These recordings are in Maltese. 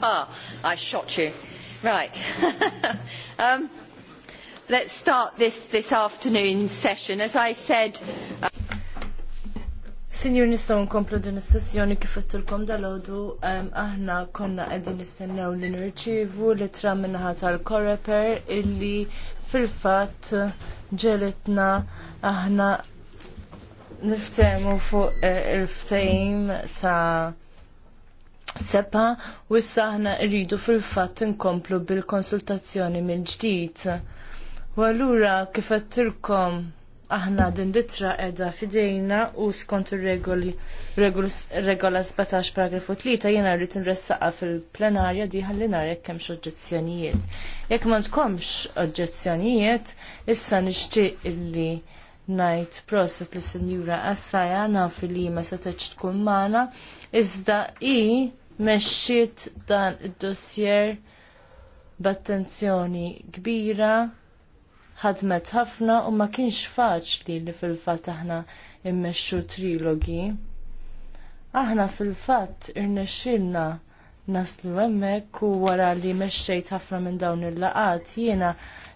Ha I shot you. Right. um, let's start this, this afternoon's session. As I said... Uh, Signor Sinjur nistaw nkomplu din is-sessjoni kif qedtulkom dalodu um, aħna konna qegħdin nistennew li nirċievu li tra minnaħa tal-Koreper illi fil-fatt ġelitna aħna niftehmu fuq eh, il-ftehim ta' sepa u issa aħna rridu fil-fatt inkomplu bil-konsultazzjoni minn ġdid U allura kif għattilkom aħna din litra edha fidejna u skont ir-regoli regola 17 paragrafu 3 jiena rrid nressaqa fil-plenarja di ħalli nar jekk hemmx oġġezzjonijiet. Jekk ma tkomx oġġezzjonijiet, issa nixtieq illi ngħid proset li sinjura Assaja naf li ma setgħetx tkun magħna iżda i mexxiet dan id-dossier b'attenzjoni kbira ħadmet ħafna u ma kienx faċli li fil-fatt aħna immexxu trilogi. Aħna fil-fatt irnexxilna naslu hemmhekk u wara li mexxejt ħafna minn dawn il-laqat jiena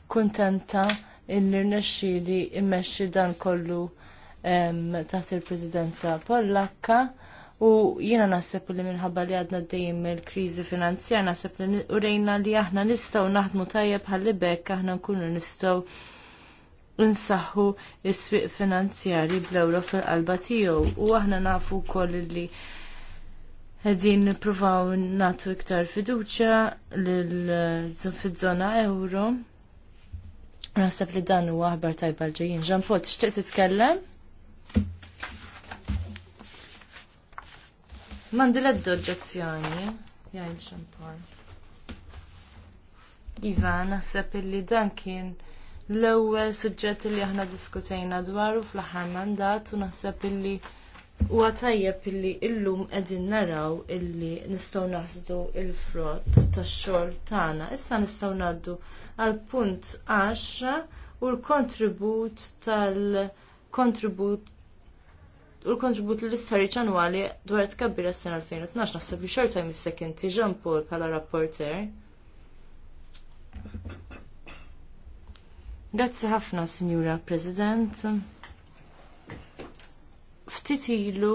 kuntenta illi rnexxili immexxi dan kollu taħt il-Presidenza Pollakka U jiena naħseb li minħabba li għadna dejjem il-kriżi finanzjar naħseb li rejna li aħna nistgħu naħdmu tajjeb ħalli bekk aħna nkunu nistgħu nsaħħu s-swieq finanzjari bl-ewro fil-qalba tiegħu u aħna nafu wkoll li Għedin nipruvaw natu iktar fiduċa fil-zona euro. Nasib li dan huwa aħbar tajba l-ġejjin. Ġampot, Pot, t-tkellem? Mandi l d oġġezzjoni, jgħid ġampon. Iva, naħseb illi dan kien l-ewwel suġġet li aħna diskutejna dwaru fl-aħħar mandat u naħseb illi huwa tajjeb illi illum qegħdin naraw illi nistgħu naħsdu il-frott tax-xogħol tagħna. Issa nistgħu ngħaddu għal punt 10 u l-kontribut tal-kontribut u l-kontribut l istħarriċ annwali dwar tkabbir s-sena 2012 naħseb li xorta jmissek inti Jean Paul bħala rapporter. Grazzi ħafna, Signora President. Ftit ilu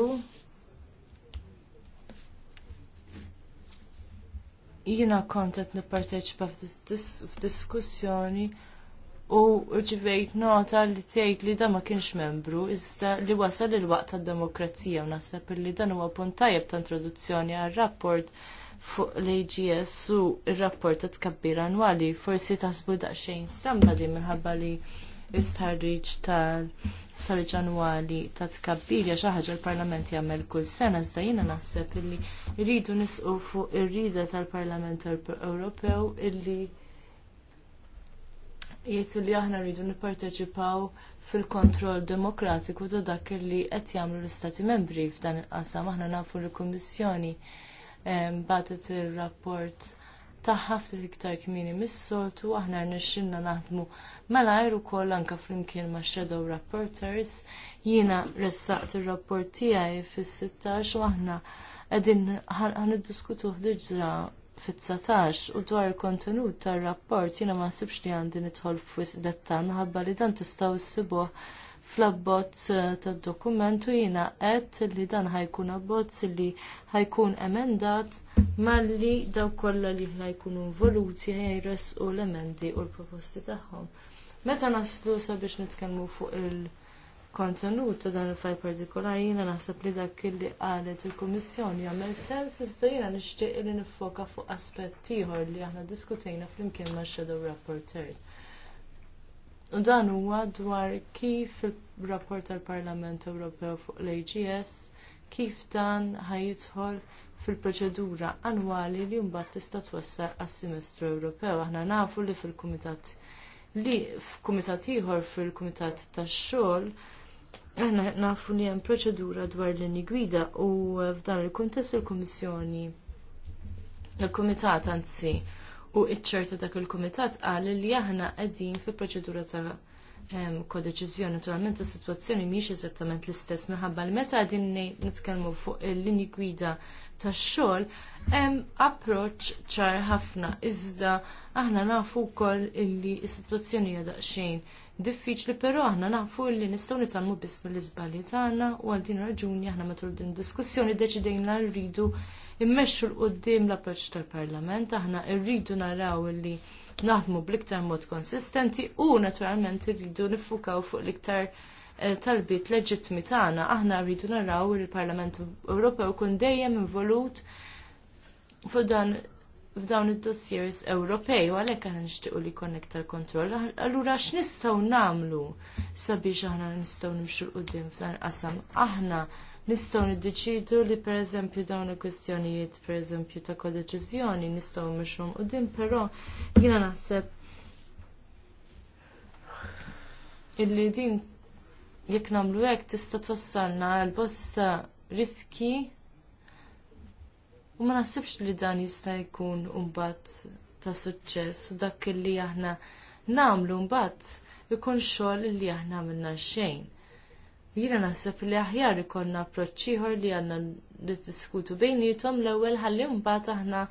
jiena kontet nipparteċipa f'diskussjoni -dis u ġivejt nota li tgħid li dan ma kienx membru iżda li wasal il-waqt tad-demokrazija u naħseb li dan huwa punt tajjeb ta' introduzzjoni għar-rapport fuq l-AGS u r rapport ta' tkabbir annwali forsi taħsbu daqsxejn stramba li minħabba li istħarriġ tal-sarriġ annwali ta' tkabbir ja ħaġa l-Parlament jagħmel kull sena iżda jiena naħseb illi rridu nisqu fuq ir-rida tal-Parlament Ewropew illi jgħidu li aħna rridu nipparteċipaw fil-kontroll demokratiku ta' dak li qed jagħmlu l-Istati Membri f'dan il-qasam aħna nafu l-Kummissjoni batet ir-rapport tagħha ftit iktar kmieni mis-soltu aħna rnexxinna naħdmu malajr ukoll anke flimkien ma' shadow rapporters jiena ressaqt ir-rapport tiegħi fis-16 u aħna qegħdin ħaniddiskutuh diġra fit-19 u dwar il-kontenut tar-rapport jiena ma nsibx li għandi nidħol f'wisq dettal minħabba li dan tistgħu ssibuh fl-abbozz eh, tad-dokumentu jiena qed li dan ħajkun abbozz li ħajkun emendat malli daw kollha li ħajkunu involuti ħajresqu l-emendi u l-proposti tagħhom. Meta naslu sabiex nitkellmu fuq il- kontenut ta' dan il-fajl partikolari jiena naħseb li dak li qalet il-Kummissjoni għamel sens iżda jina nixtieq li nifoka fuq aspett ieħor li aħna diskutejna flimkien ma' Shadow Rapporteurs. U dan huwa dwar kif il-rapport tal-Parlament Ewropew fuq l-AGS kif dan ħajidħol fil-proċedura annwali li mbagħad tista' twassal għas-Semestru Ewropew. Aħna nafu li fil-Kumitat li f'kumitat ieħor fil-Kumitat tax-xogħol Aħna nafu li hemm proċedura dwar l-inni gwida u f'dan il-kuntest il-Kummissjoni il-Kumitat anzi u iċ-ċerta dak il-Kumitat qal li aħna qegħdin fi proċedura ta' kodeċiżjoni naturalment is-sitwazzjoni mhix eżattament l-istess minħabba li meta qegħdin nitkellmu fuq il-linji gwida tax-xogħol hemm approċċ ċar ħafna iżda aħna nafu wkoll illi s-sitwazzjoni hija daqsxejn diffiċli, però aħna nafu li nistgħu nitalmu biss mill-iżbalji tagħna u għal din raġuni aħna matul din diskussjoni deċidejna rridu immexxu l qudiem l-approċċ tal-Parlament, aħna rridu naraw li naħdmu bl-iktar mod konsistenti u naturalment irridu nifukaw fuq l-iktar eh, talbiet leġittmi tagħna aħna rridu naraw li l parlament Ewropew kun dejjem involut fuq dan f'dawn id-dossiers Ewropej u għalhekk aħna nixtiequ li jkun iktar kontroll. Allura x'nistgħu nagħmlu sabiex aħna nistgħu nimxu l-qudiem f'dan qasam. Aħna nistgħu niddeċidu li pereżempju dawn il-kwistjonijiet pereżempju ta' kodeċiżjoni nistgħu nimxuhom qudiem, però jiena naħseb illi din jekk nagħmlu hekk tista' twassalna l-bosta riski ma nasibx li dan jista' jkun mbagħad ta' suċċess u dak li aħna nagħmlu mbagħad ikun xogħol li aħna għamilna xejn. Jiena naħseb li aħjar ikollna approċċ ieħor li għandna niddiskutu bejnietom l-ewwel ħalli mbagħad aħna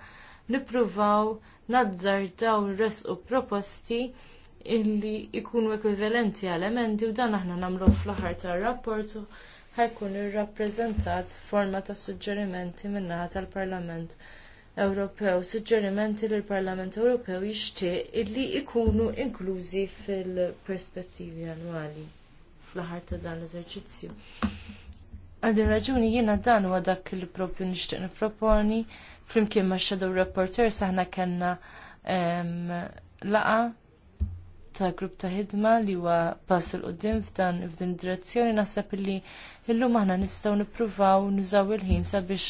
nippruvaw nazzardaw nresqu proposti illi ikunu ekvivalenti għal emendi u dan aħna nagħmlu fl-aħħar tar-rapport ħajkun irrappreżentat f'forma ta' suġġerimenti min-naħa tal-Parlament Ewropew, suġġerimenti li l-Parlament Ewropew jixtieq illi jkunu inklużi fil-perspettivi annwali fl-aħħar ta' dan l-eżerċizzju. Għadin raġuni jiena dan huwa dak li propju nixtieq nipproponi flimkien ma' Shadow Reporter saħna kellna laqa ta' grupp ta' ħidma li huwa pass il qudiem f'dan f'din direzzjoni naħseb illi illum aħna nistgħu nippruvaw nużaw il-ħin sabiex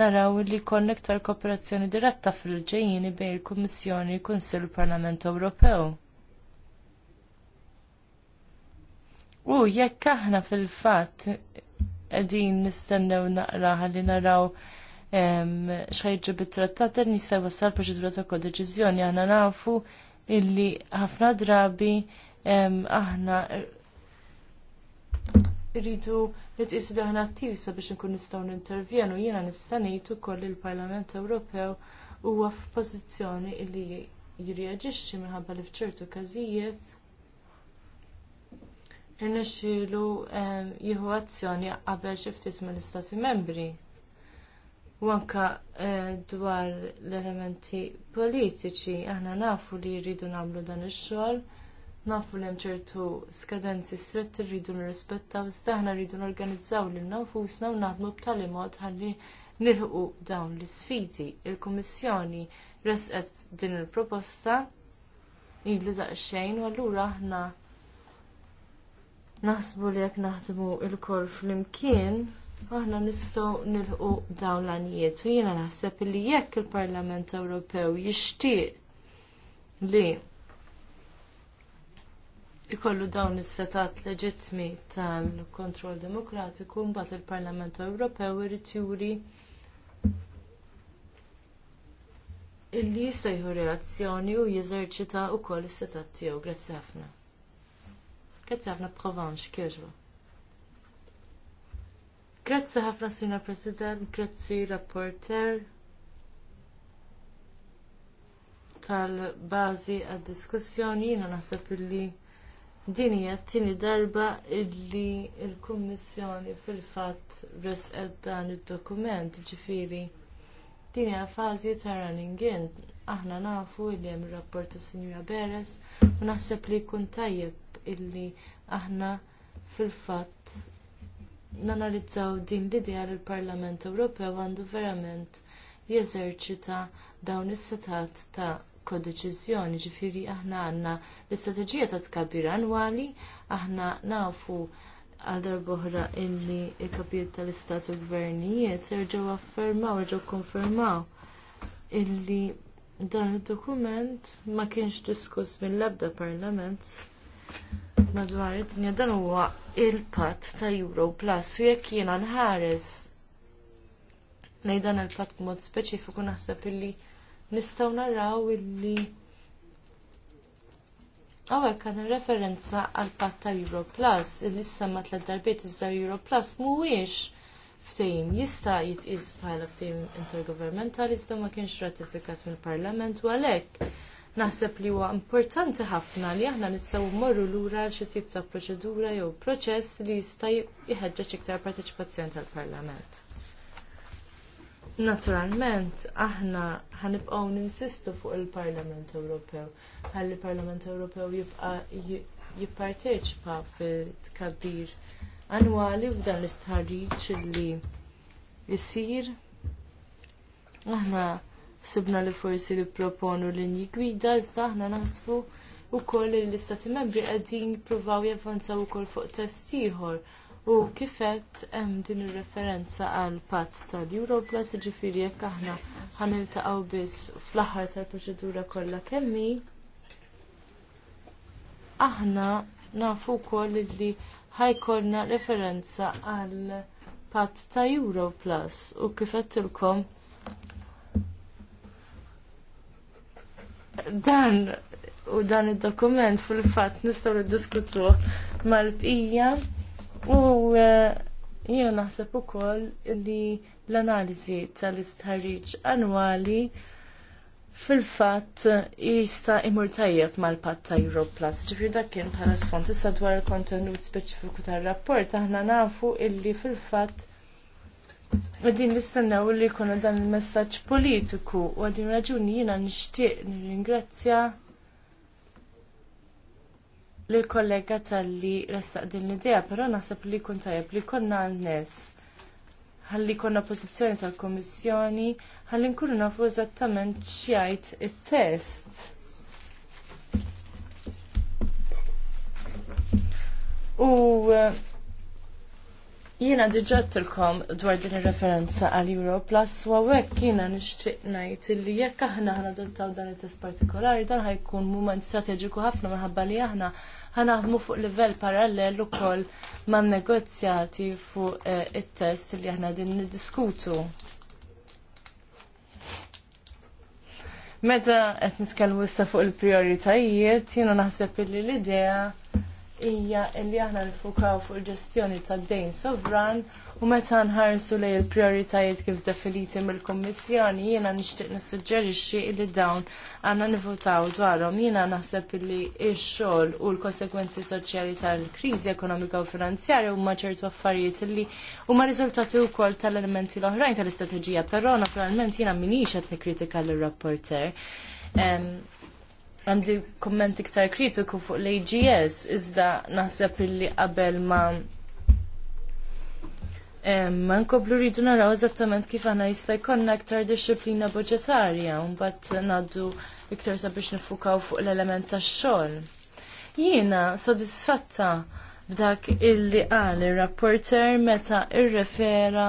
naraw li jkollna iktar kooperazzjoni diretta fil-ġejjini bejn il-Kummissjoni, kunsill u parlament Ewropew. U jekk aħna fil-fatt qegħdin nistennew naqra li naraw xħajġi bit-trattat dan jista' jwassal proċedura ta' kodeċiżjoni aħna nafu illi ħafna drabi aħna rridu li tqisu li aħna attivi sabiex nkun nistgħu nintervjenu jiena nista' ngħid ukoll il-Parlament Ewropew huwa f'pożizzjoni li jirreaġixxi minħabba li f'ċertu każijiet irnexxielu ehm, jieħu azzjoni qabel xi ftit mill-Istati Membri. U anke eh, dwar l-elementi politiċi aħna nafu li rridu nagħmlu dan ix-xogħol nafu li ċertu skadenzi stretti rridu nirrispettaw, iżda aħna rridu norganizzaw lil nafusna u naħdmu b'tali mod ħalli nirħu dawn l-isfidi. Il-Kummissjoni resqet din il-proposta ilu daqsxejn u allura aħna naħsbu li jekk naħdmu l-kol flimkien aħna nistgħu nilħu dawn l għanijiet u jiena naħseb li jekk il-Parlament Ewropew jixtieq li ikollu dawn is-setat leġittmi tal-kontroll demokratiku mbagħad il-Parlament Ewropew irid juri illi jista' jieħu reazzjoni u jeżerċita wkoll is-setat tiegħu. Grazzi ħafna. Grazzi ħafna Provence kieġba. Grazzi ħafna Sina President, grazzi rapporter tal-bażi għad-diskussjoni jiena naħseb illi Din hija t-tieni darba illi l-Kummissjoni fil-fatt resqet dan id-dokument, ġifieri din hija fażi ta' running in. Aħna nafu li hemm ir-rapport ta' Sinjura Beres u naħseb li jkun tajjeb illi aħna fil-fatt nanalizzaw din l-idea li l-Parlament Ewropew għandu verament jeżerċita dawn is-setat ta' kodeċiżjoni, ġifiri aħna għandna l-istrateġija ta' tkabbir annwali, aħna nafu għal darboħra illi il-kapijiet tal-istat u gvernijiet serġaw affermaw, ġew konfermaw illi dan id dokument ma kienx diskuss mill-ebda parlament madwar id-dinja dan huwa il-patt ta' Euro Plus u jekk jiena nħares dan il-patt b'mod speċifiku naħseb illi nistgħu naraw illi Għawek kan referenza għal patta Europlus, illi s samma tlet darbiet iżda Europlus mhuwiex ftehim jista' jitqis bħala ftehim intergovernmental iżda ma kienx ratifikat mill-Parlament u għalhekk naħseb li huwa importanti ħafna li aħna nistgħu mmorru lura xi tip ta' proċedura jew proċess li jista' jħeġġeġ iktar parteċipazzjoni tal-Parlament. Naturalment, aħna ħanibqaw ninsistu fuq il-Parlament Ewropew, ħalli il-Parlament Ewropew jibqa' jipparteċipa fit-tkabbir annwali f'dan l-istħarriġ li jsir. Aħna sibna li forsi li proponu linji gwida, iżda aħna naħsbu wkoll li l-Istati Membri qegħdin jippruvaw javvanzaw ukoll fuq test ieħor U kifet hemm din ir-referenza għal pat tal-Europlus, ġifieri jekk aħna ħaniltaqgħu biss fl-aħħar tal-proċedura kollha kemmi. Aħna nafu wkoll li ħajkollna referenza għal pat ta' Europlus u kifet ilkom dan u dan id dokument fil fatt nistgħu niddiskutuh mal-bqija U eh, jiena naħseb ukoll li l-analiżi tal-istħarriġ annwali fil-fatt jista' imur tajjeb mal-patt ta' Europlus. Ġifier dak kien bħala sfond issa dwar il-kontenut speċifiku tar-rapport aħna nafu illi fil-fatt Għadin nistennaw li jkun dan il messaġġ politiku u għadin raġuni jiena nixtieq nirringrazzja l-kollega tal-li ressaq din l-idea, pero nasab li kun tajab li konna għal nes ħalli konna pozizjoni tal-komissjoni, ħalli nkunu nafu eżattament xjajt il-test. U eh, jiena diġattilkom dwar din ir-referenza għal Europlus u għawek jiena nixtieq ngħid li jekk aħna ħana dottaw dan it-test partikolari dan ħajkun mument strategiku ħafna minħabba li aħna ħanaħdmu fuq livell parallel ukoll man negozjati fuq eh, it-test li aħna din niddiskutu. Meta qed niskellmu issa fuq il prioritajiet jiena naħseb li l-idea hija li aħna nfukaw fuq il-ġestjoni tad-dejn sovran U meta nħarsu lej il-prioritajiet kif definiti mill-Kommissjoni, jiena nixtieq nissuġġerixxi li dawn għandna nivutaw dwarhom. Jiena naħseb li x-xogħol u l-konsekwenzi soċjali tal-kriżi ekonomika u finanzjarja huma ċertu affarijiet li huma riżultati wkoll tal-elementi l-oħrajn tal-istrateġija, però naturalment jiena minix qed nikkritika lir-rapporter. Għandi komment iktar kritiku fuq l-AGS, iżda naħseb illi qabel ma' Ma nkoblu rridu naraw eżattament kif għana jista' jkollna iktar disciplina budgetarja u mbagħad ngħaddu iktar sabiex nifukaw fuq l-element tax-xogħol. Jiena sodisfatta b'dak illi qal ir-rapporter meta irrefera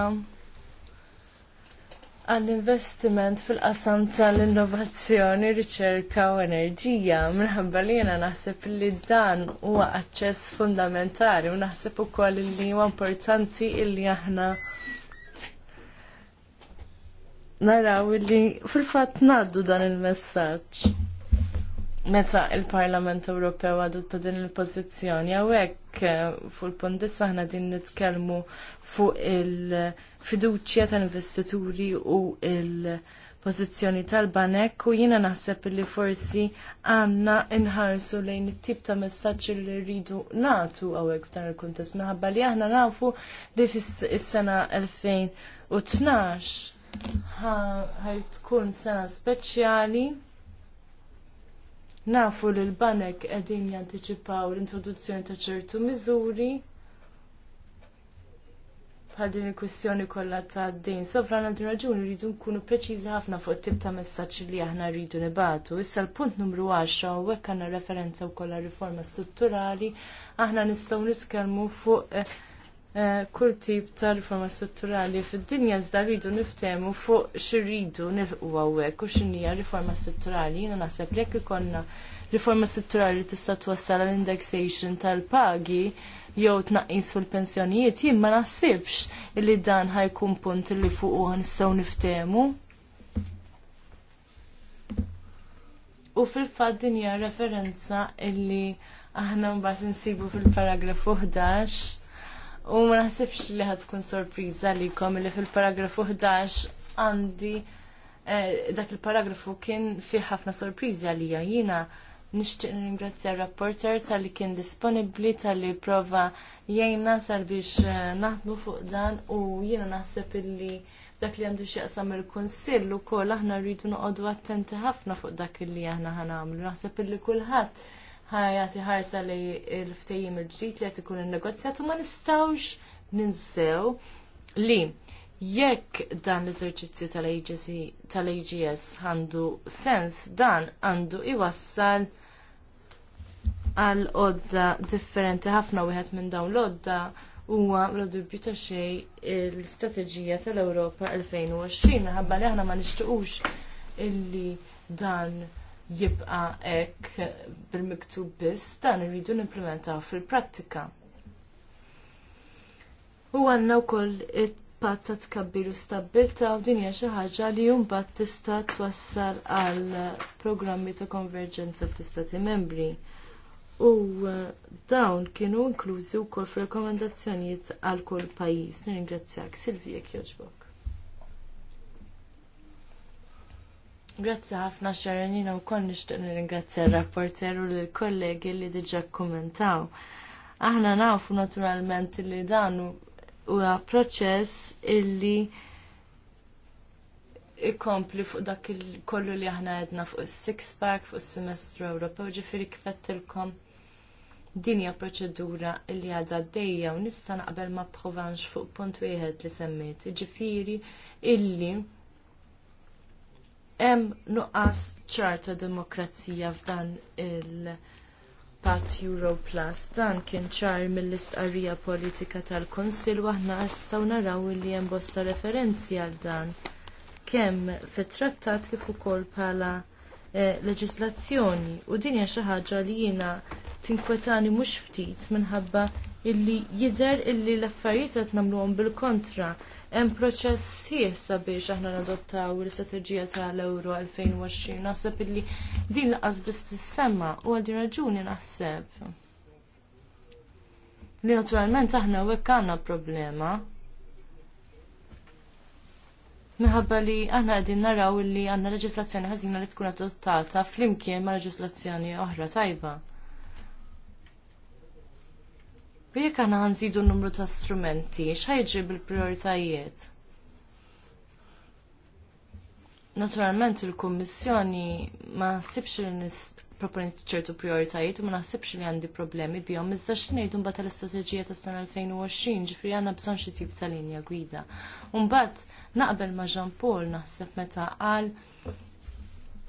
għall-investiment fil-qasam tal-innovazzjoni, riċerka u enerġija. Minħabba li jena naħseb li dan huwa aċċess fundamentali u naħseb ukoll li huwa importanti illi aħna naraw li fil-fatt naddu dan il-messaġġ meta il-Parlament Ewropew adotta din il-pożizzjoni hawnhekk eh, fil-punt issa aħna din nitkellmu fuq il-fiduċja tal-investituri u il- pożizzjoni tal-banek u jiena naħseb li forsi għandna inħarsu lejn it-tip ta' messaġġ li rridu nagħtu għawek f'dan il-kuntest minħabba li aħna nafu li fis-sena 2012 ħajt tkun sena speċjali Nafu li l-banek qegħdin jantiċipaw l-introduzzjoni ta' ċertu miżuri bħal din il kwestjoni kollha ta' din. Sovran għal din raġuni rridu nkunu preċiżi ħafna fuq tip ta' messaġġ li aħna rridu nibatu. Issa l-punt numru 10 u hekk għandna referenza wkoll għar riforma strutturali, aħna nistgħu nitkellmu fuq eh, Eh, kull tip ta' riforma strutturali fid-dinja iżda rridu niftehmu fuq xirridu nilqu hawnhekk u x'inhija riforma strutturali. Jiena naħseb jekk ikollna riforma strutturali tista' twassal l indexation tal-pagi jew tnaqqis fil-pensjonijiet, jien ma naħsibx li dan ħajkun punt li fuq nistgħu niftehmu. U fil-fatt din hija referenza illi aħna mbagħad insibu fil-paragrafu 11 U ma naħsibx li tkun sorpriza li kom li fil-paragrafu 11 għandi eh, dak il-paragrafu kien fi ħafna sorpriza li jina nixtieq ringrazzja r-rapporter tal-li kien disponibbli tal-li prova jgħinna sabiex eh, naħdmu fuq dan u jiena naħseb illi dak li għandu xieqsam il-konsill u kol aħna rridu noqogħdu attenti ħafna fuq dak li aħna ħanamlu. Naħseb illi kulħadd ħajati ħarsa li l-ftejjim il-ġdid li qed ikun innegozjat u ma nistgħux ninsew li jekk dan l-eżerċizzju tal-AGS għandu sens dan għandu iwassal għal odda differenti ħafna wieħed minn dawn l-odda huwa bla dubju ta' xejn l-istrateġija tal-Ewropa 2020 ħabba li aħna ma nixtiequx illi dan jibqa hekk bil-miktub biss, dan irridu nimplementaw fil-prattika. U għandna wkoll il pat ta' tkabbir u stabbilta u din hija xi ħaġa li mbagħad tista' twassal għal programmi ta' konverġenza fl-istati membri. U uh, dawn kienu inklużi wkoll f'rekomendazzjonijiet għal kull pajjiż. Nirringrazzjak Silvija Kjoġbok. Grazzi ħafna xarenina u koll nishtiq nirringrazzja r-rapporter u l-kollegi li diġa kommentaw. Aħna nafu naturalment li dan huwa proċess illi ikompli fuq dak kollu li aħna għedna fuq is-six pack, fuq is-semestru Ewropew, u kif qedtilkom din hija proċedura li għadha dejja u nista' naqbel ma' provanx fuq punt wieħed li semmejt, ġifiri illi hemm nuqqas ċarta demokrazija f'dan il-Pat Euro Plus. Dan kien ċar mill-istqarrija politika tal-Konsil aħna issa naraw li hemm bosta referenzi għal dan kemm fit-trattat kif ukoll bħala eh, leġislazzjoni u din hija xi ħaġa li jiena tinkwetani mhux ftit minħabba illi jidher illi l-affarijiet qed nagħmluhom bil-kontra hemm proċess ħiesa biex aħna nadottaw l-istrateġija tal-Euro 2020. Naħseb illi din laqas biss tissemma u għal din raġuni naħseb. Li naturalment aħna hekk għandna problema. Minħabba li aħna qegħdin naraw li għandna leġislazzjoni ħażina li tkun adottata flimkien ma' leġislazzjoni oħra tajba. U jekk aħna ħanżidu n-numru ta' strumenti, xħajġi bil-prioritajiet? Naturalment il-Kummissjoni ma sibx li proponent ċertu prioritajiet u ma naħsibx li għandi problemi bihom iżda x'ngħidu mbagħad tal-istrateġija tas-sena 2020 ġifri għandna bżonn xi tip ta' linja gwida. U mbagħad naqbel ma' Jean Paul naħseb meta qal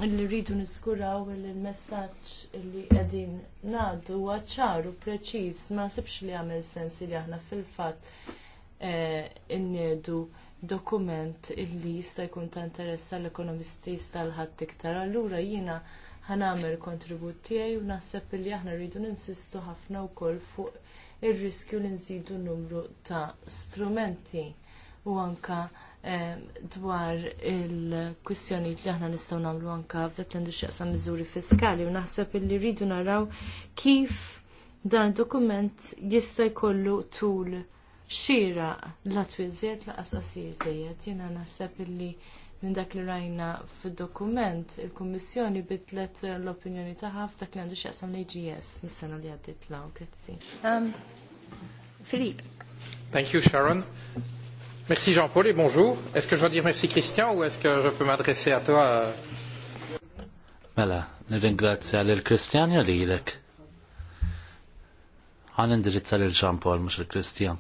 اللي rridu niskuraw li l-messaġġ li qegħdin ngħaddu huwa ما سبش preċiż ma sibx li احنا في li aħna fil-fatt eh, innedu dokument illi jista' jkun ta' interess għall ekonomisti jista' l-ħadd iktar. Allura jiena ħanamel kontribut tiegħi u naħseb li aħna rridu ninsistu ħafna wkoll fuq ir-riskju li nżidu n numru ta' strumenti u anke dwar il-kwistjoni li aħna nistgħu nagħmlu anke f'dak li għandu x'jaqsam miżuri fiskali u naħseb illi rridu naraw kif dan dokument jista' jkollu tul xira la twiżjed la qasqasir żejjed. Jiena naħseb illi minn dak li rajna fid-dokument il-Kummissjoni bidlet l-opinjoni tagħha f'dak li għandu x'jaqsam l-AGS mis-sena li għaddiet law. Grazzi. Filip. Thank you, Sharon. Merci Jean-Paul et bonjour. Est-ce que je dois dire merci Christian ou est-ce que je peux m'adresser à toi euh? Mela, nirringrazzja lil Kristjan ja lilek. Għan indirizza lil Jean-Paul mhux il-Kristjan.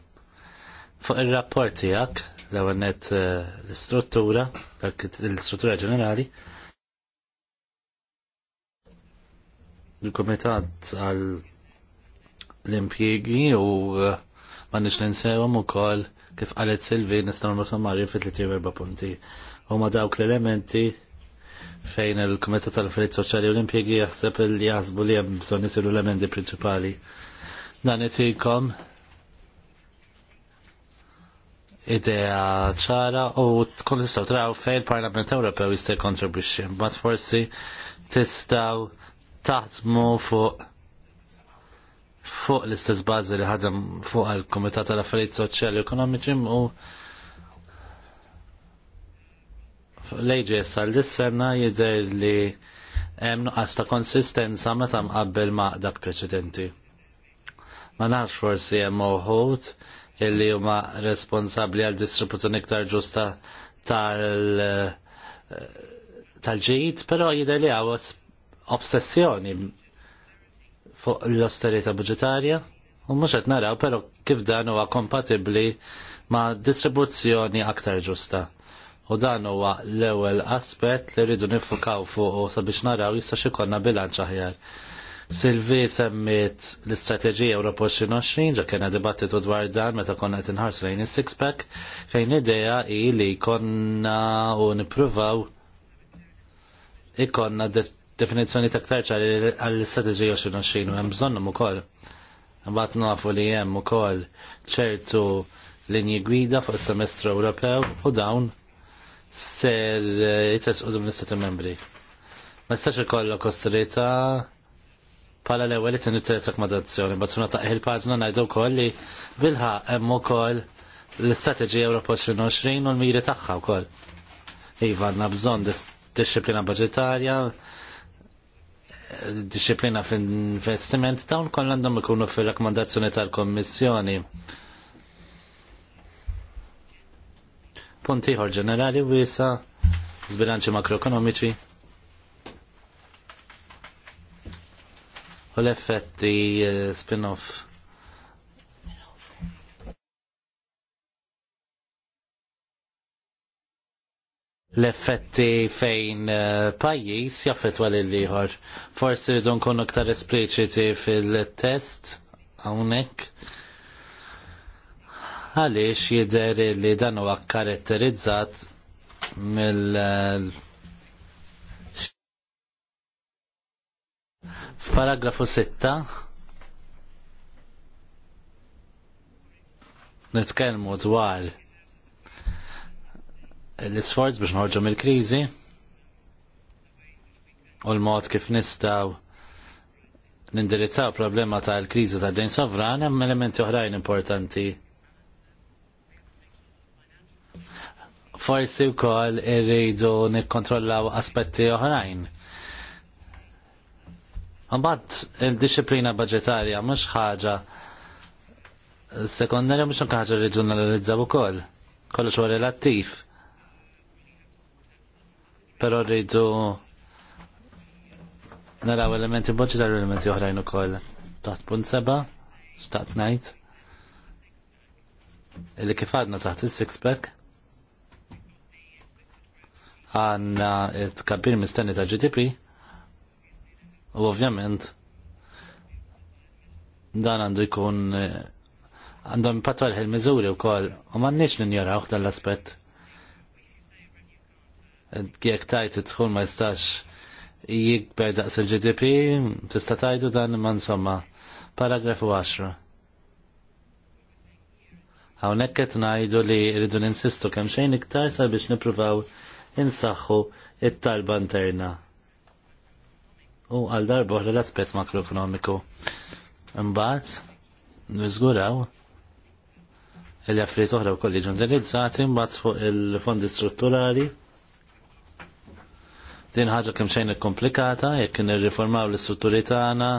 Fuq ir-rapport tiegħek l net eh, l-istruttura, l-istruttura ġenerali, il-komitat għal l-impjegi u eh, ma nix ninsewam u kol kif qalet Silvi nistgħu nagħmlu marri fit-34 punti. U ma dawk l-elementi fejn il-Kumitat tal-Affarijiet Soċjali u jaħseb li jasbu li hemm bżonn isiru l-emendi prinċipali. Dan itilkom idea ċara u tkun tistaw traw fejn il-Parlament Ewropew jista' jkontribwixxi, ma forsi tistgħu taħdmu fuq fuq l-istess bażi li ħadem fuq għal-Komitat tal-Affarijiet Soċjali Ekonomiċi u l-AJS għal-disserna jidher li hemm nuqqas ta' konsistenza meta mqabbel ma' dak preċedenti. Ma nafx forsi hemm uħud illi huma responsabbli għal distribuzzjoni iktar ġusta tal eh, tal-ġid, però jidher li għaw obsessjoni fuq l-austerita budgetarja u mhux qed naraw però kif dan huwa kompatibbli ma' distribuzzjoni aktar ġusta. U dan huwa l-ewwel aspett li rridu nifukaw fuq sabiex naraw jista' xikonna bilanċ aħjar. Silvi semmit l-istrateġija Ewropa 2020 ġa kena dibattitu dwar dan meta konna qed inħarsu lejn is-sixpack fejn idea hi li konna u nippruvaw ikonna definizzjoni ta' ċari għall-istrateġija 2020 xinu hemm bżonnhom ukoll. Mbagħad nafu li hemm ukoll ċertu linji gwida fuq is-semestru Ewropew u dawn ser eh, jitresqu mill-Istati Membri. Ma jistax ikollok ostilità bħala l-ewwel li tinittres rakkomandazzjoni, bat suna taqih il-paġna ngħidu wkoll li bilħa hemm ukoll l-istrateġija Ewropa xinu u l-miri tagħha wkoll. Iva, għandna bżonn disċiplina budgetarja, disciplina fil-investiment dawn kollha għandhom ikunu fil-rakkomandazzjoni tal-Kommissjoni. Punt ieħor ġenerali wiesa żbilanċi makroekonomiċi. U l-effetti eh, spin-off l-effetti fejn eh, pajjiż jaffettwa lil ieħor. Forsi rridu nkunu aktar espliċiti fil-test hawnhekk. Għaliex jidher li dan huwa karatterizzat mill eh, Paragrafu 6 Nitkellmu dwar l-isforz biex nħorġu mill-krizi u l-mod kif nistaw nindirizzaw problema ta' l-krizi ta' dejn sovran hemm elementi oħrajn importanti. Forsi wkoll irridu nikkontrollaw aspetti oħrajn. Mbagħad il-disciplina budgetarja mhux ħaġa sekondarja mhux ħaġa reġjonalizzab ukoll. Kollox huwa relattiv pero rridu naraw elementi boċi dar elementi oħrajn ukoll. Taħt punt seba, staħt ngħid. Illi kif għadna taħt is-six pack. Għanna it-kabbir mistenni ta' GDP. U ovvjament dan għandu jkun għandhom impatt għal il-miżuri wkoll u m'għandniex ninjorawh dal-aspett jekk tajt id ma jistax jikber daqs il-GDP, tista' tajdu dan ma insomma paragrafu 10. Hawnhekk qed ngħidu li rridu ninsistu kemm xejn iktar sabiex nippruvaw insaħħu it-talba interna. U għal darba l-aspett makroekonomiku. Imbagħad niżguraw il-affarijiet oħra u kolli ġundelizzati, mbagħad fuq il-fondi strutturali Din ħaġa kemm xejn komplikata jekk nirriformaw l-istrutturi tagħna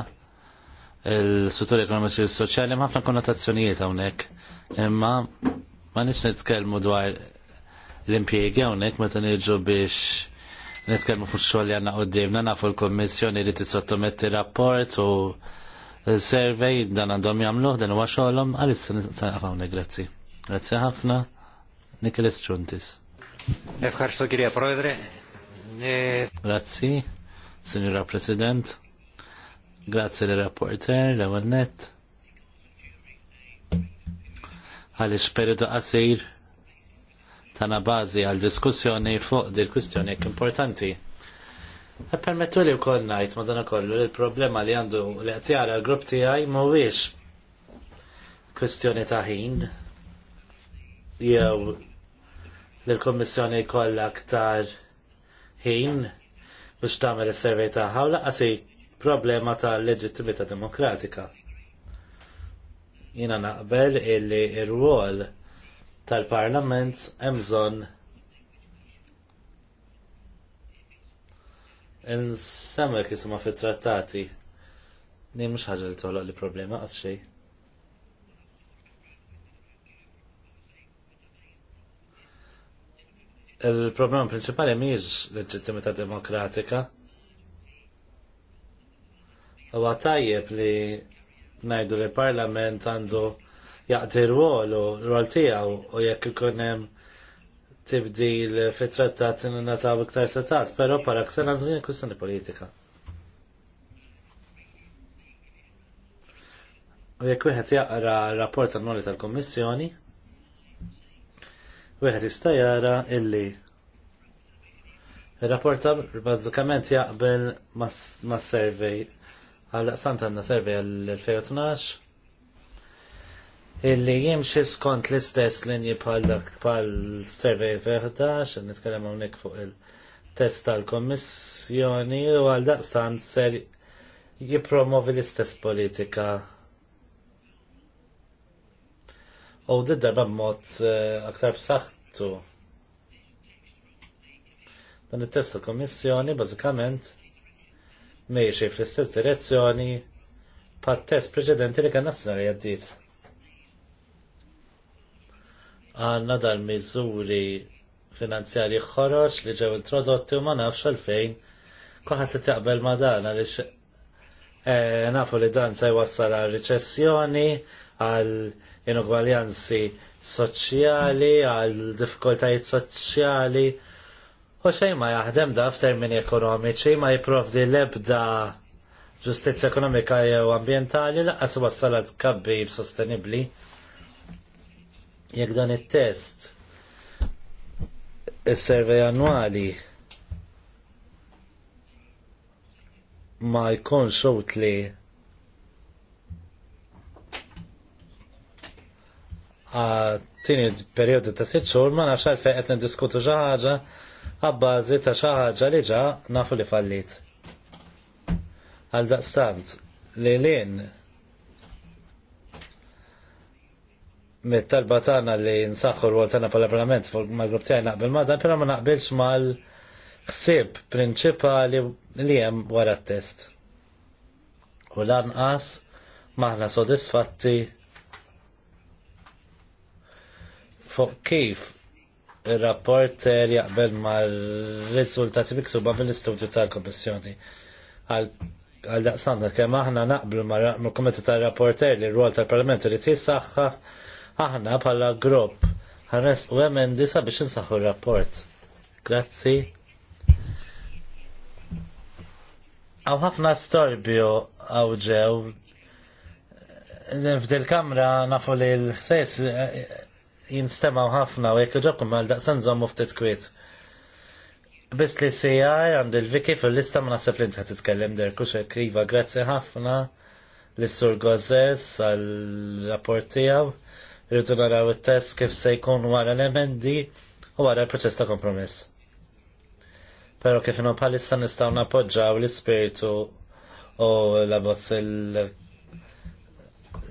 l-istrutturi ekonomiċi u soċjali hemm ħafna konnotazzjonijiet hawnhekk. Imma ma nix nitkellmu dwar l-impjegi hawnhekk meta niġu biex nitkellmu fuq xogħol li għandna qudiemna nafu l-Kommissjoni li tissottometti rapport u survey dan għandhom jagħmluh dan huwa xogħolhom għalissa nitaqgħu hawnhekk grazzi. Grazzi ħafna. Nikolas Ċuntis. Efħarġtu kirja projdre, Grazzi, Signora President. Grazzi l-rapporter, l-għannet. Għalix periodu qasir tana bazi għal diskussjoni fuq dil kwistjoni jek importanti. E permettu li wkoll ngħid madana kollu li l-problema li għandu li qed jara l-grupp tiegħi mhuwiex kwistjoni ta' ħin jew l-Kommissjoni jkollha aktar ħin biex tagħmel is-servej tagħha u laqas problema ta' leġittimità demokratika. Jiena naqbel illi r rwol tal-Parlament hemm bżonn insemmek jisma' fit-trattati. Ni mhux ħaġa li toħloq li problema għad xejn. il-problema principali miż leġittimità demokratika. U għatajjeb li najdu li parlament għandu jaqdi rwol u rwol tijaw u jekk ikonem tibdil fit trattat n-nataw iktar setat, pero para ksena zrin kustani politika. U jekk wieħed jaqra rapport annwali tal-Kommissjoni, wieħed jista' jara illi Il-rapporta bazzikament jaqbel ma' survey għal sant għanna survey għal-2012 illi jimxi skont l-istess linji bħal dak bħal survey 2011 nitkellem hawnhekk fuq il-test tal-Kommissjoni u għal daqstant ser jipromovi l-istess politika u d-darba mod eh, aktar b'saħħtu. Dan it-test tal-Kommissjoni bażikament mejxi fl-istess direzzjoni pat test preċedenti li kan nasna li għaddit. Għanna dal miżuri finanzjari ħoroċ li ġew introdotti u ma nafx għalfejn kħat t-taqbel ma dan għalix eh, nafu li dan se jwassal għal riċessjoni għal inugwaljanzi soċjali, għal diffikultajiet soċjali, u xejn ma jaħdem da f'termini ekonomiċi ma jipprovdi l-ebda ekonomika jew ambjentali laqas wassalat kabbi sostenibbli. Jekk dan it-test is-servej annwali ma jkunx utli għat-tini periodu ta' sitt xhur ma nafx għalfejn qed niddiskutu xi ħaġa għabbażi ta' xi ħaġa li ġa nafu li fallit. Għal daqstant li lin mit-talba tagħna li nsaħħu l-wol tagħna pal-Parlament fuq mal-grupp tiegħi naqbel ma dan però ma naqbilx mal-ħsieb prinċipali li hemm wara t-test. U lanqas maħna sodisfatti fuq kif il rapport jaqbel ma r-riżultati miksuba mill-istudju tal-Komissjoni għal daqsanda kemm aħna naqblu ma' komitet tal-rapporter li r-rol tal-Parlament irid jissaħħa aħna bħala grupp ħares u hemm disa biex insaħħu r-rapport. Grazzi. Għaw ħafna storbju għaw ġew. nifdil kamra nafu li l-ħsess jinstemaw ħafna u jekk ġobkom għal daqsan zom ftit kwiet. Biss li sijar għand il-viki fil-lista ma nasib li nħat titkellem der kux kriva grazzi ħafna li sur Gozes għal-rapport rridu naraw il-test kif se jkun wara l-emendi u wara l-proċess ta' kompromiss. Pero kif inu palissa nistaw napoġġaw l-ispiritu u la bozz il-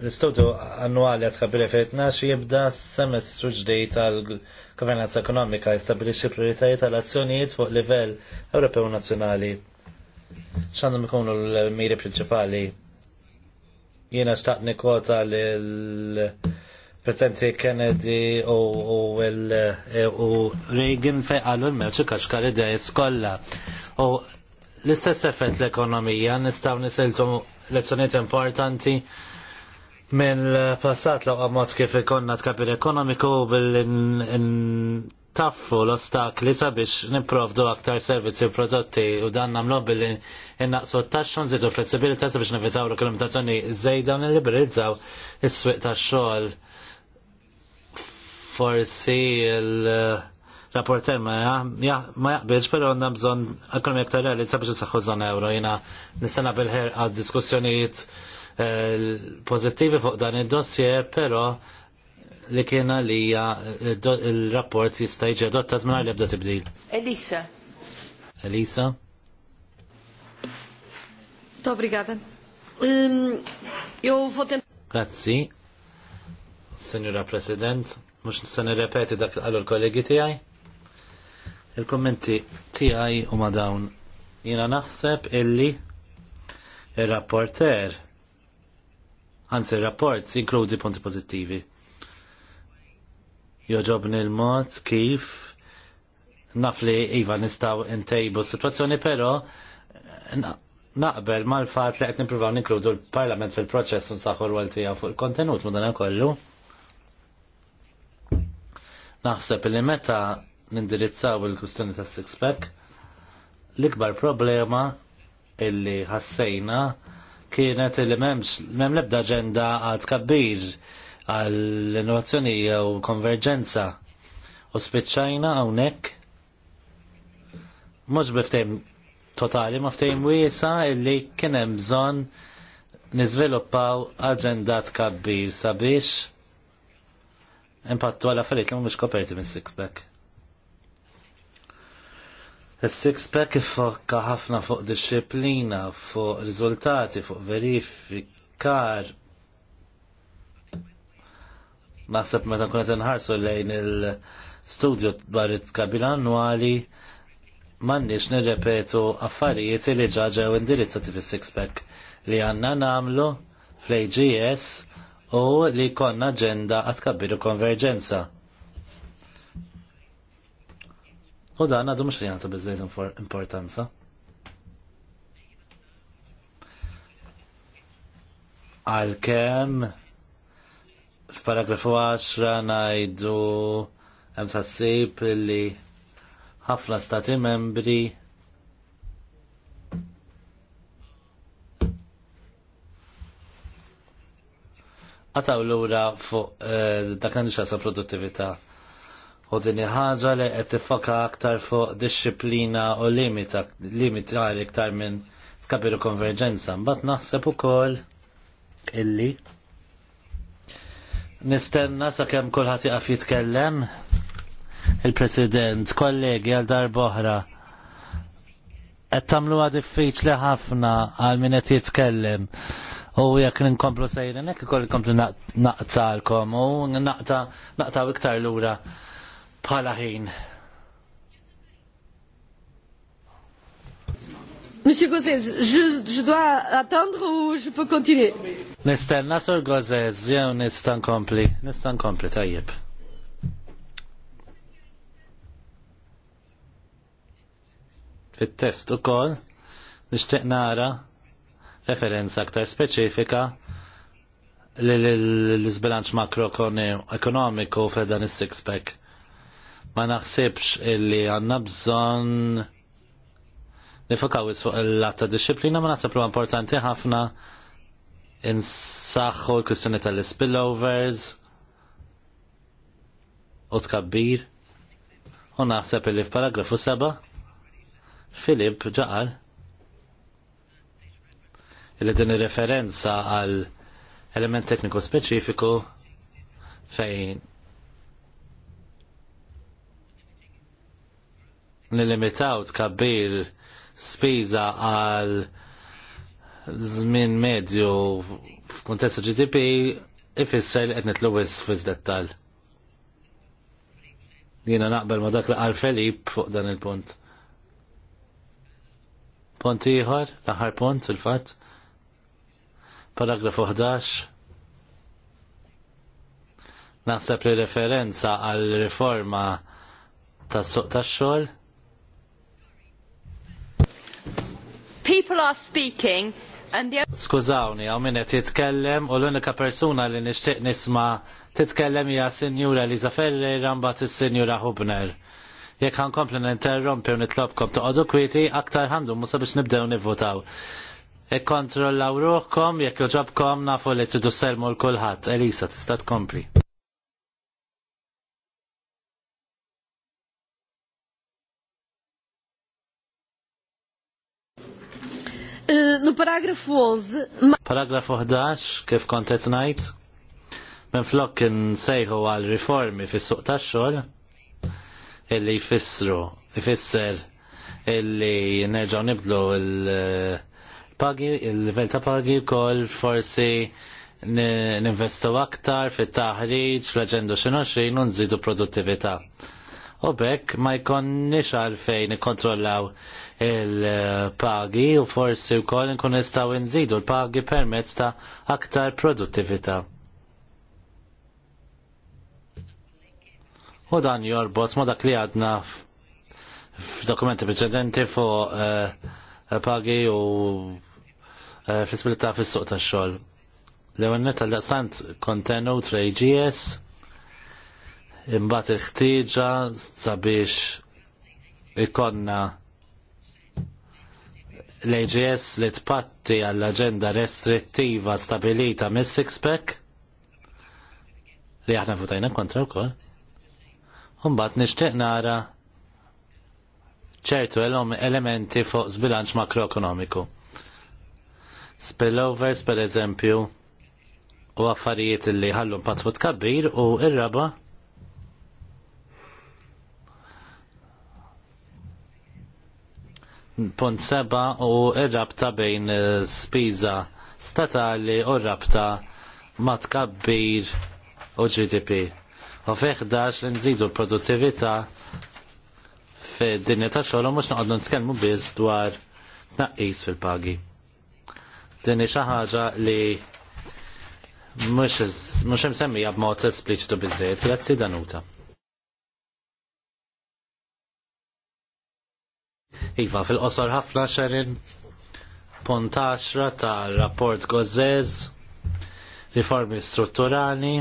L-istudju annuali għat kabri fejtna jibda semestru ġdejt għal governanza ekonomika jistabilixi prioritajiet għal azzjonijiet fuq livell Ewropew nazzjonali. ċandu ikunu l-miri principali. Jiena xtaqt nikota l-Presidenti Kennedy u Reagan fejqalu l-merċu kaxkar id-dej skolla. U l-istess effett l-ekonomija nistaw nisiltu lezzjoniet importanti mill-passat law għamot kif ikonna tkabir ekonomiku bil-taffu l-ostakli sabiex niprovdu aktar servizzi u prodotti u dan namlu billi innaqsu t-taxxu nżidu flessibilità sabiex nevitaw l-ekonomitazzjoni zejda u nil-liberizzaw is-swiq tax-xogħol forsi l- rapporter ma jaqbilx, pero għandna bżon ekonomi aktar reali, sabiex nsaxħu zon euro, jina nistana bil-ħer għad diskussjonijiet pozittivi fuq dan id-dossier, però li kien għalija eh, il-rapport jista' jiġi adottat minn ebda tibdil. Elisa. Elisa. Tobrigada. Jow Grazzi. Senjura President, mux nisan repeti dak għallu l-kollegi tijaj. Il-kommenti tijaj u dawn. Jina naħseb illi il-rapporter Anzi, rapport jinkludi punti pozittivi. Joġobni l-mod kif naf li Iva nistaw intejbu situazzjoni, pero naqbel mal-fat li qed nippruvaw ninkludu l-Parlament fil-proċess u saħħu l tiegħu fuq il-kontenut madan kollu. Naħseb li meta nindirizzaw il-kustjoni tas six l-ikbar problema illi ħassejna kienet li m'hemm l-ebda aġenda għad kabbir għall-innovazzjoni u konverġenza u spiċċajna hawnhekk mhux biftejm totali ma ftejm wiesa illi kien hemm bżonn niżviluppaw aġenda tkabbir sabiex impattu għala fariet li mhumiex koperti minn sixpack pack. Il-six pack ifokka ħafna fuq disċiplina, fuq riżultati, fuq verifikar. Naħseb meta kunet nħarsu lejn il-studio barit kabin annwali m'għandniex nirrepetu affarijiet li ġa ġew indirizzati fis-six pack li għandna nagħmlu fl-AGS u li konna aġenda għat kabbiru konverġenza. U dan għadu mux jgħatu bizzejt importanza. Għal-kem f-paragrafu 10 najdu hemm li ħafna stati membri għataw l-ura fuq eh, dak għandu produttivita' u din ħaġa li qed tifoka aktar fuq disċiplina u limit iktar minn tkabiru konverġenza. Mbagħad naħseb ukoll illi nistenna sakemm kulħadd jaqaf jitkellem il-President, kollegi għal dar boħra. qed tagħmluha diffiċli ħafna għal min qed jitkellem. U jekk ninkomplu sejrin, jekk ikoll komplu naqtalkom u naqta iktar lura bħala ħin. Monsieur Gozes, je, je dois attendre ou je peux continuer? Nistenna, Sir Gozes, jew nistan kompli, nistan kompli, tajjeb. Fit-test u kol, nishtiq nara referenza aktar speċifika l-izbilanċ makroekonomiku f'dan is six pack ma naħsibx illi għanna bżon nifakaw fuq il atta disciplina ma naħseb importanti ħafna insaħħu l-kwistjoni tal-spillovers u tkabbir u naħseb illi f paragrafu seba. Filip ġaqal illi din ir-referenza għal element tekniku speċifiku fejn nilimitaw tkabbir spiża għal żmien medju f'kuntest GDP ifisser li qed nitlu wisq fiż dettal. Jiena naqbel ma dak li qal Felip fuq dan il-punt. Punt ieħor, l-aħħar punt il-fatt. Paragrafu 11. Naħseb li referenza għal riforma tas-suq tax-xogħol People are speaking and the Skużawni, għaw minnet jitkellem u l-unika persuna li nishtiq nisma titkellem hija Sinjura Liza Ferreira mbagħad is-Sinjura Hubner. Jekk ħankompli ninterrompi u nitlobkom toqgħodu kwieti aktar ħandu musa biex nibdew nivvutaw. Ikkontrollaw ruħkom jekk joġobkom nafu li tridu sermu l kulħadd. Elisa, tista' tkompli. Eh, no paragraf 11. paragraf 11, kif kontet najt? men flok nsejħu għal riformi fis suq tax-xogħol illi jfissru, jfisser illi nerġgħu nibdlu il-pagi, il-level ta' pagi wkoll forsi ninvestu aktar fit-taħriġ, fl-aġendu xinu u nżidu produttività. U bekk ma jkonniex għalfejn ikkontrollaw il-pagi u forsi wkoll nkun nistgħu nżidu l-pagi permezz ta' aktar produttività. U dan jorbot ma dak li għadna f'dokumenti preċedenti fuq eh, pagi u uh, eh, flessibilità fis-suq tax-xogħol. L-ewwel daqsant kontenut rej GS imbagħad il-ħtieġa sabiex ikonna l-AGS li tpatti għall-aġenda restrittiva stabilita mis sixpack li aħna votajna kontra wkoll. Mbagħad nixtieq nara ċertu elementi fuq zbilanċ makroekonomiku. Spillovers per eżempju u affarijiet li ħallu pat fuq u ir-raba punt seba u rabta bejn eh, spiża statali u rabta ma tkabbir u GDP. U feħdax li nżidu l-produttività fid-dinja ta' xogħol u mhux noqogħdu nitkellmu biss dwar tnaqqis fil-pagi. Din hi xi ħaġa li mhux hemm semmija b'mod espliċitu biżejjed, grazzi danuta. Iva, fil-qosor ħafna xerin punt 10 rapport Gozzez, riformi strutturali,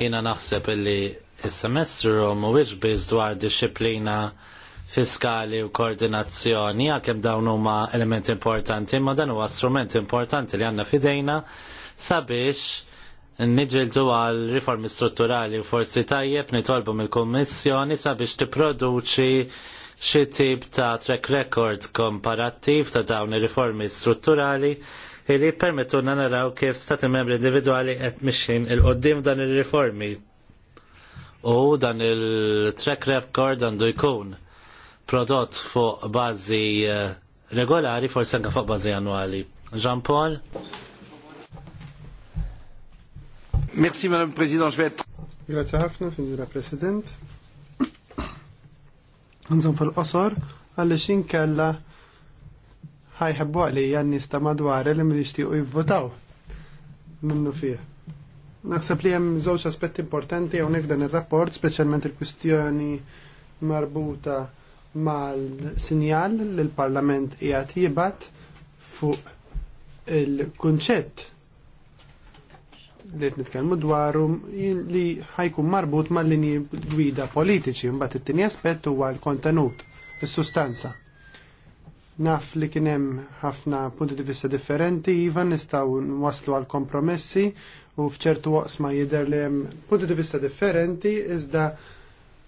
jina naħseb illi il-semestru mhuwiex biss dwar disciplina fiskali u koordinazzjoni għalkemm dawn huma elementi importanti, imma dan huwa strument importanti li għandna fidejna sabiex niġildu għal riformi strutturali u forsi tajjeb nitolbu mill-Kummissjoni sabiex tipproduċi xi tip ta' track record komparattiv ta' dawn ir-riformi strutturali li permettuna naraw kif stati membri individwali qed mixin il-qoddim dan ir-riformi. U dan il-track record għandu jkun prodott fuq bażi eh, regolari forse anka fuq bażi annwali. Jean Paul? Merci Madame Président, je vais être... Grazie ħafna, Signora President. Nżom fil-qosor għaliex inkella ħajħebbu għalija n-nies ta' madwar li mrixtiequ jivvotaw minnu fija. Naħseb li hemm żewġ aspetti importanti hawnhekk dan ir-rapport, speċjalment il-kwistjoni marbuta mal-sinjal li l-Parlament jgħat jibat fuq il-kunċett li nitkellmu dwarum li ħajkun marbut mal-linji gwida politiċi, mbagħad it-tieni aspett huwa l-kontenut, l sustanza Naf li kien hemm ħafna punti di vista differenti, iva nistaw waslu għal kompromessi u fċertu waqsma jidher li hemm punti di vista differenti iżda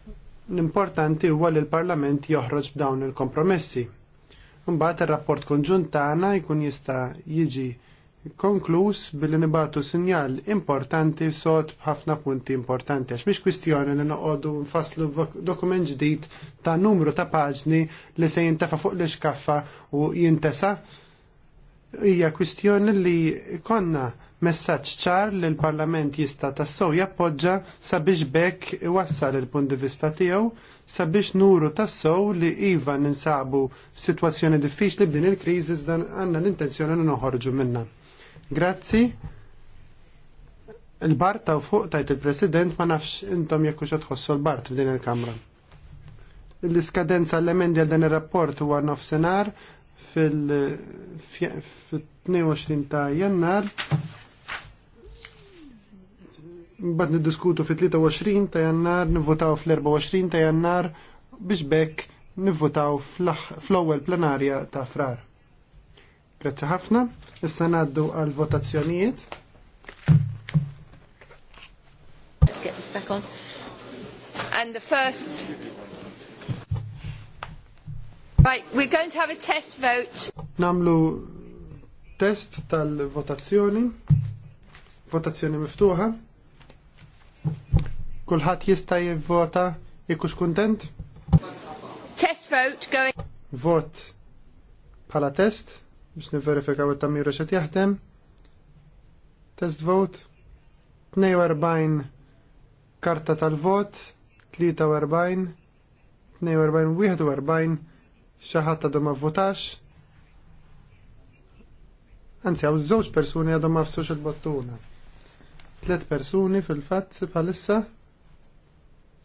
l-importanti huwa li l-Parlament joħroġ b'dawn il-kompromessi. Mbagħad ir-rapport konġunt tagħna jkun jista' jiġi konkluż billi nibatu sinjal importanti sot ħafna punti importanti għax mhix kwistjoni li noqogħdu nfasslu dokument ġdid ta' numru ta' paġni li se jintefa' fuq l-iskaffa u jintesa. Hija kwistjoni li konna messaġġ ċar li l-Parlament jista' tassew jappoġġa sabiex bekk iwassal il-punt di vista tiegħu sabiex nuru tassew li iva ninsabu f'sitwazzjoni diffiċli b'din il-kriżi iżda għandna l-intenzjoni li noħorġu minnha. Grazzi. Il-bar ta' fuq tajt il-President ma nafx intom jekk xo tħossu l-bart f'din il-Kamra. L-iskadenza l-emendi għal dan ir-rapport huwa senar fil-22 ta' jannar Bad niddiskutu fit-23 ta' jannar, nivvotaw fl-24 ta' jannar biex bekk nivvotaw fl-ewwel plenarja ta' frar. Grazie ħafna. Issa ngħaddu għal votazzjonijiet. And the first Right, we're going to have a test vote. Namlu test tal-votazzjoni. Votazzjoni miftuħa. Kulħadd jista' jivvota jekux kuntent? Test vote going. Vot bħala test biex niverifikaw it-tamiru xa jaħdem. Test vote 42 karta tal-vot 43 42 41 xaħat ta' doma votax. Anzi, għaw żewġ persuni għadhom ma il-bottuna. Tlet persuni fil-fatt bħalissa.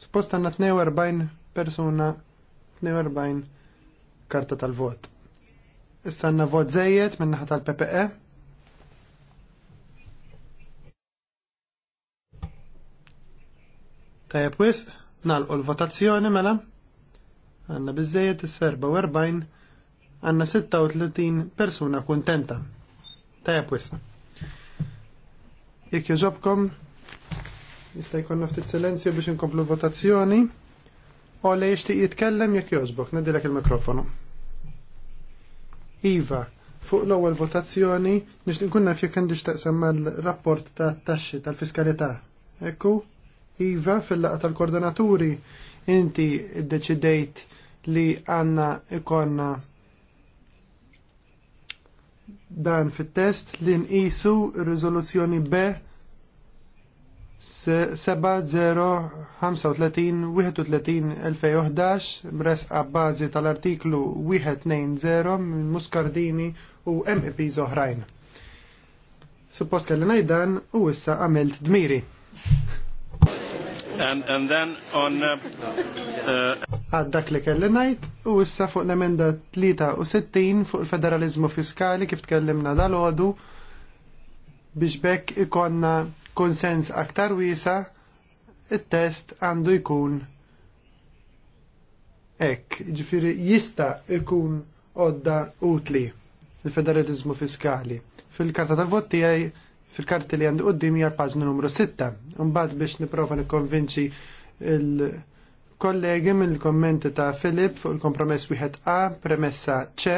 Supposta għanna 42 persuna 42 karta tal-vot. Issa għanna vot zejiet minnaħat tal-PPE. Tajab wis, nalqu l-votazzjoni mela. Għanna bizzejiet is-47 għanna 36 persuna kontenta. Tajab wis. Jek joġobkom, jista' jkun ftit silenzju biex inkomplu votazzjoni. Ole jixtieq jitkellem jekk joġbok, nedilek il-mikrofonu. Iva, fuq l-ewwel votazzjoni nix nkun naf jekk għandix taqsam mal-rapport ta' taxxi tal-fiskalità. Ekku, Iva, fil-laqa tal-koordinaturi inti ddeċidejt li għanna ikonna dan fit-test li nqisu r-riżoluzzjoni B 7035-2011 mres għabbażi tal-artiklu 120 minn Muscardini u MEP oħrajn. Suppost kelli najdan u issa għamilt dmiri. And, and then on uh, uh, għaddak li kelli najt u issa fuq l-emenda 63 fuq il-federalizmu fiskali kif tkellimna dal-ħodu biex bekk ikonna konsens aktar wiesa, it-test għandu jkun ek, ġifiri jista jkun odda utli il-federalizmu fiskali. Fil-karta tal vot tiegħi fil karta li għandu qoddim hija paġna numru 6. Imbagħad biex nipprova nikkonvinċi il-kollegi mill-kommenti ta' Filip fuq il-kompromess wieħed A premessa C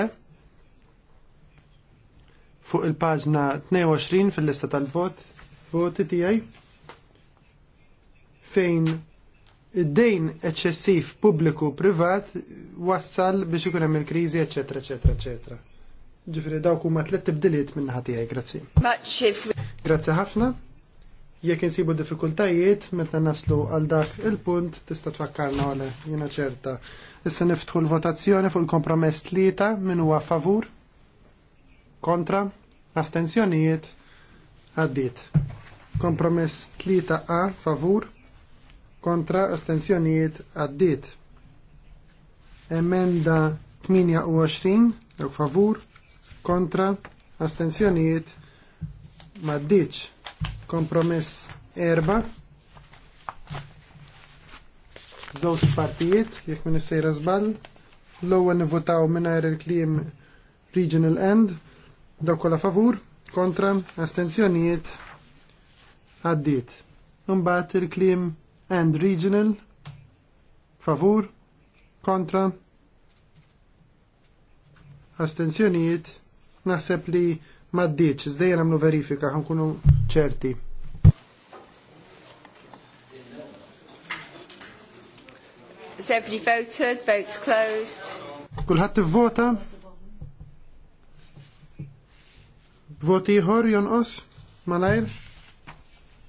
fuq il-paġna 22 fil-lista tal-vot voti tiegħi fejn id-dejn eċċessiv pubbliku privat wassal biex ikun hemm il-kriżi, eċetera, eċetera, eċetera. Ġifieri dawk huma tliet tibdiliet minn naħa tiegħi, grazzi. Grazzi ħafna. Jekk insibu diffikultajiet meta naslu għal dak il-punt tista' tfakkarna għal jiena ċerta. Issa niftħu l-votazzjoni fuq il-kompromess tlieta min huwa favur, kontra, astensjonijiet, għaddit. Kompromess 3A favur kontra astensjonijiet għaddit. Emenda 28 jew favur kontra astensjonijiet maddiċ. Kompromess 4 żewġ partijiet minn s-sejra żball. l votaw nivvutaw mingħajr il klim Regional End, dawk kollha favur, kontra astenzjonijiet għaddit. Mbagħad il-klim and regional favur kontra astenzjonijiet naħseb li maddiċ, zdejja nagħmlu verifika, nkunu ċerti. Is everybody voted? Votes closed. Kulħadd ivvota? Voti ieħor jonqos malajr.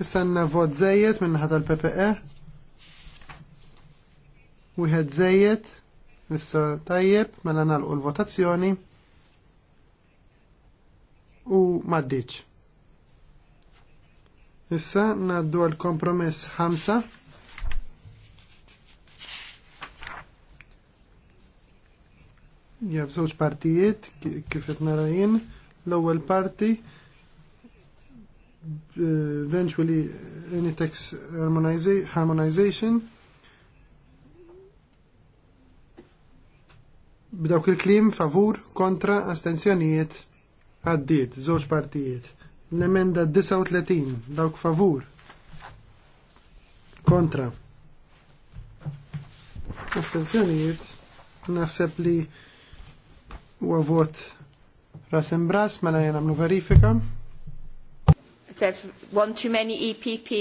Issanna vot żejjed minn ħadd tal-PPE. Wieħed żejjed. Issa tajjeb mela nagħlqu l-votazzjoni u maddiċ. Issa naddu għal kompromess 5. Jaf żewġ partijiet kif qed narajin. L-ewwel parti eh, eventually any tax harmonization b'dawk il-klim favur kontra astenzjonijiet għaddiet żewġ partijiet. L-emenda 39 dawk favur kontra astenzjonijiet naħseb li huwa vot Rasim Bras, mela jena għamlu verifika. One too many EPP.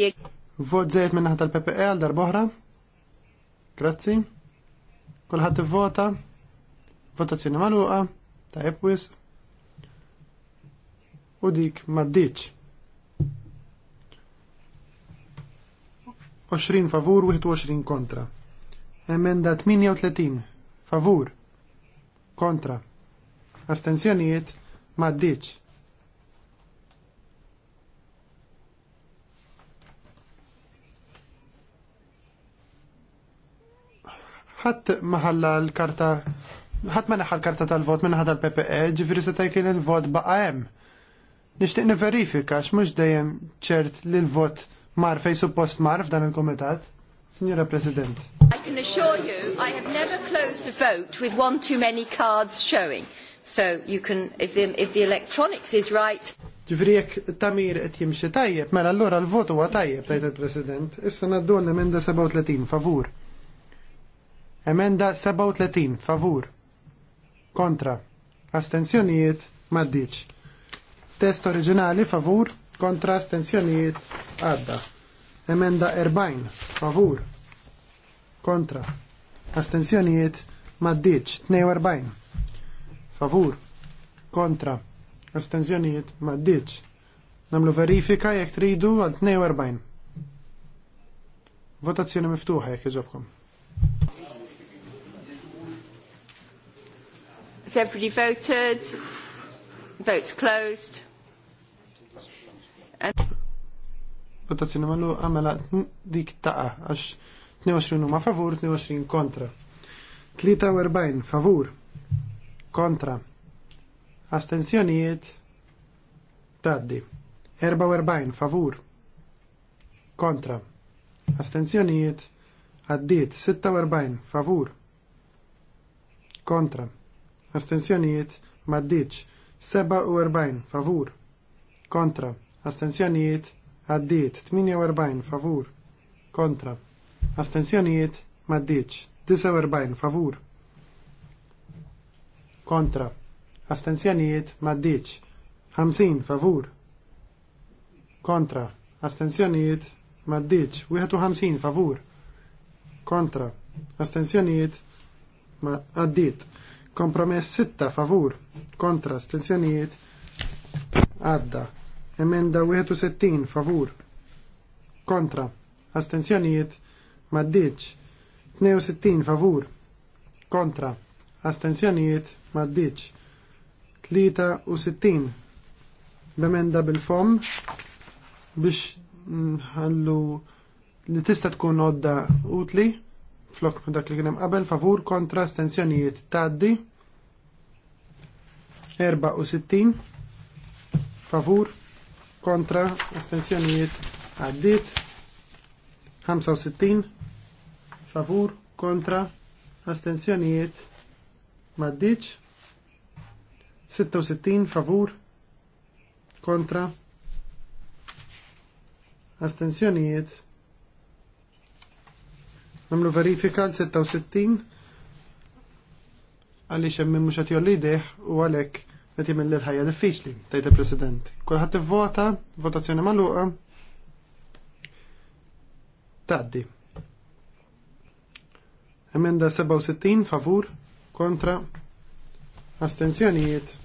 Vot zejt minnaħat tal-PPE għal darboħra. Grazzi. Kulħat vota. Votazzjoni maluqa. Ta' jibwis. U dik maddiċ. 20 favur, 21 kontra. Emenda 38. Favur. Kontra. Astenzjonijiet Maddiċ. ħadd maħalla l-karta ħadd ma neħħa l-karta tal-vot minn ħadal ppe ġifieri se kien il-vot baqa' hemm. Nixtieq niverifika mhux dejjem ċert li l-vot mar fej suppost mar f'dan il-kumitat. Signora President. I can assure you I have never closed a vote with one too many cards showing. So you can, if the, if the electronics is right. Ġifri tamir qed jimxi tajjeb, mela allura l votu huwa tajjeb tgħid il-President. Issa ngħaddu l-emenda 37 favur. Emenda 37 favur. Kontra. Astenzjonijiet maddiċ. Test oriġinali favur kontra astenzjonijiet għadda. Emenda 40 favur. Kontra. Astenzjonijiet maddiċ. 42 favur, kontra, astenzjonijiet ma ddiċ. Namlu verifika jekk tridu għal 42. Votazzjoni miftuħa jekk iġobkom. Has everybody voted? Votes closed. Votazzjoni malu għamela dik taqa għax 22 ma favur, 22 kontra. 43 favur, kontra, Astenzjonijiet taddi. 44 favur, kontra, Astenzjonijiet għaddiet. 46 favur, kontra, Astenzjonijiet maddiċ. 47 favur, kontra, Astenzjonijiet għaddiet. 48 favur, kontra, Astenzjonijiet maddiċ. 49 favur, kontra, astenzjonijiet maddiċ, 50 favur, kontra, astenzjonijiet maddiċ, 51 favur, kontra, astenzjonijiet maddiċ. kompromess 6 favur, kontra, astenzjonijiet għadda, emenda 61 favur, kontra, astenzjonijiet maddiċ, 62 favur, kontra, astenzjonijiet maddiċ. 63 b'emenda bil-fom biex nħallu li tista' tkun odda utli flok dak li kienem qabel favur kontra stensjonijiet taddi 64 favur kontra stensjonijiet għaddit 65 favur kontra astensjonijiet maddiċ 66 favur kontra astensjonijiet namlu verifika l-66 għalli xemmi mux għat diħ u għalek għet jimmill l-ħajja diffiċli, tajta president. Kolħat vota, votazzjoni maluqa, taddi. Emenda 67, favur, kontra, astenzjonijiet,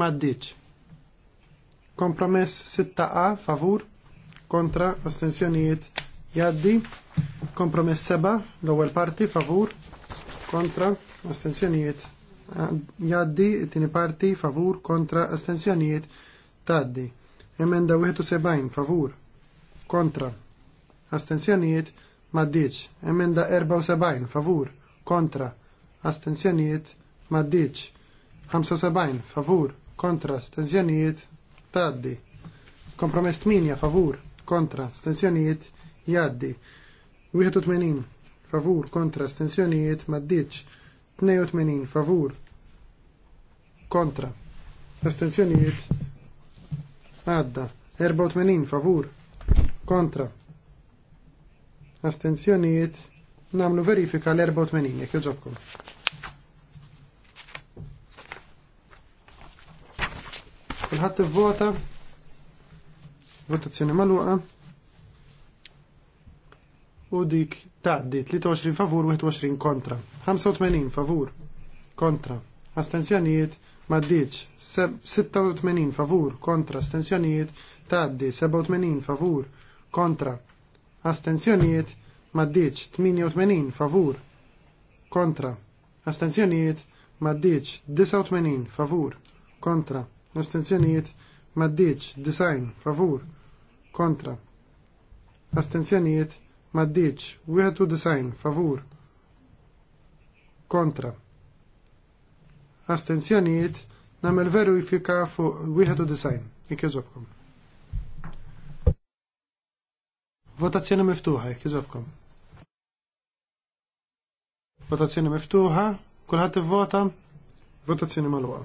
Maddiċ. Kompromess 6A favur kontra astensjonijiet jaddi. Kompromess 7 l ewel parti favur kontra astensjonijiet jaddi. It-tieni parti favur kontra astensjonijiet taddi. Emenda 71 favur kontra astensjonijiet maddiċ. Emenda 74 favur kontra astensjonijiet maddiċ. 75 favur kontra, kontra stenzjonijiet taddi. Kompromess 8 favur kontra stenzjonijiet jaddi. 81 favur kontra stenzjonijiet maddiċ. 82 favur kontra stenzjonijiet għadda 84 favur kontra astenzjonijiet namlu verifika l-84 jek joġobkom. Kulħadd vota Votazzjoni maluqa. U dik tgħaddi 23 favur 21 kontra. 85 favur kontra. Astenzjonijiet maddiċ 86 favur kontra astenzjonijiet tgħaddi 87 favur kontra astenzjonijiet maddiċ 88 favur kontra astenzjonijiet maddiċ 89 favur kontra astenzjonijiet maddiċ, design, favur, kontra, astenzjonijiet maddiċ, wieħed u design, favur, kontra, astenzjonijiet namel veru jifika fuq wieħed u design, ikkieġobkom. Votazzjoni miftuħa, ikkieġobkom. Votazzjoni miftuħa, kulħadd ivvota, votazzjoni malwa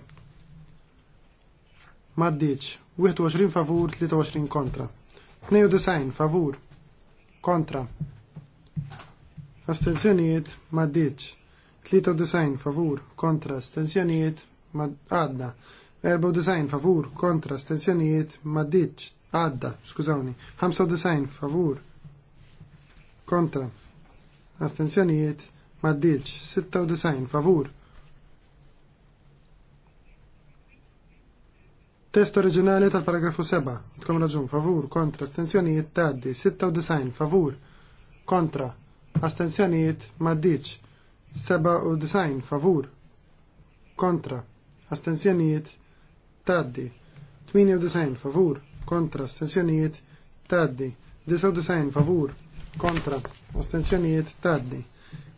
maddiċ 21 favur 23 kontra 92 favur kontra Astenzjoniet, maddiċ 93 favur kontra Astenzjoniet, għadda 94 favur kontra Astenzjoniet, maddiċ għadda skużawni 95 favur kontra Astenzjoniet, maddiċ 96 favur Test oriġinali tal-paragrafu 7. Tkom raġun favur kontra Astenzjonijiet, taddi 96 favur kontra astensjonijiet maddiċ 97 favur kontra astensjonijiet taddi 98 favur kontra Astenzjonijiet. taddi 99 favur kontra Astenzjonijiet. taddi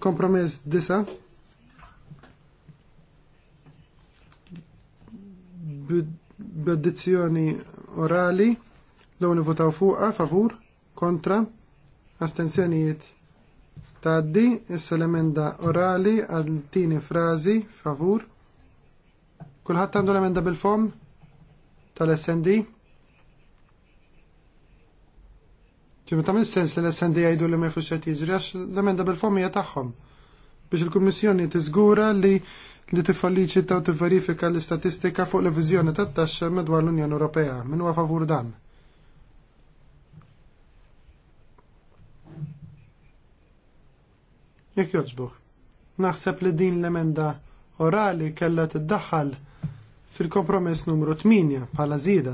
kompromess disa. Bud b'addizzjoni orali l votaw fuqa favur kontra astenzjonijiet taddi issa l-emenda orali għal tini frażi favur Kulħat għandu l-emenda bil-fom tal-SND ċimma ta' sens li l-SND jgħidu li ma jfux jizri, għax l-emenda bil-fom hija tagħhom biex il-Kummissjoni tiżgura li li tiffolliċita u tivverifika l-istatistika fuq l-viżjoni tat-taxxa madwar l-Unjoni Ewropea. Min huwa favur dan? Jekk joġbuħ. Naħseb li din l-emenda orali kellha tiddaħħal fil-kompromess numru 8 bħala żieda.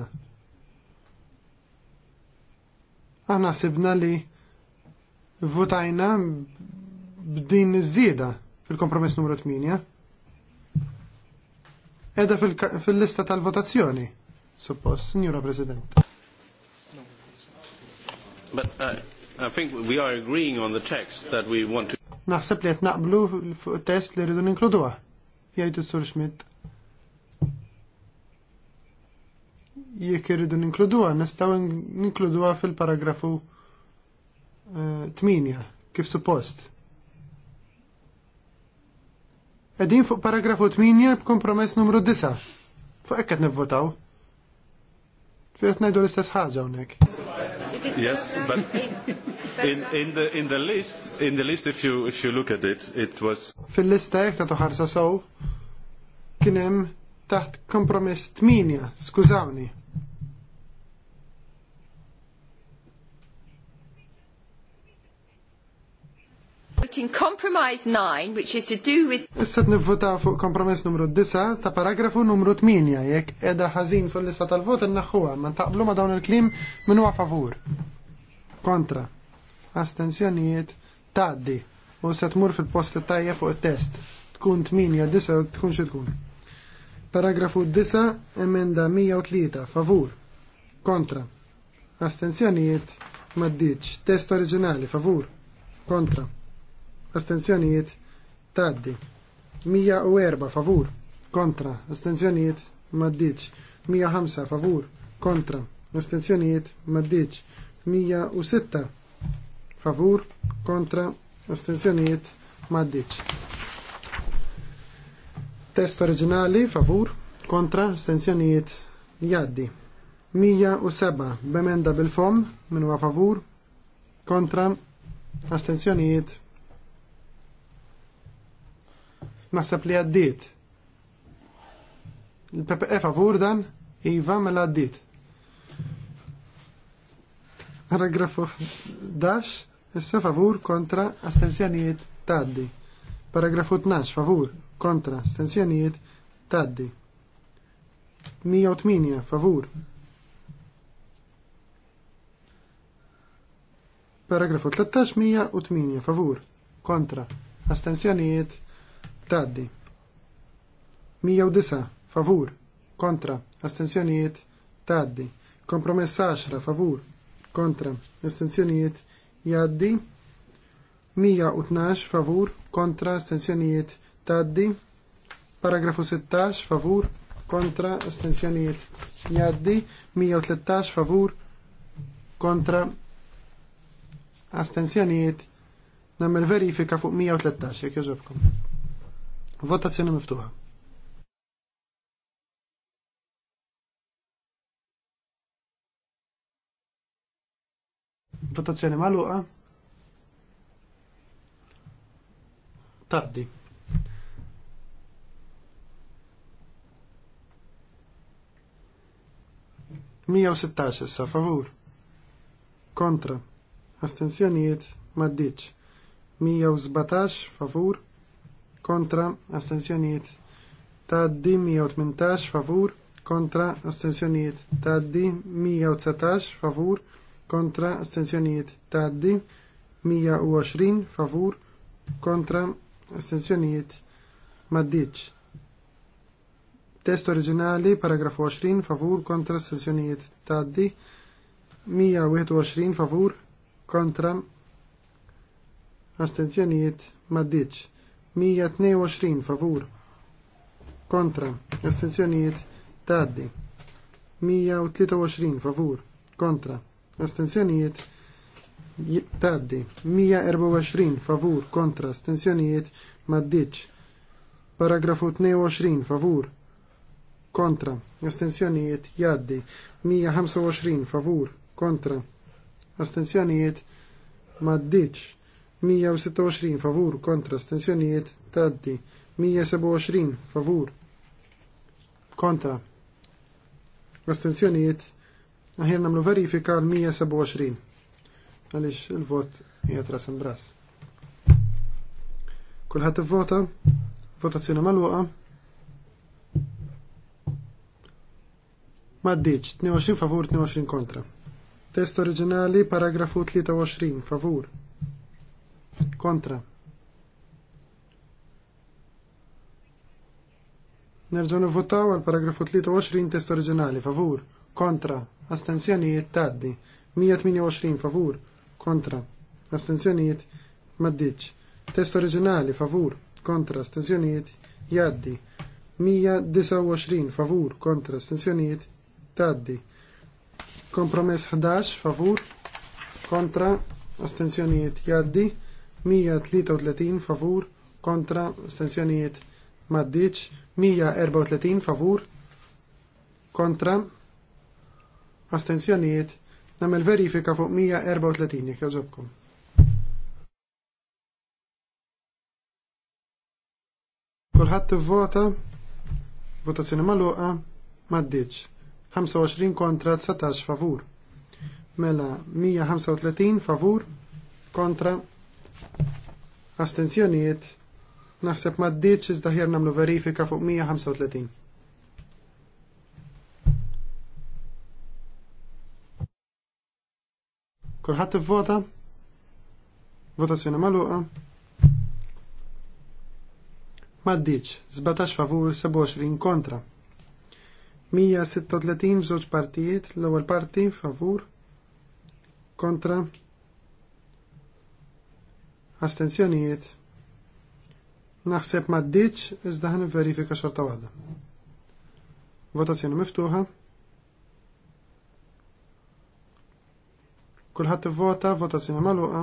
Aħna ħsibna li votajna b'din iż-żieda fil-kompromess numru 8 edha fil-lista tal-votazzjoni, suppost, Signora President. But uh, I think we are agreeing on the text that we want to... Naħseb li qed naqblu test li rridu inkludua. Jgħid s sur Schmidt. Jekk irridu ninkluduha, nistgħu ninkluduha fil-paragrafu 8 eh, kif suppost. Edin fuq paragrafu 8 b'kompromess numru 9. Fuq ekkat nivvotaw. Fiet najdu l-istess ħagġa unnek. Yes, but in, in, the, in the list, in the list if you, if you look at it, it was... Fil-lista jek ta' tuħarsa saw, kienem taħt kompromess 8, skużawni. voting compromise 9, which is to do with... Issa t-nivvota fuq kompromess numru 9 ta' paragrafu numru 8, jekk edha ħazin fuq lista tal-vot n-naħħuwa, ma taqblu ma dawn il-klim minu favur. Kontra. Astenzjonijiet taddi u se tmur fil-post tajja fuq il-test. Tkun 8, 9, tkun xi tkun. Paragrafu 9, emenda 103, favur. Kontra. Astenzjonijiet maddiċ. Test oriġinali, favur. Kontra astenzjonijiet taddi. 104 favur kontra astenzjonijiet maddiċ. 105 favur kontra astenzjonijiet maddiċ. 106 favur kontra astenzjonijiet maddiċ. Test oriġinali favur kontra astenzjonijiet jaddi. 107 bemenda bil-fom minwa favur kontra astenzjonijiet naħseb li għaddiet. il ppf e favur dan, Iva mela għaddit. Paragrafu 11, issa favur kontra astensjonijiet taddi. Paragrafu 12, favur kontra astensjonijiet taddi. 108, favur. Paragrafu 13, 108, favur kontra astensjonijiet Taddi. 109 favur kontra astensjonijiet taddi. Kompromess 10 favur kontra astensjonijiet jaddi. 112 favur kontra astensjonijiet taddi. Paragrafu 16 favur kontra astensjonijiet jaddi. 113 favur kontra astensjonijiet nammel verifika fuq 113 jek joġobkom. Votazzjoni miftuħa. Votazzjoni maluqa. Taddi. Mija u sittax issa favur. Kontra. Astenzjonijiet maddiċ. 117 favur kontra ta' taddi 118 favur kontra ta' taddi 119 favur kontra ta' taddi 120 favur kontra astenzjoniet maddiċ. Test oriġinali, paragrafu 20, favur kontra ta' taddi, 121 favur kontra astenzjoniet maddiċ. 122 favur kontra astenzjonijiet taddi 123 favur kontra astenzjonijiet taddi 124 favur kontra astenzjonijiet maddiċ paragrafu 22 favur kontra astenzjonijiet jaddi 125 favur kontra astenzjonijiet maddiċ 126 favur kontra stensjonijiet taddi 127 favur kontra stensjonijiet aħjar namlu verifika l-127 għalix il-vot jgħatra sembras. Kulħat vota votazzjoni maluqa, maddiċ 22 favur 22 kontra. Test oriġinali paragrafu 23 favur Kontra. Nerġaw nivvotaw għal paragrafu 23 test oriġinali favur, kontra, astenzjonijiet taddi, 128 favur, kontra, astenzjonijiet maddiċ, test oriġinali favur, kontra, astenzjonijiet jaddi, 129 favur, kontra, astenzjonijiet taddi, kompromess 11 favur, kontra, astenzjonijiet jaddi, 133 favur kontra astensjonijiet maddiċ 134 favur kontra astensjonijiet namel verifika fuq 134 jek joġobkom. Kulħadd vota votazzjoni magħluqa maddiċ 25 kontra 19 favur. Mela 135 favur kontra Astenzjonijiet naħseb ma ddiċ iżda ħjar namlu verifika fuq 135. Kulħadd ivvota? Votazzjoni magħluqa. Ma d-dieċ, 17 favur, 27 kontra. 136 f'żewġ partijiet, l-ewwel parti favur, kontra astenzjonijiet naħseb maddiċ iżda ħan verifika xorta waħda. Votazzjoni miftuħa. Kulħadd ivvota, votazzjoni magħluqa.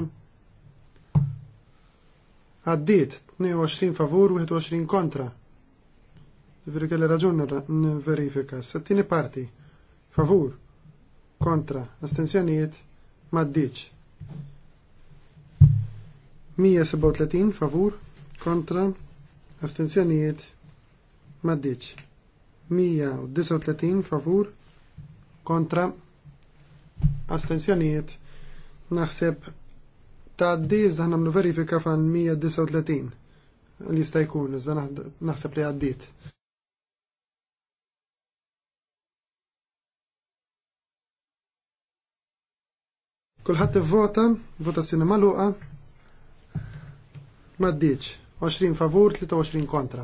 Għaddiet 22 favur, 21 kontra. Verifika li raġun verifika. Settini parti. Favur. Kontra. Astenzjonijiet. Maddiċ. 137 favur kontra astenzjonijiet maddiċ 139 favur kontra astenzjonijiet naħseb ta' għaddiż daħna mnu verifika fan 139 li stajkun, jkun, iżda naħseb li għaddit. Kulħadd ivvota, votazzjoni magħluqa, Maddiċ, 20 favur, 23 kontra.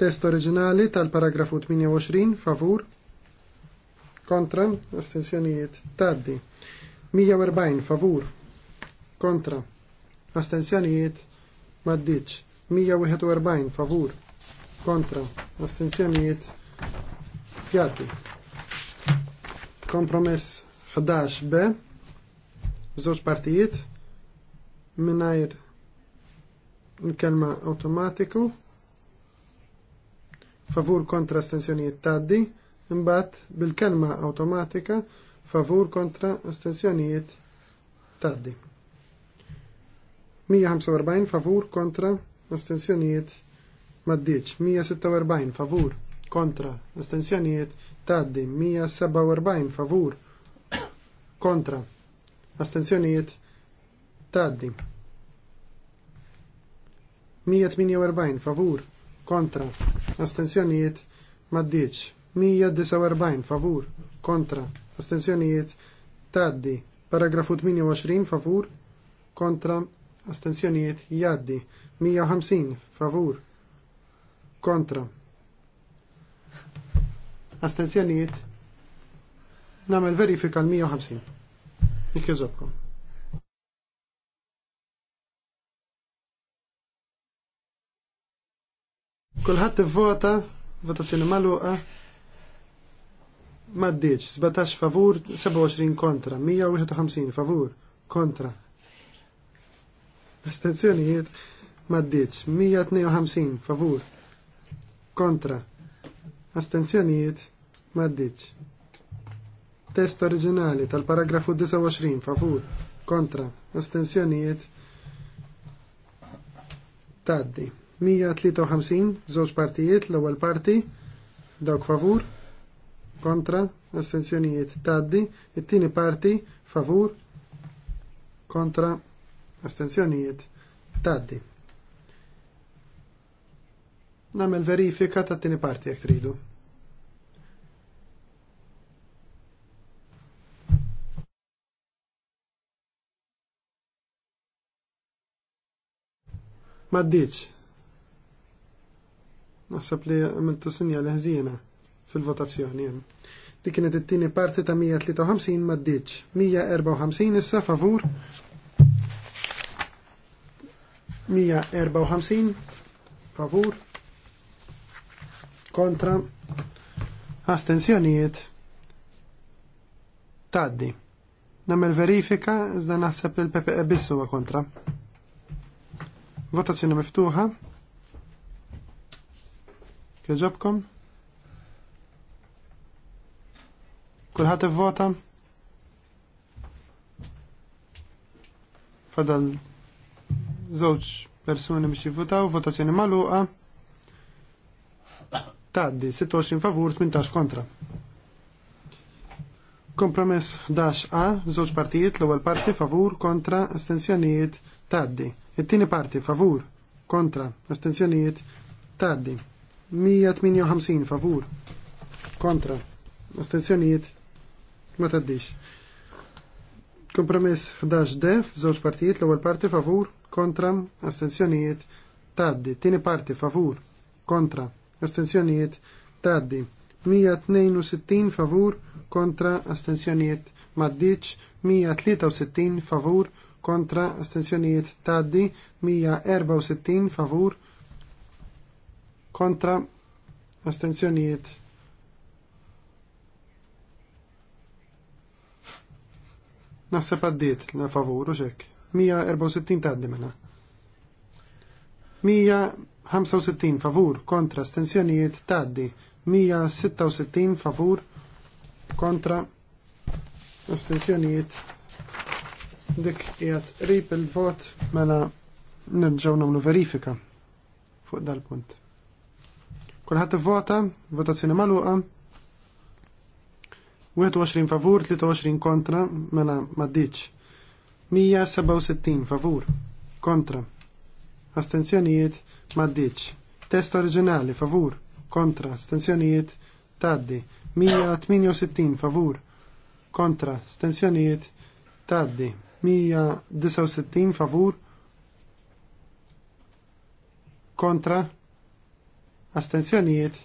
Test oriġinali tal-paragrafu 28 favur, kontra, astensjonijiet, taddi. 140 favur, kontra, astensjonijiet, maddiċ. 141 favur, kontra, astensjonijiet, jaddi. Kompromess 11b, bżoċ partijiet, minajr il-kelma automatiku favur kontra astensjonijiet taddi, imbagħad bil-kelma automatika favur kontra astensjonijiet taddi. 145 favur kontra astensjonijiet maddiċ, 146 favur kontra astensjonijiet taddi, 147 favur kontra astensjonijiet taddi. 148 favur kontra astensjonijiet maddiċ 149 favur kontra astensjonijiet taddi paragrafu 28 favur kontra astensjonijiet jaddi 150 favur kontra astensjonijiet namel verifika l-150 zopkom. Kulħadd ivvota, votazzjoni magħluqa. Maddiċ, 17 favur, 27 kontra, 151 favur, kontra. Astenzjonijiet, maddiċ, 152 favur, kontra. Astenzjonijiet, maddiċ. Test oriġinali tal-paragrafu 29 favur, kontra. jiet, taddi. 153, żewġ partijiet, l-ewwel parti, dawk favur, kontra, astenzjonijiet taddi, it-tieni parti, favur, kontra, astenzjonijiet taddi. Namel verifika ta' t parti jekk tridu. Maddiċ, Naħseb li għamiltu sinjali ħżiena fil-votazzjoni Dik kienet it-tieni parti ta' 153 ma ddiċ. 154 issa favur. 154 favur. Kontra. Astenzjonijiet. Taddi. Namel verifika iżda naħseb il-PPE bissu kontra. Votazzjoni miftuħa. Kieġobkom? Kulħat vota? Fadal zoċ persuni biex jivvotaw, votazzjoni maluqa. Taddi, 26 favur, 18 kontra. Kompromess 11A, żewġ partijiet, l-ewwel parti favur kontra astensjonijiet taddi. It-tieni parti favur kontra astensjonijiet taddi. 158 favur kontra astenzjonijiet ma taddix. Kompromess 11 def f'żewġ partijiet l-ewwel parti favur kontra astenzjonijiet taddi. Tieni parti favur kontra astenzjonijiet taddi. 162 favur kontra astenzjonijiet maddiċ 163 favur kontra astenzjonijiet taddi 164 favur kontra astenzjonijiet naħseb għaddiet la favuru xek 164 taddi mela 165 favur kontra astenzjonijiet taddi 166 favur kontra astenzjonijiet dik jgħat rip il-vot mela nerġgħu nagħmlu verifika fuq dal-punt. Kulħadd ivvota, votazzjoni magħluqa. 21 favur, 23 kontra, mela maddiċ. 167 favur, kontra. Astenzjonijiet, maddiċ. Test oriġinali, favur, kontra, astenzjonijiet, taddi. 168 favur, kontra, astenzjonijiet, taddi. 169 favur, kontra, astensjonijiet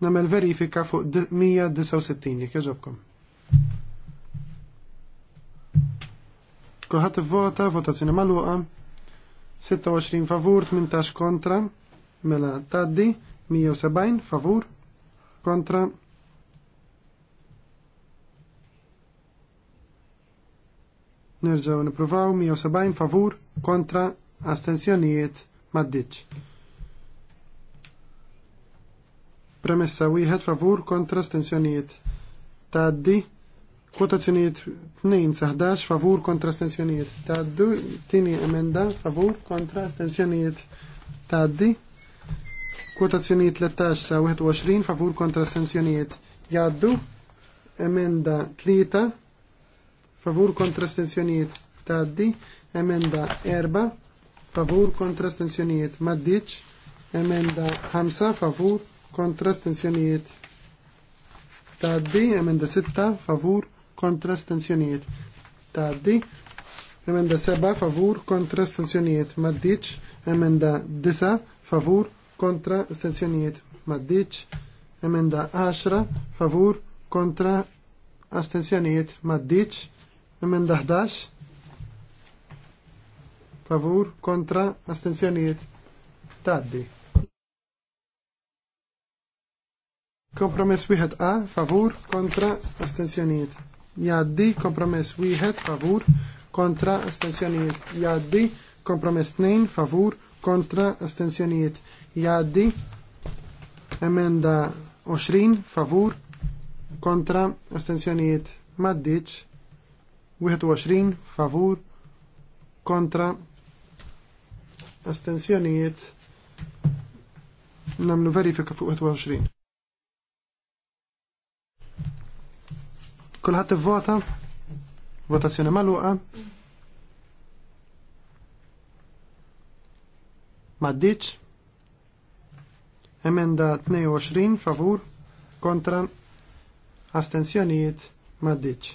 namel verifika fuq 169 jek jaġobkom. Kulħat vota, votazzjoni maluqa, 26 favur, 18 kontra, mela taddi, 170 favur, kontra, Nerġaw nipruvaw 170 favur kontra astensjonijiet maddiċ. Premessa wieħed favur kontra stensjonijiet taddi. Kwotazzjonijiet 2 11 favur kontra stensjonijiet taddu. Tini emenda favur kontra stensjonijiet taddi. Kwotazzjonijiet 13 sa 21 favur kontra stensjonijiet jaddu. Emenda 3 favur kontra stensjonijiet taddi. Emenda 4 favur kontra stensjonijiet maddiċ. Emenda 5 favur kontra stenzjonijiet taddi, emenda 6 favur kontra stenzjonijiet taddi, emenda 7 favur kontra stenzjonijiet maddiċ, emenda 9 favur kontra stenzjonijiet maddiċ, emenda 10 favur kontra astenzjonijiet maddiċ, emenda 11 favur kontra astenzjonijiet taddi. Kompromess wieħed A, favur, kontra, astensjonijiet. Jaddi, kompromess wieħed, favur, kontra, astensjonijiet. Jaddi, kompromess 2, favur, kontra, astensjonijiet. Jaddi, emenda 20, favur, kontra, astensjonijiet. Maddiċ, 21, favur, kontra, astensjonijiet. Namlu verifika fuq 21. Kulħadd ivvota? Votazzjoni magħluqa. Maddiċ. Emenda 22 favur kontra astensjonijiet maddiċ.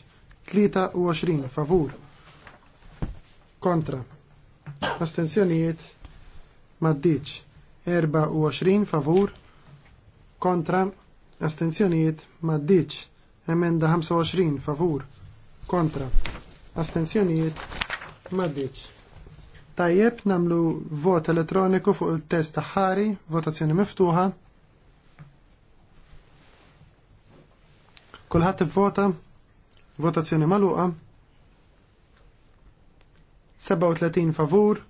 23 favur kontra astensjonijiet maddiċ. 24 favur kontra astensjonijiet maddiċ. Emenda 25 favur kontra astensjonijiet maddiċ. Tajjeb namlu vot elettroniku fuq il-test ħari, votazzjoni miftuħa. Kulħadd ivvota, votazzjoni magħluqa. 37 favur,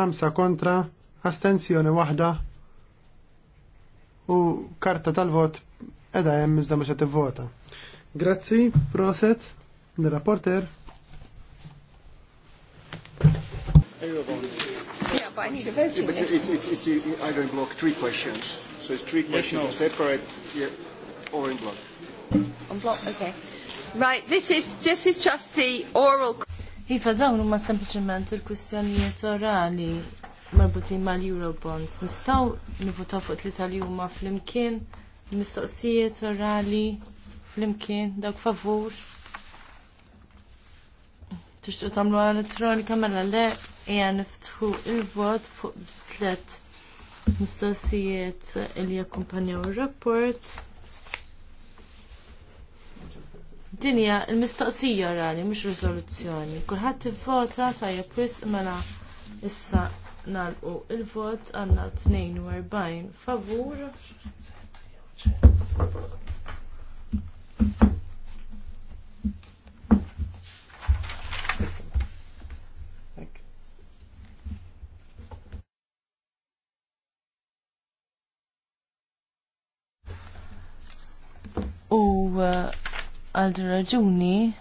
5 kontra, astensjoni waħda u karta tal-vot edha jem mizda maċa t-vota. Grazzi, proset, n rapporter Yeah, but it's, it's, it's, it's, I don't block three questions. So it's three questions yes, no. separate yeah, or in block. On block, okay. Right, this is, this is just the oral... Iva, dawn huma sempliċement il-kwistjonijiet orali marbutin mal-Eurobonds. Nistaw nivutaw fuq li tal-juma fl-imkien mistoqsijiet orali flimkien dawk favur. Tixtu tamlu elettronika mela le eja niftħu il-vot fuq tlet mistoqsijiet li jakkumpanjaw il-rapport. Dinja, il-mistoqsija orali, mhux riżoluzzjoni. Kulħadd ivvota tajjeb wisq mela issa nalqu il-vot għandna 42 favur U uh, għal raġuni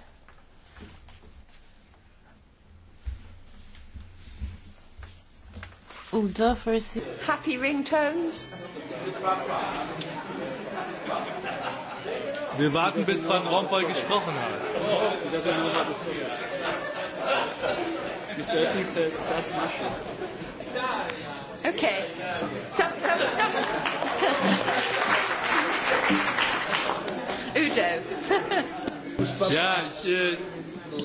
da forsi. Happy ringtones. Wir warten, bis Van Rompuy gesprochen hat. Okay. So, so, so. Udo. ja, ich äh,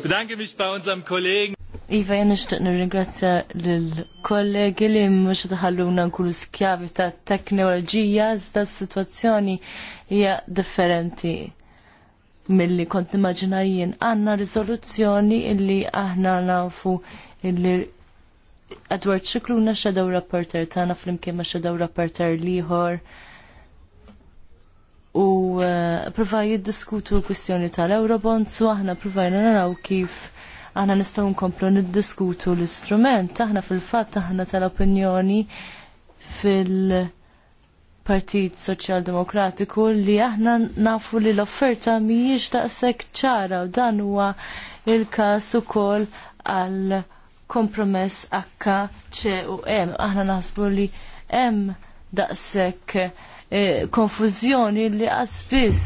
bedanke mich bei unserem Kollegen. Iva, jen nishtiq nirringrazzja l-kollegi li mux taħalluna nkunu skjavi ta' teknoloġija, zda s-situazzjoni hija differenti mill-li kont nimmaġina jien. Għanna rizoluzzjoni illi aħna nafu illi Edward Xikluna xedaw rapporter tana fl-imkien ma xedaw rapporter liħor u eh, provaj jiddiskutu l-kwistjoni tal-Eurobond, su aħna provajna naraw kif aħna nistgħu nkomplu niddiskutu l-istrument. Aħna fil-fatt aħna tal-opinjoni fil-Partit Soċjal-Demokratiku li aħna nafu li l-offerta mhijiex daqshekk ċara u dan huwa il-każ ukoll għal kompromess akka ċe u em. Aħna naħsbu li em daqshekk eh, konfużjoni li għasbis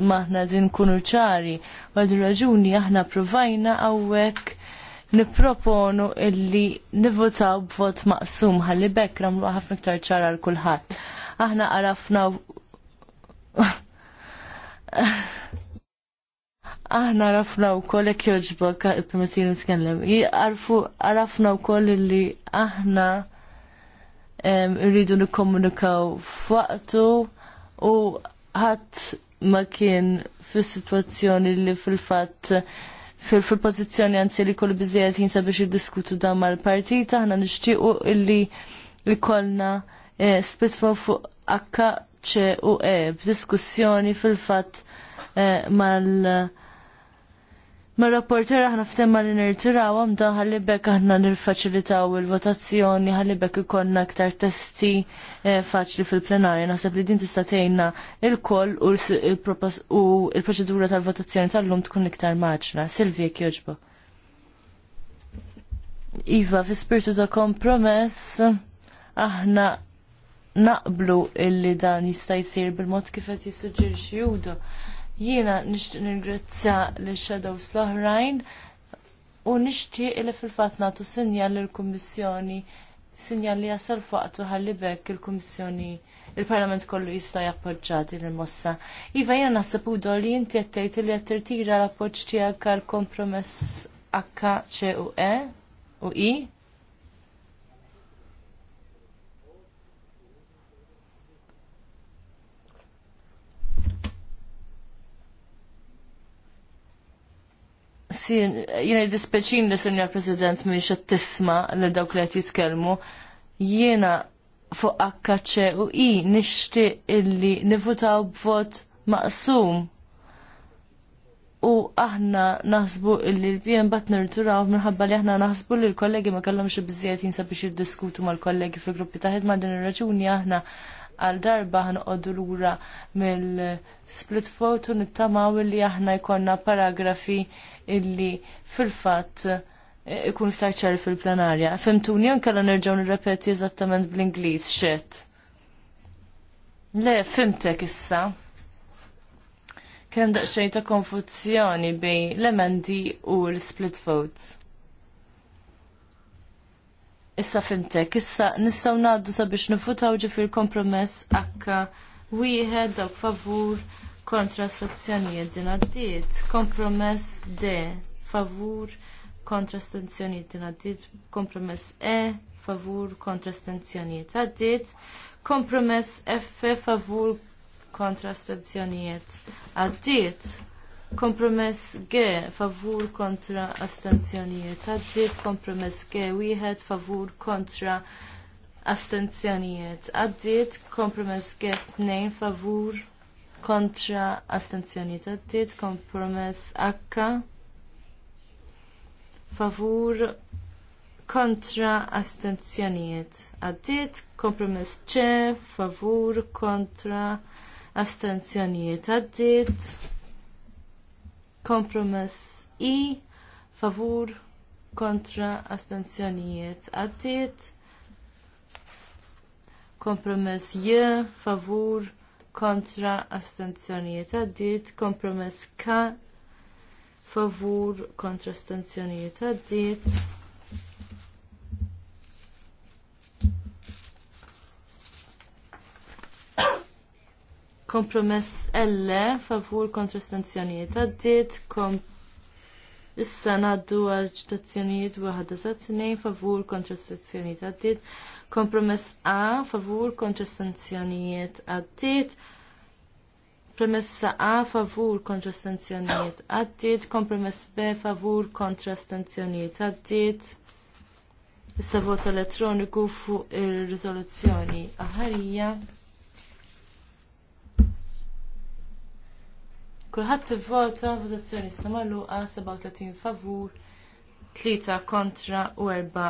maħna din kunu ċari għal raġuni aħna provajna għawek niproponu illi nivotaw b'vot maqsum ħalli bekk ramlu ħafna ktar ċara l kulħadd. Aħna għarafna aħna rafna u koll ek joġbok, permetti nitkellem, għarafna u koll li aħna rridu nikkomunikaw f'waqtu u ħadd ma kien fis-sitwazzjoni li fil-fatt fil-pozizjoni għanzi li kol bizziet jinsa biex jiddiskutu dan mal partita ħna nishtiqu illi kolna eh, spitfa fuq akka ċe u e b'diskussjoni fil-fat eh, mal Ma rapporter aħna ftemma li nirtiraw għamda ħallibek aħna nirfaċilitaw il-votazzjoni, ħallibek ikonna aktar testi eh, faċli fil-plenarja. Naħseb li din tista' tgħinna il-koll u il-proċedura tal-votazzjoni tal-lum tkun iktar maċla. Silvija joġbo. Iva, fi spiritu ta' kompromess, aħna naqblu illi dan jista' jsir bil-mod kif qed jissuġġirixi Jiena nixtieq nirgrazzja l shadows l-oħrajn u nixtieq li fil-fatt nagħtu sinjal lill-Kummissjoni sinjal li jasal fuqtu ħalli bekk il-Kummissjoni il-Parlament kollu jista' jappoġġati l mossa Iva jiena naħseb udo li inti qed tgħid li qed tirtira l-appoġġ tiegħek għall kompromess H, C u E u I Jiena dispeċin li sunja President mi xa tisma li dawk li qed jitkellmu. Jiena fuq akkaċe u I nixtieq illi nivutaw b'vot maqsum. U aħna naħsbu illi l-PM bat nirturaw minħabba li aħna naħsbu li l-kollegi ma kellhomx biżjed jinsa biex jiddiskutu mal-kollegi fil-gruppi ta' ħidma din ir-raġuni aħna għal darba ħanqodu lura mill-split photo u nittamaw li aħna jkollna paragrafi illi fil fat e, ikun ftar fil-plenarja. Femtuni kalla nerġgħu nirrepeti eżattament bl-Ingliż xed. Le, fimtek issa kien xejta konfuzzjoni bejn l-emendi u l-split votes. Issa fimtek, issa nistaw naddu sabiex nifutaw ġifir kompromess akka wieħed dawk favur kontra stazzjonijiet din għaddiet. Kompromess D favur kontra stazzjonijiet din għaddiet. Kompromess E favur kontra stazzjonijiet għaddiet. Kompromess F favur kontra stazzjonijiet għaddiet Kompromess G favur kontra astenzjonijiet. Għaddiet kompromess G wieħed favur kontra astenzjonijiet. Għaddiet kompromess G tnejn favur kontra astenzjonijiet. Għaddiet kompromess H favur kontra astenzjonijiet. Għaddiet kompromess C favur kontra astenzjonijiet. Għaddiet Kompromess I favur kontra astenzjonijiet għaddiet. Kompromess J favur kontra astenzjonijiet għaddiet. Kompromess K favur kontra astenzjonijiet għaddiet Kompromess L favur kontra stanzjonijiet għaddit. Kom... Issa naddu għal ċitazzjonijiet waħda sa favur kontra stanzjonijiet għaddit. Kompromess A favur kontra stanzjonijiet għaddit. Premessa A favur kontra stanzjoniet għaddit. Kompromess B favur kontra stanzjoniet għaddit. Issa vot elettroniku fuq ir-riżoluzzjoni aħarija. Kulħadd ivvota votazzjoni issa magħluqa 37 favur, 3 kontra u 4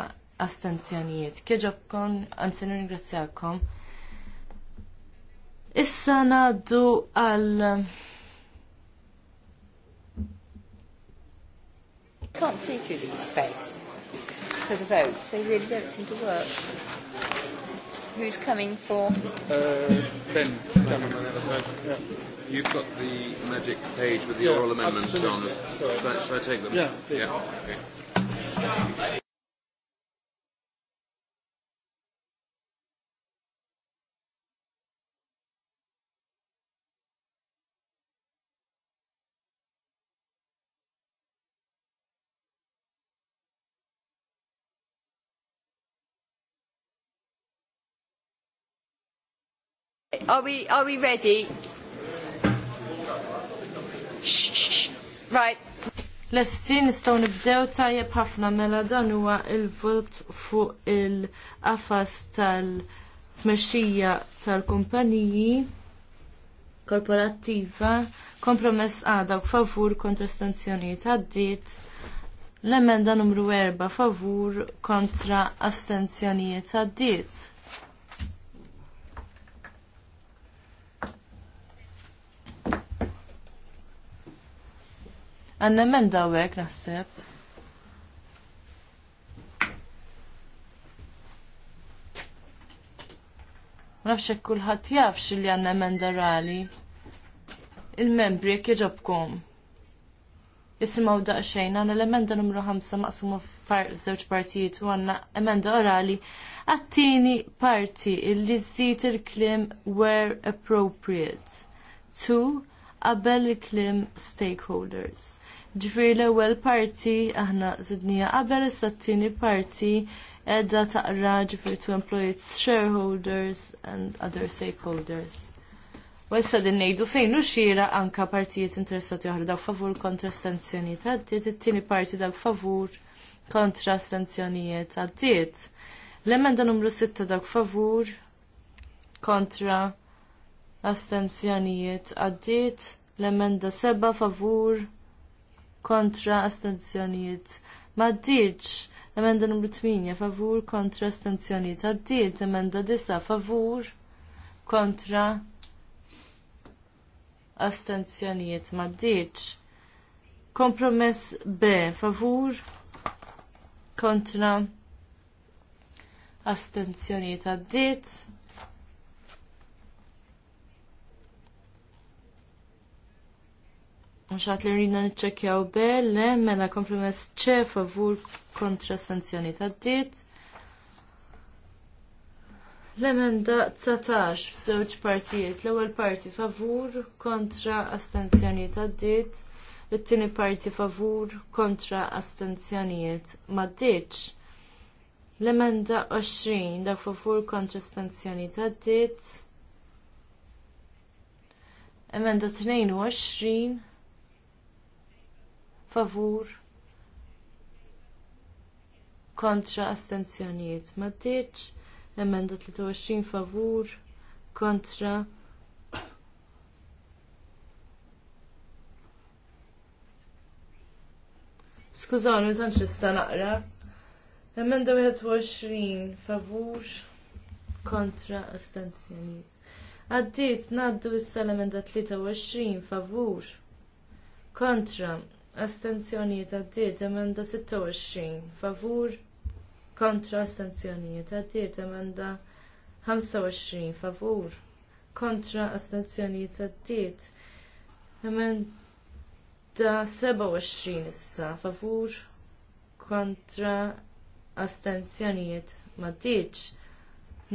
astenzjonijiet. Kieġobkom, anzi nirringrazzjakom. Issa ngħaddu għal Can't see through these specs for the vote They really don't seem to work who's coming for? Uh, ben You've got the magic page with the yeah, oral amendments on. Should I, should I take them? Yeah. Please. Yeah. Okay. Are we, are we ready? Right. L-essin nistaw nibdew tajjeb ħafna mela dan huwa il-vot fuq il-qafas tal-tmexxija tal-kumpaniji korporattiva kompromess għada favur kontra stanzjonijiet għaddiet l-emenda numru 4 favur kontra astenzjonijiet għaddiet Għanna men dawek, naħseb. Nafx hekk kulħadd jafx li għandna emenda rali. Il-membri jekk jġobkom. Isimgħu daqsxejn għandna l-emenda numru 5 maqsuma f'żewġ partijiet u għandna emenda orali għattini parti illi żżid il-kliem where appropriate to qabel il-klim stakeholders. Ġifiri l-ewwel parti aħna zidnija qabel issa t-tieni parti edda taqra ġifiri to employees, shareholders and other stakeholders. U issa din ngħidu fejn u xira anka partijiet interessati oħra dawk favur kontra sanzjonijiet għaddiet, it-tieni parti dawk favur kontra sanzjonijiet għaddiet. L-emenda numru 6 dawk favur kontra astenzjonijiet għaddiet l-emenda seba' favur kontra astenzjonijiet maddiċ emenda numru 8 favur kontra astenzjonijiet għaddiet emenda 9 favur kontra astenzjonijiet maddiċ kompromess B favur kontra astenzjonijiet għaddiet Nxat li rridna nċekjaw bel, le, mela kompromess ċe favur kontra sanzjoni ta' dit. L-emenda 19 f'żewġ partijiet, l-ewwel parti favur kontra astenzjoni ta' dit, it-tieni parti favur kontra astenzjonijiet ma' ditx. L-emenda 20 dak favur kontra astenzjoni ta' dit. Emenda 22 favur kontra astenzjonijiet maddiċ, emenda 23 favur kontra Skużawni, tan xista naqra. Emenda 21 favur kontra astenzjonijiet. Għaddiet naddu issa l-emenda 23 favur kontra astenzjonijiet għaddiet emenda 26 favur kontra astenzjonijiet għaddiet emenda 25 favur kontra astenzjonijiet għaddiet emenda 27 issa favur kontra astenzjonijiet ma ddiċ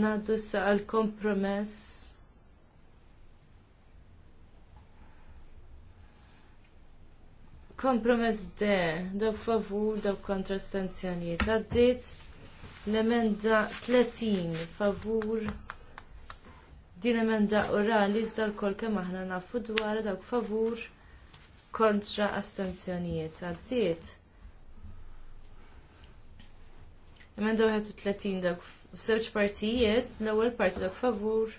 naddu issa għal kompromess Kompromess de, dawk favur, dawk kontra stanzjonijiet. Għaddit l-emenda 30 favur din emenda orali iżda l-kol kemm aħna nafu dwar dawk favur kontra astenzjonijiet. Għaddiet. Emenda 31 dawk f'żewġ partijiet, l-ewwel parti dawk favur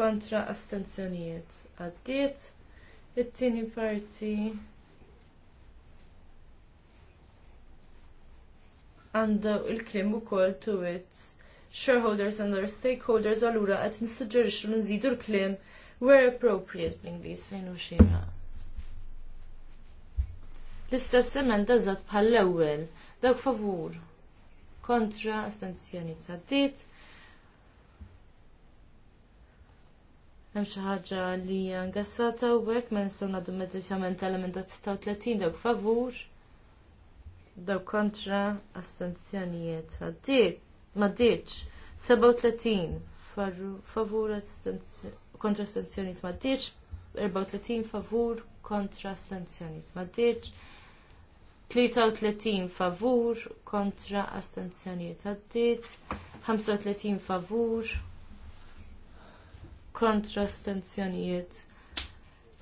kontra astenzjonijiet. Għaddiet. It-tieni parti għandu il u ukoll to it shareholders and other stakeholders allura qed nissuġġerixxu li nżidu l-klim where appropriate bl-Ingliż fejn u xira. L-istess emenda żgħat l ewwel dawk favur kontra astenzjoni ta' dit. Hemm xi ħaġa li hija ngassata hawnhekk ma nistgħu nagħdu immedjatament element 36 dawk favur daw kontra astenzjonijiet ma ddiċ 37 favur kontra astenzjonijiet ma ddiċ 34 favur kontra astenzjonijiet ma ddiċ 33 favur kontra astenzjonijiet għaddit 35 favur kontra astenzjonijiet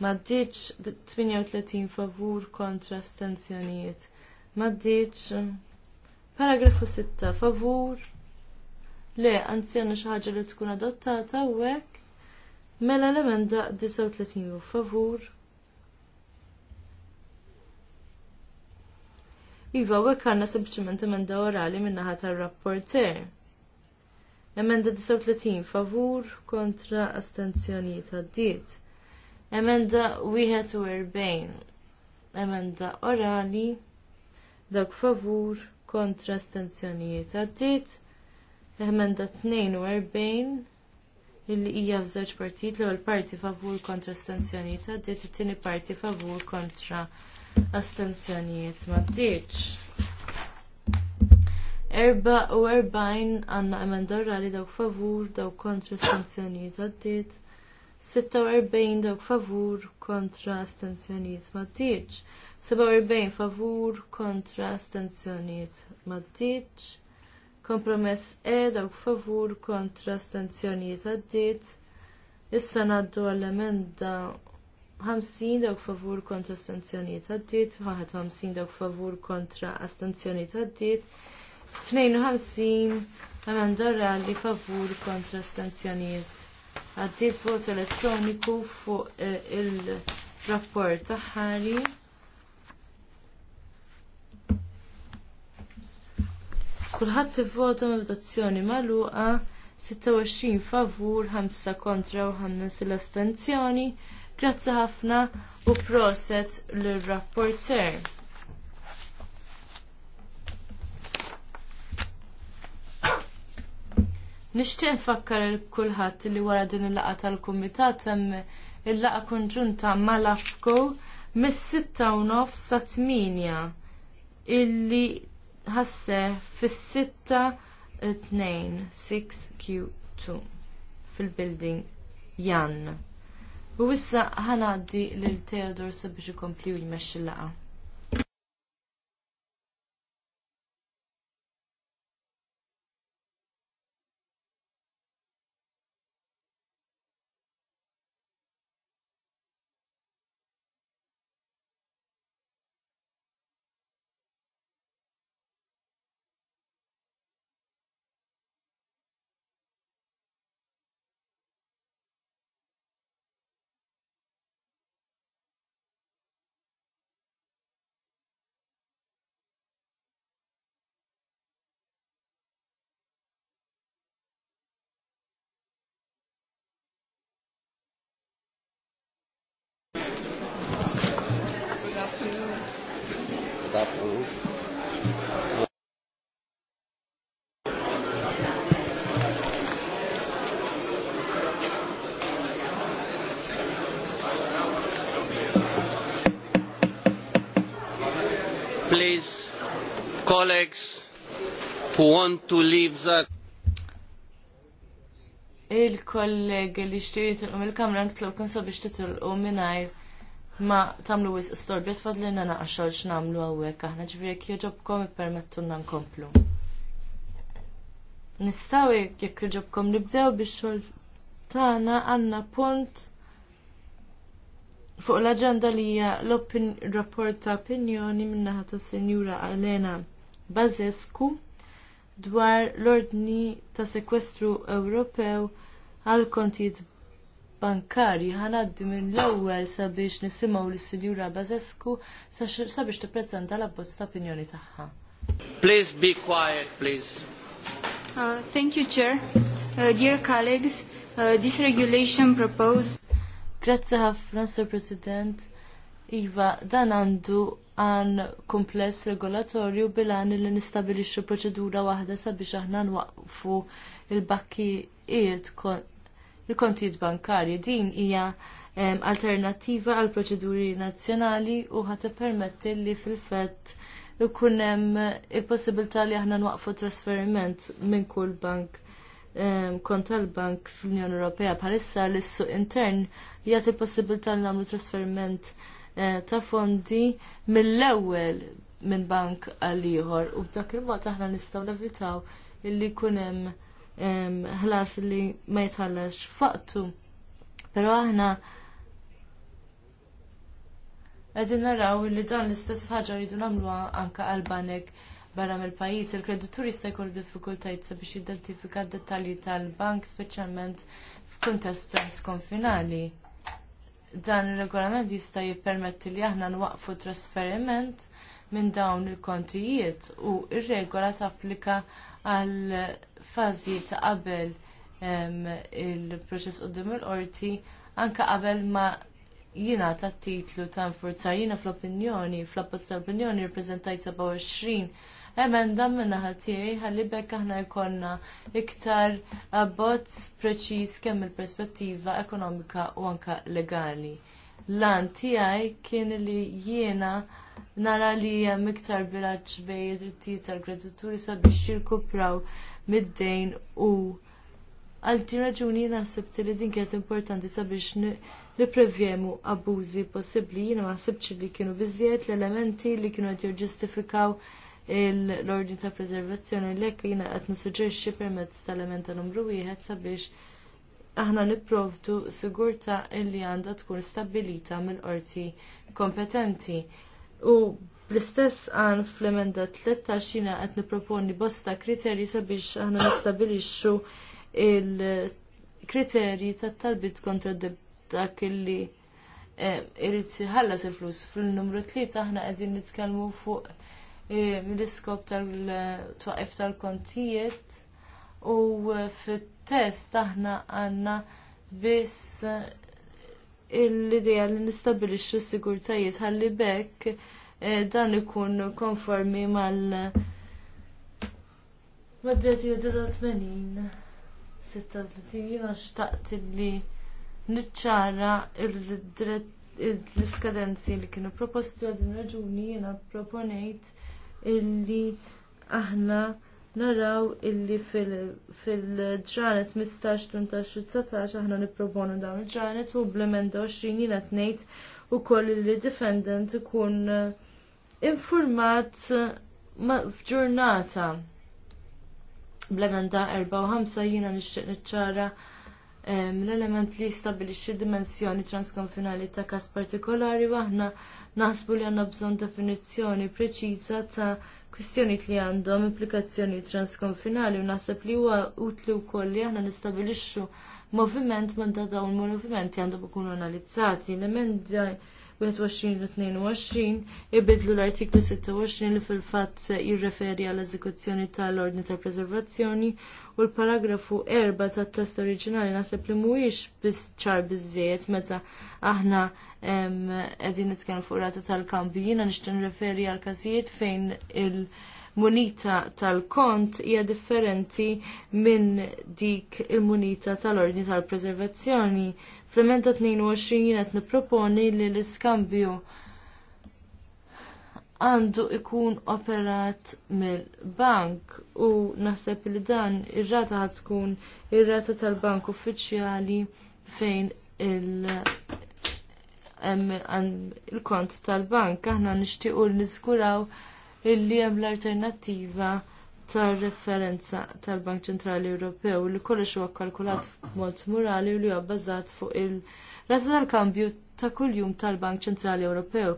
ma ddiċ 38 favur kontra astenzjonijiet maddiċ. Paragrafu 6, favur. Le, anzi għanna xaħġa li tkun adottata u hekk. Mela l-emenda 39, favur. Iva, u għek għandna sempliċement emenda orali min-naħa tar-rapporter. Emenda 39, favur kontra astenzjonijiet għaddiet. Emenda 41, emenda orali Dak favur kontra astenzjonijiet għaddit. Emenda 42 illi hija f'żewġ partijiet l-ewwel parti favur kontra astenzjonijiet għaddiet, it-tieni parti favur kontra astenzjonijiet m'għaddietx. Erba u erbajn għanna emenda orali dawk favur, dawk kontra astenzjonijiet għaddiet. 46 dawk favur kontra astenzjonijiet m'għaddietx. 47 favur kontra stanzjoniet maddiċ. Kompromess E dawk favur kontra stanzjoniet għaddit. Issa naddu għall-emenda 50 dawk favur kontra astenzjoniet għaddit, 51 dawk favur kontra stanzjoniet għaddit, 52 emenda rali favur kontra astenzjoniet għaddit vot elettroniku fuq eh, il-rapport taħħari. Kulħadd ivvota votazzjoni magħluqa 26 favur, 5 kontra u 5 l-astenzjoni. Grazzi ħafna u proset l-rapporter. Nixtieq nfakkar il kulħadd li wara din il laqgħa tal-kumitat hemm il laqgħa konġunta mal-Afko mis sitta u nofs sa 8 illi ħasse fis-sitta 2-6Q2 fil-building Jan. U wissa ħanaddi lil Theodor sabiex ikompli u jmexxi laqa. that Please, colleagues who want to leave the il-kolleg li xtijiet il-kamra nitlobkom sabiex titilqu mingħajr ma tagħmlu wis storbjet fadlina naqxol x'namlu hawnhekk aħna ġifieri jekk permettu ippermettulna nkomplu. Nistgħu jekk jogħġobkom nibdew biex xogħol tagħna għandna punt fuq l-aġenda li hija l-rapport ta' opinjoni min-naħa tas Sinjura Alena Bazescu dwar l-ordni ta' sekwestru Ewropew għal kontijiet bankarji ħanaddi minn l-ewwel sabiex nisimgħu lis sinjura Bazescu sabiex tippreżenta l-abbozz ta' opinjoni tagħha. Please be quiet, please. Uh, thank you, Chair. Uh, dear colleagues, uh, this regulation proposed. Grazie ħafna, Sir President. Iva, dan għandu għan kompless regolatorju bilan li nistabilixxu proċedura waħda sabiex aħna nwaqfu il kont il-kontijiet bankarji. Din hija alternativa għal proċeduri nazzjonali u ħat permetti li fil-fett ikun hemm il-possibilità li aħna nwaqfu trasferiment minn kull bank kont tal-bank fl-Unjoni Ewropea bħalissa l-suq intern jagħti possibilità li nagħmlu trasferiment eh, ta' fondi mill-ewwel minn bank għal ieħor u b'dak il-mod aħna nistgħu nevitaw illi jkun hemm ħlas li ma jitħallax faqtu. Pero aħna għedin naraw li dan l-istess ħaġa rridu namlu anka għal-banek barra mill pajjiż il kredituri jista' jkollu diffikultajiet sabiex jidentifika d-dettalji tal-bank speċjalment f'kuntest skonfinali. Dan ir-regolament jista' jippermetti li aħna nwaqfu trasferiment minn dawn il-kontijiet u r regola tapplika għal fażi ta' qabel il-proċess qudiem il-qorti anke qabel ma jina ta' titlu ta' nfurzar jina fl-opinjoni, fl-appozz tal-opinjoni rippreżentajt 27 emenda minna tiegħi ħalli bekk aħna jkollna iktar abbozz preċiż kemm il-perspettiva ekonomika u anke legali. Lan tiegħi kien li jiena nara li hemm iktar bilanċ bejn id-drittijiet tal-kredituri sabiex jirkupraw mid-dejn u għalti raġuni naħseb li din kienet importanti sabiex nipprevjemu abbużi possibbli jiena ma ħsibx li kienu biżjed l-elementi li kienu qed jiġġustifikaw l-ordni ta' preservazzjoni l hekk jiena qed nissuġġerixxi permezz tal-elementa numru wieħed sabiex aħna nipprovdu sigurtà li għandha tkun stabbilita mill-qorti kompetenti. U bl-istess għan fl-emenda 13 jina għet niproponi bosta kriterji sabiex għana nistabilixxu il-kriterji ta' talbit kontra dak illi e, irrit ħallas il-flus. Fil-numru 3 aħna għedin nitkellmu fuq mill e, iskop tal-twaqif tal-kontijiet u fit-test aħna għanna biss l-ideja li nistabilixxu s-sigurtajiet ħalli bekk eh, dan ikun konformi mal Madreti li 83 36 jina xtaqt li niċċara l-iskadenzi li kienu proposti għad raġuni jena proponejt illi aħna naraw illi fil-ġranet 15-18-19 aħna nipproponu dawn il-ġranet u bl-emenda 20 jina t-nejt u koll li defendant ikun eh, informat f'ġurnata. Bl-emenda 4 jina nixtieq niċċara l-element li jistabilixxi dimensjoni transkonfinali ta' każ partikolari waħna naħsbu li għandna bżonn definizzjoni preċiża ta' kwistjonijiet li għandhom implikazzjoni transkonfinali u naħseb li huwa utli wkoll li aħna nistabilixxu moviment minn ta' dawn il-movimenti għandhom ikunu analizzati. L-emenda 21 u 22 ibidlu l-artiklu 26 li fil-fatt jirreferi għall eżekuzzjoni tal-ordni tal-preservazzjoni u l-paragrafu 4 tat test oriġinali naħseb li mhuwiex biss ċar biżżejjed meta aħna qegħdin nitkellmu fuq rata tal-kambi jiena nixtieq nirreferi għal każijiet fejn il- munita tal-kont hija differenti minn dik il-munita tal-ordni tal-preservazzjoni. Fl-emenda 22 qed nipproponi li l-iskambju għandu ikun operat mill-bank u naħseb li dan ir-rata ħad tkun ir-rata tal-bank uffiċjali fejn il-kont tal-bank aħna nixtiequ niżguraw illi hemm l-alternattiva tar-referenza tal-Bank Ċentrali Ewropew li kollox huwa kkalkulat f'mod murali u li huwa bbażat fuq il-rata tal-kambju ta' kuljum tal-Bank Ċentrali Ewropew.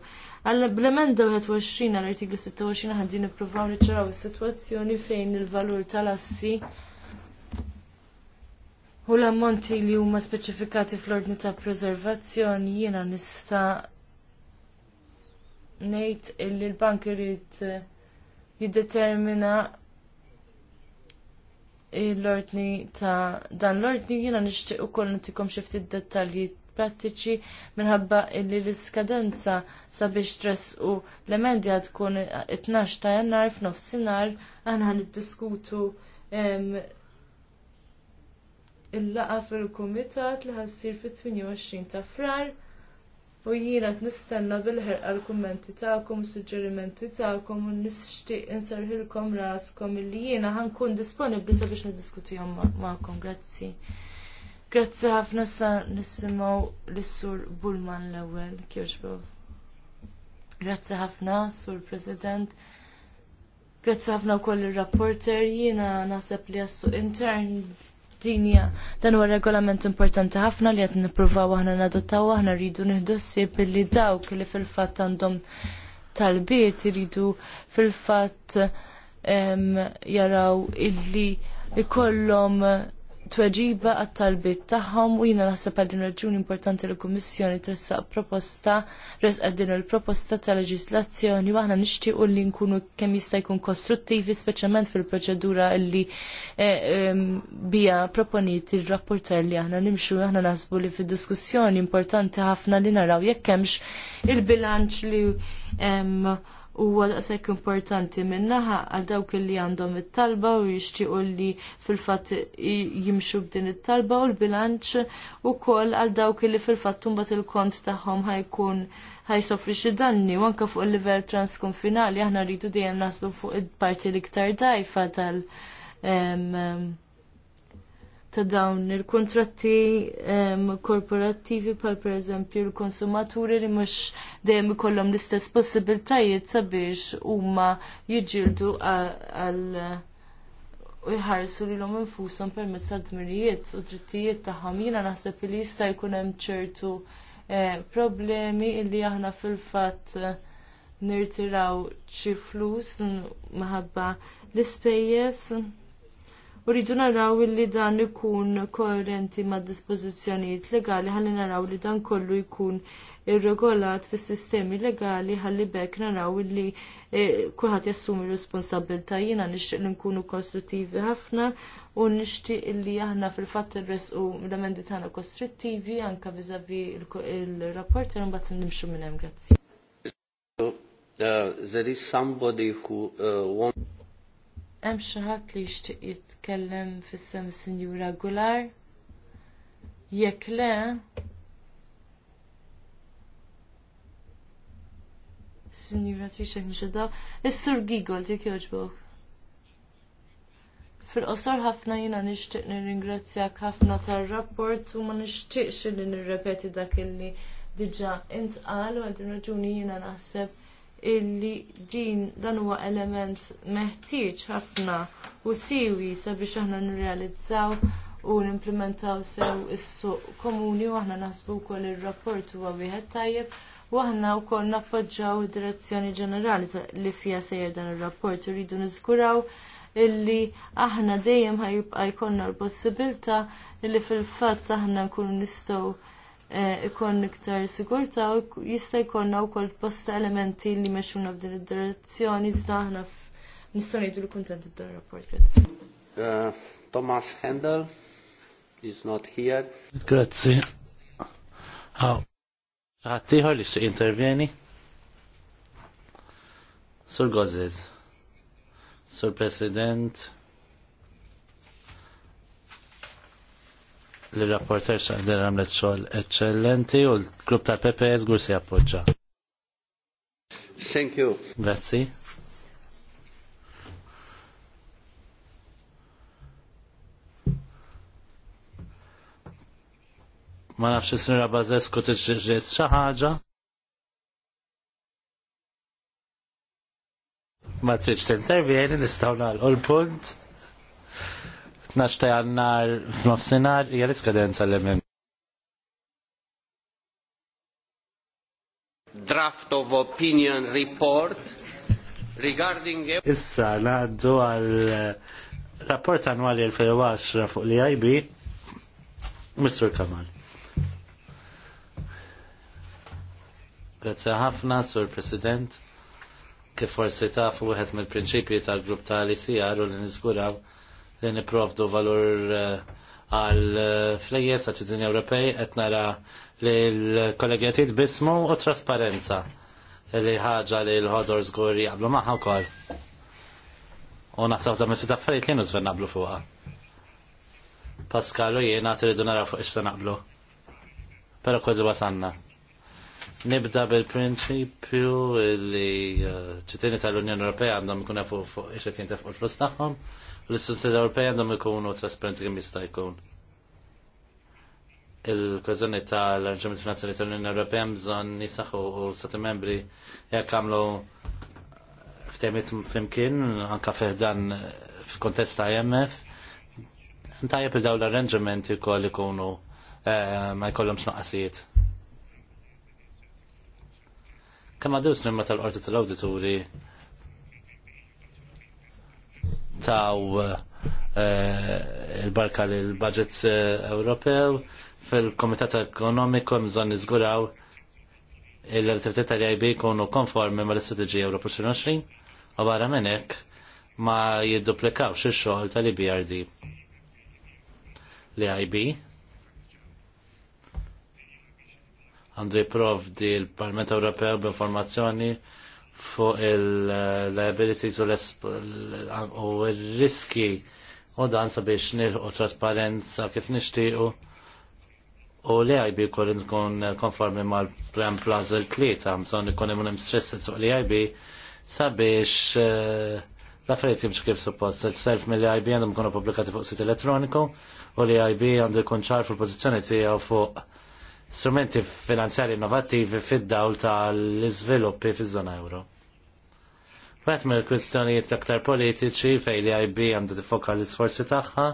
Għalla bl-emenda 21 għall-artiklu 26 ħaddin nippruvaw niċċaraw is-sitwazzjoni fejn il-valur tal-assi u l-ammonti li huma speċifikati fl-ordni ta' preservazzjoni jiena nista' ngħid li l-bank irid eh, jiddetermina l-ordni ta' dan l-ordni jiena nixtieq ukoll nagħtikom xi ftit dettalji prattiċi minħabba li l-iskadenza sabiex tressqu l-emendja tkun 12 ta' jannar f'nofsinhar aħna niddiskutu il laqgħa fil-kumitat li ħassir fit-28 ta' frar u jiena nistenna bil-ħerqa l-kummenti tagħkom, suġġerimenti tagħkom u nixtieq insarħilkom raskom illi jiena ħankun disponibbli sabiex niddiskutihom magħkom. Grazzi. Grazzi ħafna sa nisimgħu lis-sur Bullman l-ewwel kjoġbu. Grazzi ħafna, sur President. Grazzi ħafna wkoll ir-rapporter jiena naħseb li jassu intern dinja dan huwa regolament importanti ħafna li qed nippruvaw aħna nadottaw aħna rridu nieħdu billi dawk li fil-fatt għandhom talbiet iridu fil-fatt ehm, jaraw illi ikollom tweġiba għat-talbit tagħhom u jiena naħseb għal din raġuni importanti li l-Kummissjoni tressaq proposta resqad din il-proposta ta' leġislazzjoni u aħna nixtiequ li nkunu kemm jista' jkun kostruttivi speċjalment fil-proċedura li eh, bija proponiet il-rapporter li aħna nimxu aħna naħsbu li fid-diskussjoni importanti ħafna li naraw jekk hemmx il-bilanċ li huwa daqshekk importanti min-naħa għal dawk li għandhom it-talba u jixtiequ li fil-fatt jimxu b'din it-talba u l-bilanċ ukoll għal dawk li fil-fatt tumbat il-kont tagħhom ħajkun ħajsofri xi danni u anke fuq il-livell transkonfinali aħna rridu dejjem naslu fuq il-parti l-iktar dajfa tal- ta' dawn il-kontratti korporattivi pal per eżempju l-konsumaturi li mhux dejjem ikollhom l-istess possibiltajiet sabiex huma jiġġieldu għal jħarsu lilhom infushom permezz ta' dmirijiet u drittijiet ta' ħamina naħseb li jista' jkun hemm ċertu e, problemi li aħna fil-fatt nirtiraw xi flus minħabba l-ispejjeż u rridu naraw li dan ikun koerenti mad dispożizzjonijiet legali ħalli naraw li dan kollu jkun irregolat fis sistemi legali ħalli bekk naraw li e, kulħadd jassumi responsabilta jiena nixtieq li nkunu konstruttivi ħafna u nixtieq li aħna fil-fatt irresqu l-emendi tagħna kostruttivi anke viżavi il-rapport u mbagħad nimxu minn hemm grazzi. Uh, there is somebody who uh, wants Hemm xi ħadd li jixtieq jitkellem fis-sem Sinjura Gular? Jekk le, Sinjura Trixek nixedda, is-Sur Gigol jekk jogħġbok. Fil-qosor ħafna jiena nixtieq nirringrazzjak ħafna tar-rapport u ma nixtieqx li nirrepeti dak illi diġà intqal u għal din raġuni jiena naħseb illi din dan huwa element meħtieġ ħafna u siwi sabiex aħna nirrealizzaw u nimplementaw sew is-suq komuni u aħna naħsbu wkoll ir-rapport huwa wieħed tajjeb u aħna wkoll nappoġġjaw id-direzzjoni ġenerali li fiha sejjer dan ir-rapport iridu niżguraw illi aħna dejjem ħajibqa' jkollna l-possibilità li fil-fatt aħna nkunu nistgħu Eh, ikon iktar sigurta u jista' jkollna wkoll bosta elementi li mexxuna f'din id-direzzjoni iżda aħna nistgħu ngħidu li kuntent id rapport grazzi. Uh, Thomas Handel is not here. Grazzi. Aw. Ħadd ieħor li intervjeni? Sur Gozes. Sur President. l-rapporter xaqdir għamlet xogħol eccellenti u l-grupp tal-PPS e gur se jappoġġa. Thank you. Grazzi. ma nafx s sinra Bazesku tiġġiet xi xaħġa. Ma tridx t nistgħu nistawna l-punt naċta jannar f'nofsinhar hija l-iskadenza l-emmen. Draft of Opinion Report regarding e- Issa naħdu għal eh, rapport annwali 2010 fuq li IB Mr. Kamal. Grazie ħafna, Sur President. Kif forsi tafu wieħed mill-prinċipji tal-grupp tal-ICR u li niżguraw li niprovdu valur eh, għal eh, flejjes għal ċittadini Ewropej qed nara li l-kollegjatiet bismu u trasparenza li ħaġa li l-ħodor żgur jaqblu magħha wkoll. U naħseb da sit affarijiet li nużver naqblu fuqha. Paskalu jiena tridu nara fuq ix naqblu. Però kważi wasanna. Nibda bil-prinċipju li eh, ċittadini tal-Unjoni Ewropea għandhom ikun fuq ix-qed jintefqu l-flus tagħhom l-istituzzjoni Ewropea għandhom ikunu trasparenti kemm jista' jkun. Il-kważjoni tal-arranġament finanzjari tal-Unjoni Ewropea bżonn jisaħħu u stati membri jekk għamlu ftehmiet flimkien anke fiħdan f'kontest ta' IMF. Ntajjeb il-daw l-arranġamenti wkoll ikunu eh, ma jkollhomx noqqasijiet. Kemm għadewx nimma tal-qorti tal-awdituri taw eh, eh, il-barka li l-budget eh, Ewropew fil-Komitat Ekonomiku mżon niżguraw l-attività tal-IB jkunu konformi ma l strategi Ewropa 2020 u barra minnek ma jidduplikawx ix-xogħol tal-IBRD li e IB għandu jiprovdi l-Parlament Ewropew b'informazzjoni fuq il-liabilities u l-riski u dan sabiex nilħu trasparenza kif nishtiqu u li IB kollin tkun konformi mal plan plaza l-tlieta mżon ikun hemm hemm stress fuq li IB sabiex eh, l-affarijiet jimxu kif suppost il-self mill li IB għandhom kunu pubblikati fuq sit elettroniku u li IB għandu jkun ċar fil pozizjoni tijaw fuq strumenti finanzjari innovattivi fid-dawl tal-iżviluppi fiż-żona euro. Wet mill kwistjonijiet aktar politiċi fej li IB għandu tifoka l-isforzi tagħha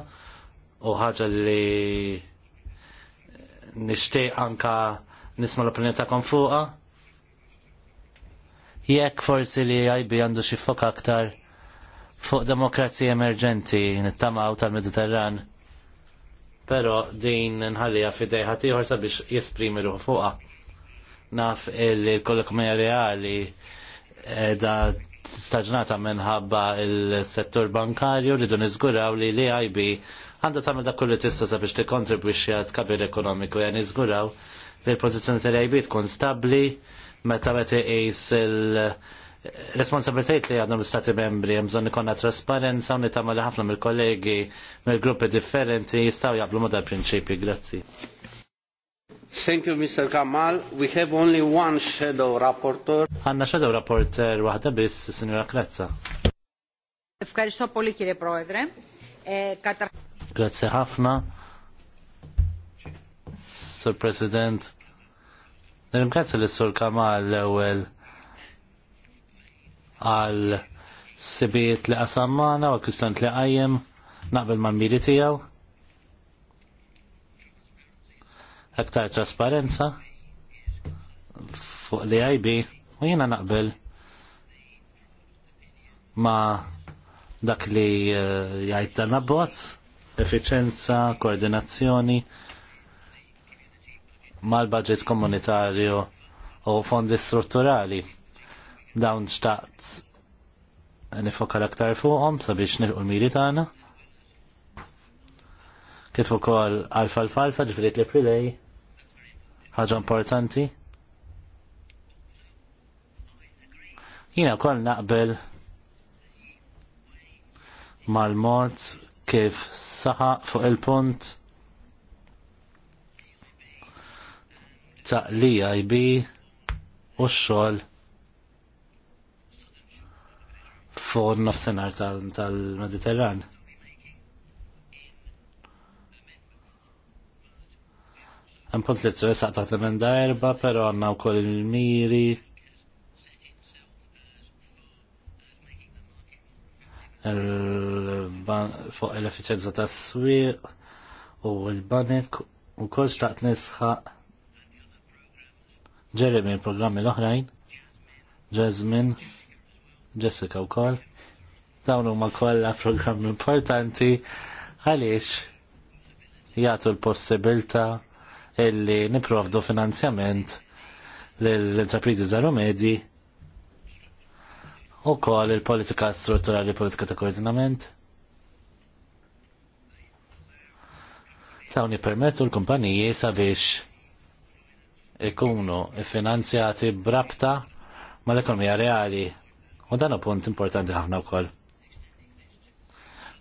u ħaġa li nixtieq anka nisma' l-opinjoni tagħkom fuqha. Jekk forsi li IB għandu xi foka aktar fuq demokrazija emerġenti nittamaw tal-Mediterran pero din nħallija fidejħa tiħor sabiex jesprimi ruħu fuqa. Naf il-kollek reali eh, da staġnata minħabba il-settur bankarju li dun iżguraw li li IB għanda tamil da kulli tista sabiex ti kontribwixi għad kabir ekonomiku jgħan iżguraw li l-pozizjoni tal-IB tkun stabli meta għet il- responsabilitajt li għadna l-Stati membri, jemżon ikonna trasparenza, unni tamma li ħafna mill-kollegi, mill-gruppi differenti, jistaw jgħablu ma dal-prinċipi, grazzi. Thank you, Mr. Kamal. We have only one shadow rapporteur. Għanna shadow rapporteur wahda biss, Signora Krezza. Ευχαριστώ πολύ κύριε Πρόεδρε. Grazie ħafna. Sir President. Nirringrazzja l-Sur Kamal l-ewel għal sibiet li qasammana u kistant li qajjem naqbel ma' miri tijaw. Aktar trasparenza fuq li għajbi u jiena naqbel ma' dak li eh, jgħid dan abbozz, efficienza, koordinazzjoni mal-budget komunitarju u fondi strutturali dawn xtaqt nifokka l-aktar fuqhom sabiex nilqu l-miri tagħna. Kif ukoll alfa l-falfa ġifieri li prilej ħaġa importanti. Jiena wkoll naqbel mal-mod kif saħaq fuq il-punt ta' li e IB u x-xogħol fuq nofsenar tal-Mediterran. Għan punt li t-tres tresaq minn darba, pero għanna u wkoll il-miri. fuq l-efficienza tas swieq u l-banek u kol xtaqt nisħa ġerri minn programmi l-oħrajn, Jasmine, Jessica wkoll. Dawn huma kollha programm importanti għaliex jagħtu l-possibilità illi niprovdu finanzjament l-intrapriżi żaru medji u il-politika strutturali politika ta' koordinament. Dawn permettu l-kumpaniji sabiex ikunu finanzjati brabta mal-ekonomija reali U dan punt importanti ħafna wkoll.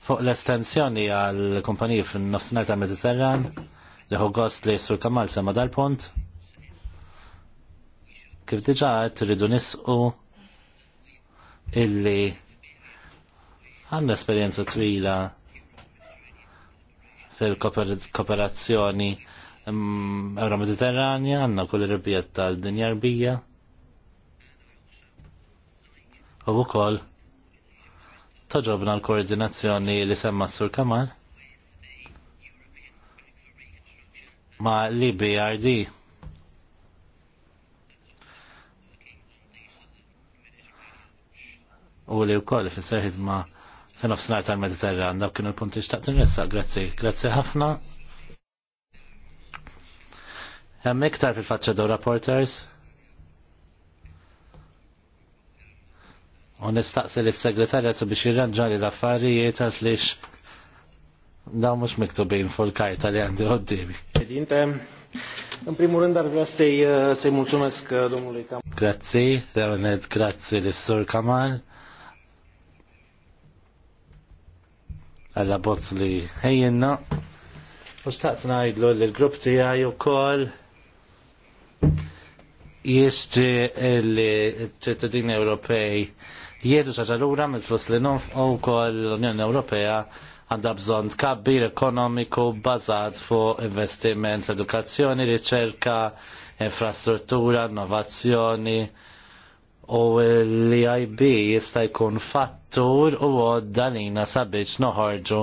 Fuq l-estensjoni għal kumpaniji fin-nofsinhar tal-Mediterran li ħu gost li sur kamal sema dal-punt. Kif diġa qed irridu nisqu illi għandna esperjenza twila fil-kooperazzjoni mm, Ewro Mediterranja, għanna kull irbijiet tal-dinja rbija u wkoll toġobna l-koordinazzjoni li semma s-Sur Kamal ma' l-IBRD. u li u koll fisser ħidma fin nofsinar tal-Mediterran, dawk kienu l-punti xtaqt nressa, grazzi, grazzi ħafna. Hemm iktar fil-faċċa daw reporters. U nistaqsil is-segretarja biex jirranġali l-affarijiet għax lix Da mux miktubin fuq karta li għandi għoddimi. Edinte, in primul rând ar vrea să-i să mulțumesc domnului Cam. Grazie, Leoned, grazie l-Sur Kamal. Alla bozz li ħejjenna. U staqt najdlu l-grupp u kol ċittadini Ewropej jiedu xaġalura mill-flus li nonf u kol l-Unjoni Ewropea għandha bżonn tkabbir ekonomiku bbażat fuq investiment fl-edukazzjoni, riċerka, infrastruttura, innovazzjoni u l-IB jista' jkun fattur u għodda lina sabiex noħorġu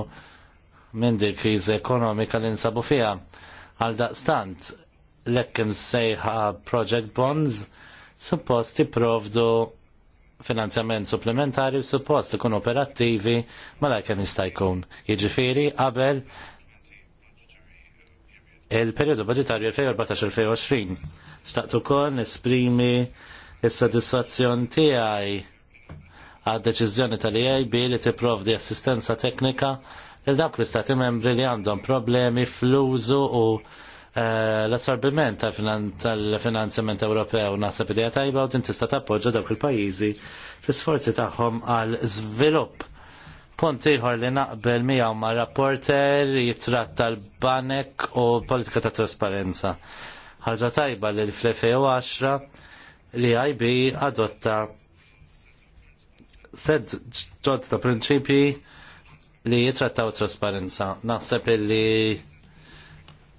minn di kriżi ekonomika li nsabu fiha. Għal daqstant, l-ekkim sejħa Project Bonds suppost provdu finanzjament supplementari suppost ikun operattivi mela kemm jista' jkun. Jiġifieri qabel il-periodu budgetarju 2014-2020. Xtaqt ukoll nesprimi s sodisfazzjon tiegħi għad deċiżjoni tal-EIB li tipprovdi assistenza teknika lil dawk l-istati membri li għandhom problemi fl-użu u Eh, l-assorbiment tal-finanzjament Ewropew naħseb idea tajba u din tista' tappoġġa dawk il-pajjiżi fl-isforzi tagħhom għal żvilupp. Punt ieħor li naqbel miegħu ma' rapporter jitratta l-banek u politika ta' trasparenza. Ħaġa tajba li fl-2010 li IB adotta sed ġodda prinċipji li jitrattaw trasparenza. Naħseb li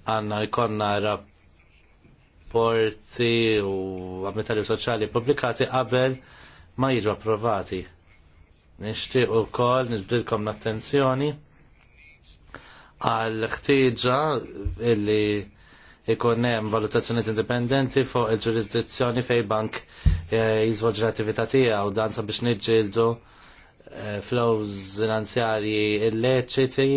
għanna jkonna rapporti u għammetali soċjali publikati qabel ma jiġu approvati. Nishti u kol, nisbdilkom l-attenzjoni għal ħtieġa illi ikun hemm valutazzjonijiet indipendenti fuq il-ġurisdizzjoni fejn bank eh, jiżvolġi l-attività tiegħu dan sabiex niġġieldu eh, flows finanzjarji illeċiti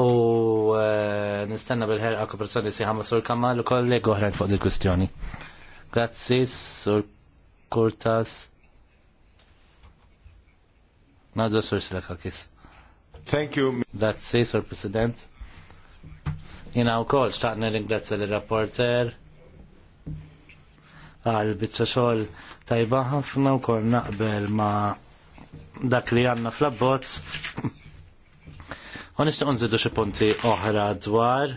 u eh, nistenna bil-ħerqa kooperazzjoni siħa ma' Sur Kamal u kolli oħrajn fuq dil kustjoni Grazzi, Sur Kurtas. Nadu Sur Silakakis. Thank you. Grazzi, Sur President. Jina u kol, xtaqna ringrazzja l-rapporter għal bitċa xogħol tajba ħafna u kol naqbel ma' dak li għanna fl-abbozz Għan nixtieq nżidu xi punti oħra dwar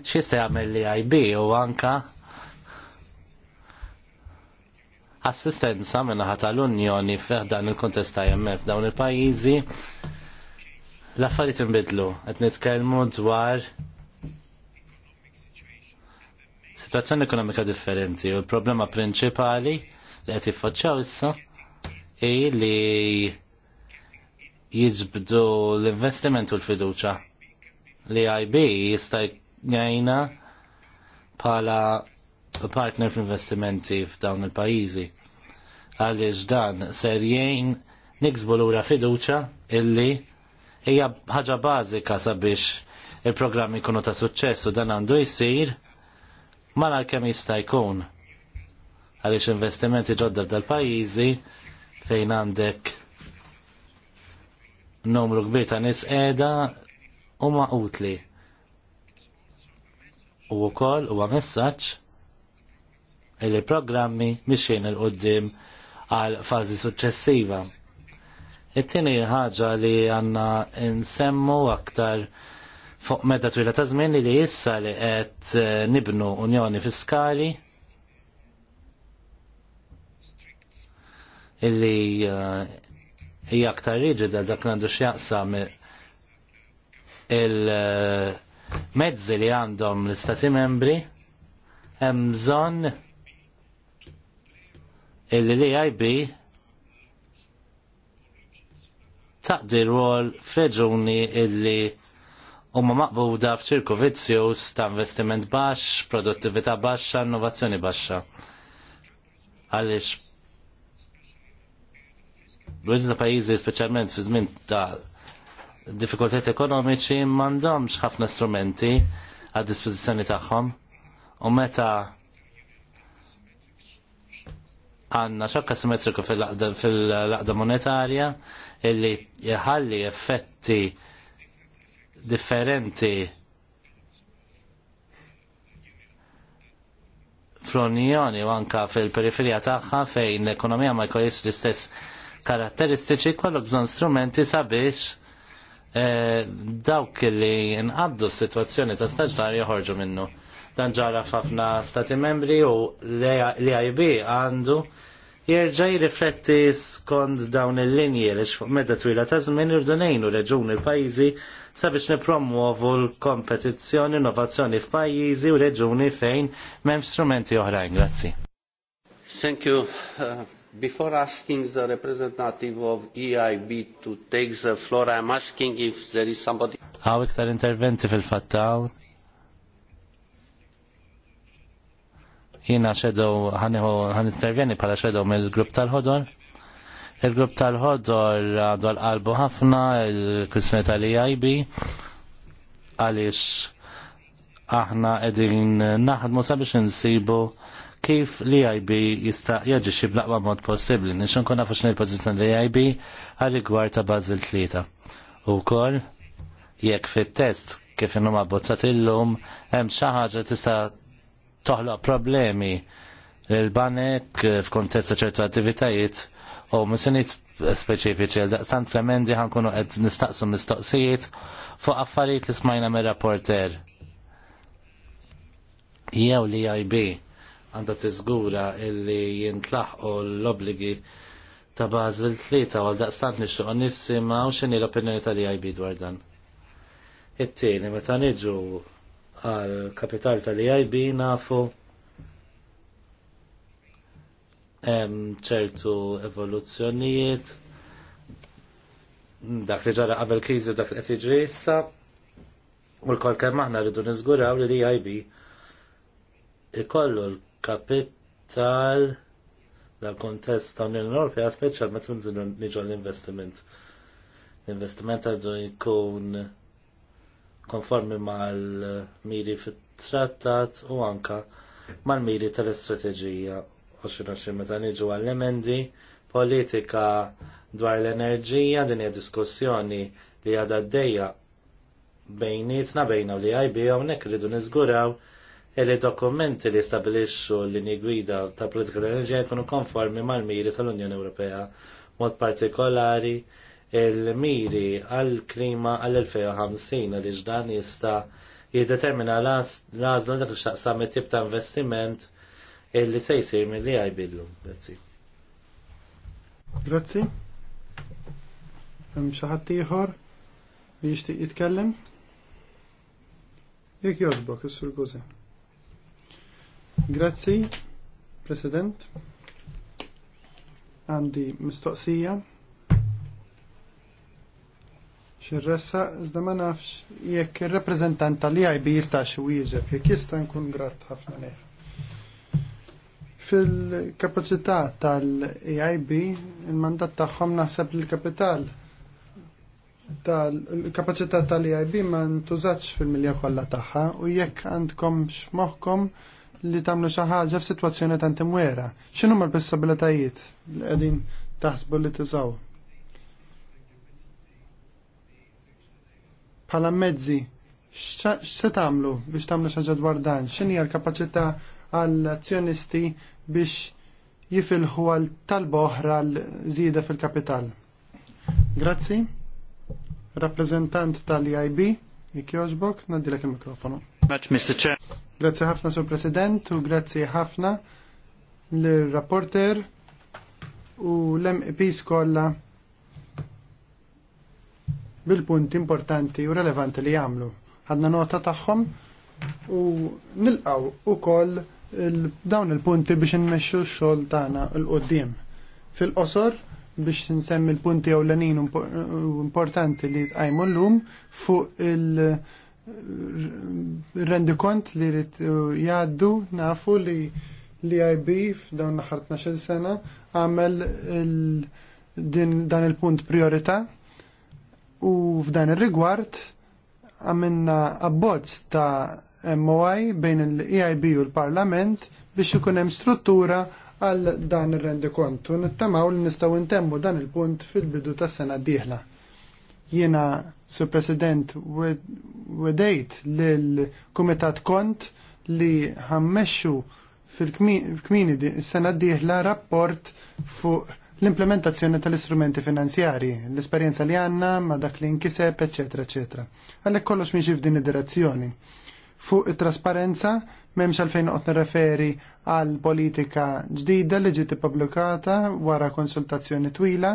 xista jgħamil li IB u anka assistenza minna tal-Unjoni f'dan il-kontest ta' IMF dawn il-pajizi l-affarijiet inbidlu qed nitkellmu dwar situazzjoni ekonomika differenti u l-problema prinċipali li qed jiffaċċaw issa i li jiġbdu l-investiment u l-fiduċa li IB jista' jgħinna bħala partner f'investimenti f'dawn il-pajjiżi. Għaliex dan ser jgħin niksbu lura fiduċa illi hija ħaġa bażika sabiex il-programmi ikunu ta' suċċess u dan għandu jsir mara kemm jista' jkun għaliex investimenti ġodda f'dal-pajjiżi fejn għandek numru kbir ta' nies qiegħda huma utli. U wkoll huwa messaġġ li programmi mixjin il qudiem għal fażi suċċessiva. It-tieni ħaġa li għandna nsemmu aktar fuq medda twila ta' żmien li li issa li qed eh, nibnu unjoni fiskali illi eh, hija aktar riġida dak għandu x'jaqsam il-mezzi eh, li għandhom l-istati membri hemm bżonn illi li IB taqdi l-wol f'reġuni illi Umma maqbuda f'ċirku vizzjus ta' investiment baxx, produttività baxxa, innovazzjoni baxxa. Għaliex Bħiġ ta' pajizi, specialment fi żmien ta' diffikultajiet ekonomiċi, m'għandhomx ħafna strumenti għad dispożizzjoni tagħhom. U meta għanna xokka simmetriku fil-laqda monetarja illi jħalli effetti differenti fl-Unjoni u anka fil-periferija tagħha fejn l-ekonomija ma jkollix l-istess karatteristiċi kollu bżonn strumenti sabiex eh, dawk li nqabdu s-sitwazzjoni ta' staġnar joħorġu minnu. Dan ġara f'ħafna stati membri u l-IB għandu li jerġa' jirrifletti skont dawn il-linji li xfuq medda twila ta' żmien irdu ngħinu reġuni pajjiżi sabiex nippromuovu l-kompetizzjoni, innovazzjoni f'pajjiżi u reġuni fejn m'hemm strumenti oħrajn. Grazzi. Thank you. Uh, before asking the representative of EIB to take the floor, I'm asking if there is somebody. Għaw iktar interventi fil-fattaw, Jina xedow, għan intervjeni pala xedow mill-grupp tal-ħodor. Il-grupp tal-ħodor għadu għal-qalbu ħafna, il-kismet tal-EIB, għalix aħna edin naħdmu sabiex nsibu kif l ib jista jaġiċi blaqwa mod possibli. Nixon konna fuxni il pozizjoni l-EIB għal-rigward ta' Bazil tlieta. U kol, jekk fit-test kif inhom abbozzat illum hemm xi ħaġa tista' toħloq problemi l-banek f'kontest ċertu attivitajiet u misinit speċifiċi l-daqsant Klemendi ħankunu qed nistaqsu mistoqsijiet fuq affarijiet li smajna mir rapporter Jew li IB għandha tiżgura illi jintlaħqu l-obligi ta' Basel tlieta għal daqstant nixtieq nissimgħu x'inhi l-opinjoni tal IB dwar dan. It-tieni meta niġu għal kapital tal ib nafu hemm ċertu evoluzzjonijiet dak li ġara qabel kriżi dak li qed jiġri issa u l-kol kemm aħna rridu niżguraw li l ib ikollu l-kapital dal-kontest ta' Unjoni Ewropea speċjalment minn niġu l-investiment. L-investiment għadu jkun konformi mal-miri fit-trattat u anka mal-miri tal-istrateġija 2020 meta niġu għall-emendi politika dwar l-enerġija din hija diskussjoni li għadha d-dejja bejnietna bejna u li għajbi hawnhekk rridu niżguraw e li dokumenti li stabilixxu l-linji gwida ta' politika tal-enerġija jkunu konformi mal-miri tal-Unjoni Ewropea mod partikolari il-miri għal-klima għal-2050 li ġdan jista' jiddetermina l-għażla dak xaqsam it-tip ta' investiment illi se jsir milli għajbillu. Grazzi. Grazzi. Hemm xi ħadd ieħor li jixtieq jitkellem? Jekk jogħġbok, is-sur Gużi. Grazzi, President. Għandi mistoqsija xirressa, iżda ma nafx jekk ir-rappreżentant tal-IB jistax u jieġeb, jekk jista' nkun grat ħafna leħ. Fil-kapaċità tal-EIB, il-mandat tagħhom naħseb l-kapital tal-kapacità tal-EIB ma ntużax fil-milja kollha tagħha u jekk għandkom x'moħħkom li tagħmlu xi ħaġa f'sitwazzjoni tant imwera. X'inhuma l-possibilitajiet li qegħdin taħsbu li tużaw bħala mezzi x'se tagħmlu biex tagħmlu xi ħaġa dwar dan? X'inhi l-kapaċità għall-azzjonisti biex jifilħu għal talba oħra l zida fil-kapital? Grazzi. Rappresentant tal-IB, jek joġbok, naddilek il-mikrofonu. Grazzi ħafna, Sur President, u grazzi ħafna l-rapporter u l-MEPs kolla bil-punti importanti u relevanti li jagħmlu. Ħadna nota tagħhom u nilqaw koll dawn il-punti biex nmexxu x-xogħol tagħna l qudiem Fil-qosor biex nsemmi l-punti l-anin importanti li tqajmu llum fuq il- rendi kont li rrit jaddu nafu li li IB f'dawn l-ħar 12 sena għamel dan il-punt priorità f'dan ir-rigward għamilna abbozz ta' MOI bejn l-EIB u l-Parlament biex ikun hemm struttura għal dan ir-rendikont u nittamaw li nistgħu ntemmu dan il-punt fil-bidu tas sena d-dieħla. Jiena Sur President wedejt lill-Kumitat Kont li ħammexxu fil-kmini s-sena d-dieħla rapport fuq l-implementazzjoni tal-istrumenti finanzjari, l-esperjenza li għanna ma dak li nkiseb, eccetera, eccetera. Għallek kollox miexi f'din id-direzzjoni. Fuq it-trasparenza, memx għalfejn qed nirreferi għal politika ġdida li ġiet ippubblikata wara konsultazzjoni twila,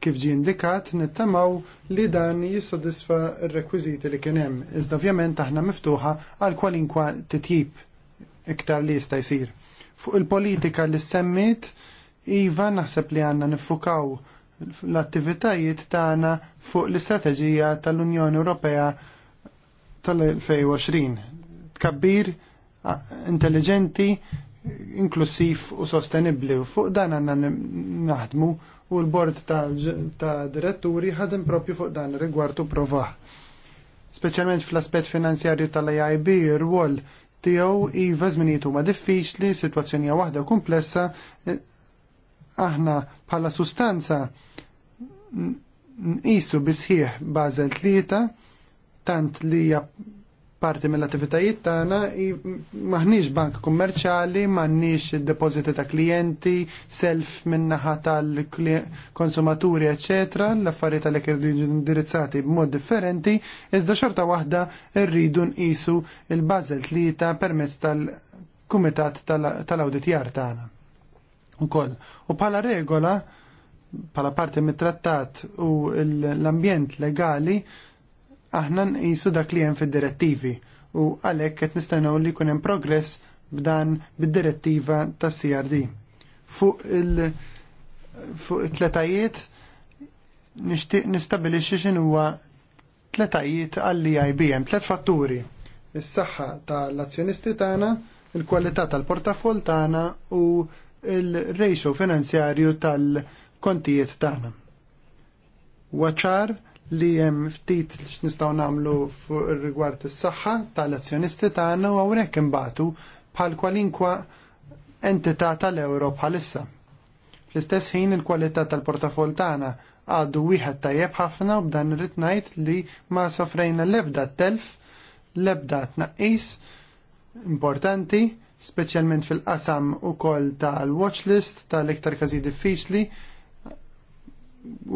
kif ġie indikat, nittamaw li dan jissodisfa r-rekwiżiti li kien hemm. Iżda ovvjament aħna miftuħa għal kwalinkwa titjib iktar li jista' jsir. Fuq il-politika li semmit, Iva naħseb li għanna nifukaw l-attivitajiet tagħna fuq l-istrateġija tal-Unjoni Ewropea tal-2020. Kabbir, intelligenti, inklusiv u sostenibli. Fuq dan għanna naħdmu u l-bord ta' diretturi ħadem propju fuq dan rigwartu provaħ. Speċjalment fl-aspet finanzjarju tal-AIB, r-wol tiegħu iva żminijiet huma diffiċli, situazzjonija waħda komplessa, aħna bħala sustanza nqisu bisħieħ bazel tlieta tant li hija parti mill-attivitajiet tagħna maħniex bank kummerċjali, m'għandniex depożiti ta' klijenti, self min-naħa tal-konsumaturi, eċetera, l-affarijiet għalhekk jiġu indirizzati b'mod differenti, iżda xorta waħda rridu nqisu il bażel tlieta permezz tal-Kumitat tal-Awditjar tagħna ukoll. U bħala regola, bħala parti mit-trattat u l-ambjent legali, aħna nqisu dak li hemm fid-direttivi u għalhekk qed nistennew li jkun hemm progress b'dan bid-direttiva tas CRD. Fuq il- fuq it-tletajiet nixtieq nistabilixxi x'in huwa tletajiet għalli IBM, tlet fatturi. Is-saħħa tal-azzjonisti tagħna, il-kwalità tal-portafol tagħna u il rejxu finanzjarju tal-kontijiet tagħna. Waċar li hemm ftit li nistgħu nagħmlu fuq rigward is-saħħa tal-azzjonisti tagħna u hawnhekk imbatu bħal kwalinkwa entità tal-euro bħalissa. Fl-istess ħin il-kwalità tal-portafol tagħna għadu wieħed tajjeb ħafna u b'dan irrid ngħid li ma sofrejna l-ebda telf, l-ebda tnaqqis importanti speċjalment fil-qasam ukoll tal-watchlist tal-iktar każi diffiċli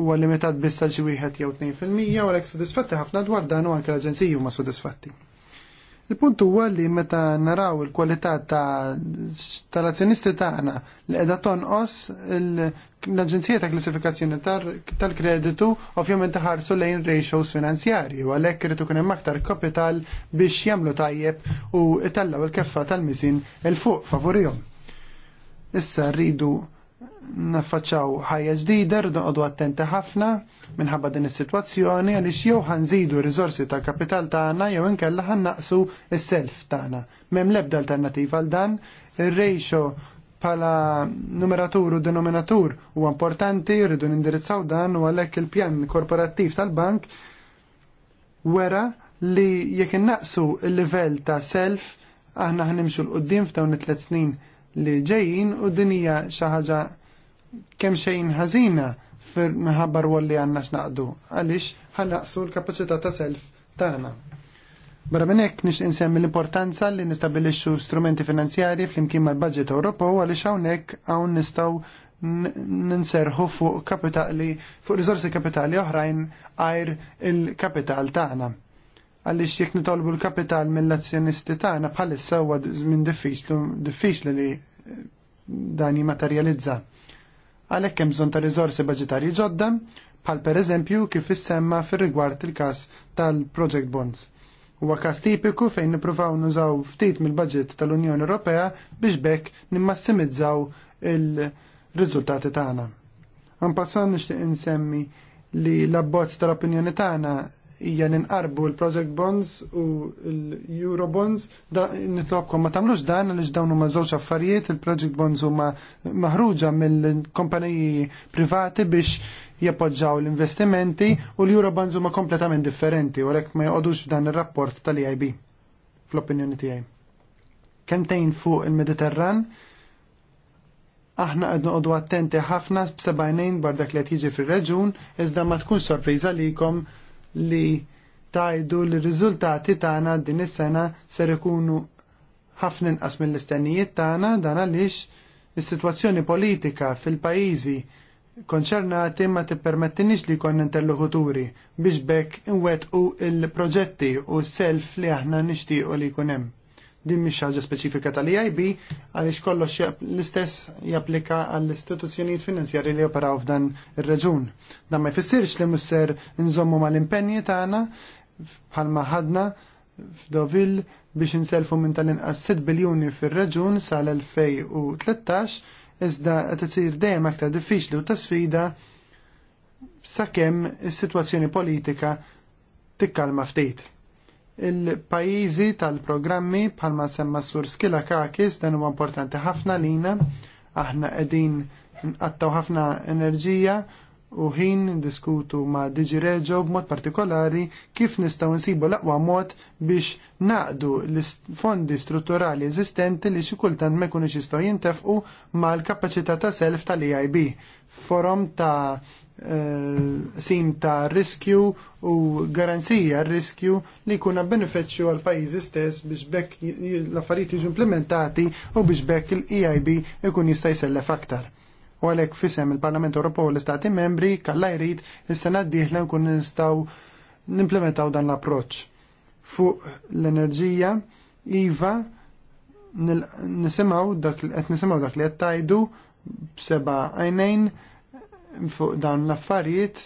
huwa limitat biss għal xi wieħed jew 2 fil-mija u għalhekk sodisfatti ħafna dwar dan u anke l-aġenziji huma sodisfatti. Il-punt huwa li meta naraw il-kwalità ta' tal-azzjonisti tagħna li qiegħda tonqos l-Aġenzija ta' Klassifikazzjoni tal-Kreditu ovvjament iħarsu lejn ratios finanzjarji u għalhekk irid ikun hemm aktar kapital biex jagħmlu tajjeb u itallaw il-keffa tal-misin il fuq favorihom. Issa rridu naffaċċaw ħajja ġdida, rridu nqogħdu attenti ħafna minħabba din is-sitwazzjoni għaliex jew ħanżidu r-riżorsi tal kapital tagħna jew inkella ħannaqsu s-self tagħna. M'hemm l-ebda alternattiva għal dan, ir-ratio pala numeratur u denominatur huwa importanti, rridu nindirizzaw dan u għalhekk il-pjan korporattiv tal-bank wera li jekk innaqsu l-livell ta' self aħna ħnimxu l-qoddim f'dawn it-tliet snin li ġejjin u dinija xi ħaġa kemm xejn ħażina minħabba rwol li għandna x'naqdu għaliex ħanaqsu l-kapaċità ta' self tagħna. Barra minn hekk nix insemmi l-importanza li nistabilixxu strumenti finanzjarji flimkien mal-budget Ewropew għaliex hawnhekk hawn nistgħu ninserħu fuq kapitali, fuq risorsi kapitali oħrajn għajr il-kapital tagħna. Għaliex jekk nitolbu l-kapital mill-azzjonisti tagħna bħalissa huwa minn diffiċli diffiċli li dan jimmaterjalizza għalhekk hemm bżonn ta' rizorsi budġetarji ġodda bħal pereżempju kif issemma fir-rigward il-każ tal-Project Bonds. Huwa każ tipiku fejn nippruvaw nużaw ftit mill-budget tal-Unjoni Ewropea biex bekk nimmassimizzaw il-riżultati tagħna. Għan passan nixtieq insemmi li l-abbozz tal-opinjoni tagħna hija ninqarbu l-project bonds u l-euro bonds, da nitlobkom ma tagħmlux dan għaliex dawn huma żewġ affarijiet, il-project bonds huma maħruġa mill-kumpaniji privati biex jappoġġaw l-investimenti u l-euro bonds huma kompletament differenti u rek ma jgħodux f'dan ir-rapport tal-EIB fl-opinjoni tiegħi. Kemtejn fuq il-Mediterran, aħna għadnu għoddu attenti ħafna b'sebajnejn bardak li jiġi fil-reġun, iżda ma tkun sorpriża likom li tajdu li rizultati riżultati tagħna din is-sena ser ikunu ħafna inqas mill-istennijiet tagħna dan għaliex is-sitwazzjoni politika fil-pajjiżi konċernati ma tippermettinix li jkollna interlokuturi biex bekk inwetqu il-proġetti u s-self li aħna nixtiequ li jkun hemm. Din mhix ħaġa speċifika tal-EIB għaliex kollox l-istess japplika għall-istituzzjonijiet finanzjarji li operaw f'dan ir-reġun. Dan ma jfissirx li misser nżommu mal-impenji tagħna bħalma ħadna f'Dovil biex inselfu minn tal-inqas 6 biljuni fir-reġun sal-2013 iżda qed isir dejjem aktar diffiċli u ta' sfida sakemm is-sitwazzjoni politika tikkalma ftit il-pajizi tal-programmi bħalma semma sur skila kakis dan huwa importanti ħafna lina aħna qegħdin għattaw ħafna enerġija u ħin diskutu ma' Digi Reġo b'mod partikolari kif nistgħu nsibu l-aqwa mod biex naqdu l-fondi strutturali eżistenti li xi kultant xistaw jintefqu jistgħu jintefqu mal-kapaċità ta' self tal-EIB. Forum ta' Eh, sim ta' riskju u garanzija riskju li kuna beneficju għal pajjiżi stess biex bekk l-affarijiet jiġu implementati u biex bekk il-EIB ikun jista' jsellef aktar. U għalhekk fisem il-Parlament Ewropew u l-Istati Membri kalla jrid is-sena d-dieħla nkun nistgħu nimplementaw dan l-approċċ. Fuq l-enerġija, iva, nisimaw dak li qed tajdu b'seba' għajnejn fuq dawn l-affarijiet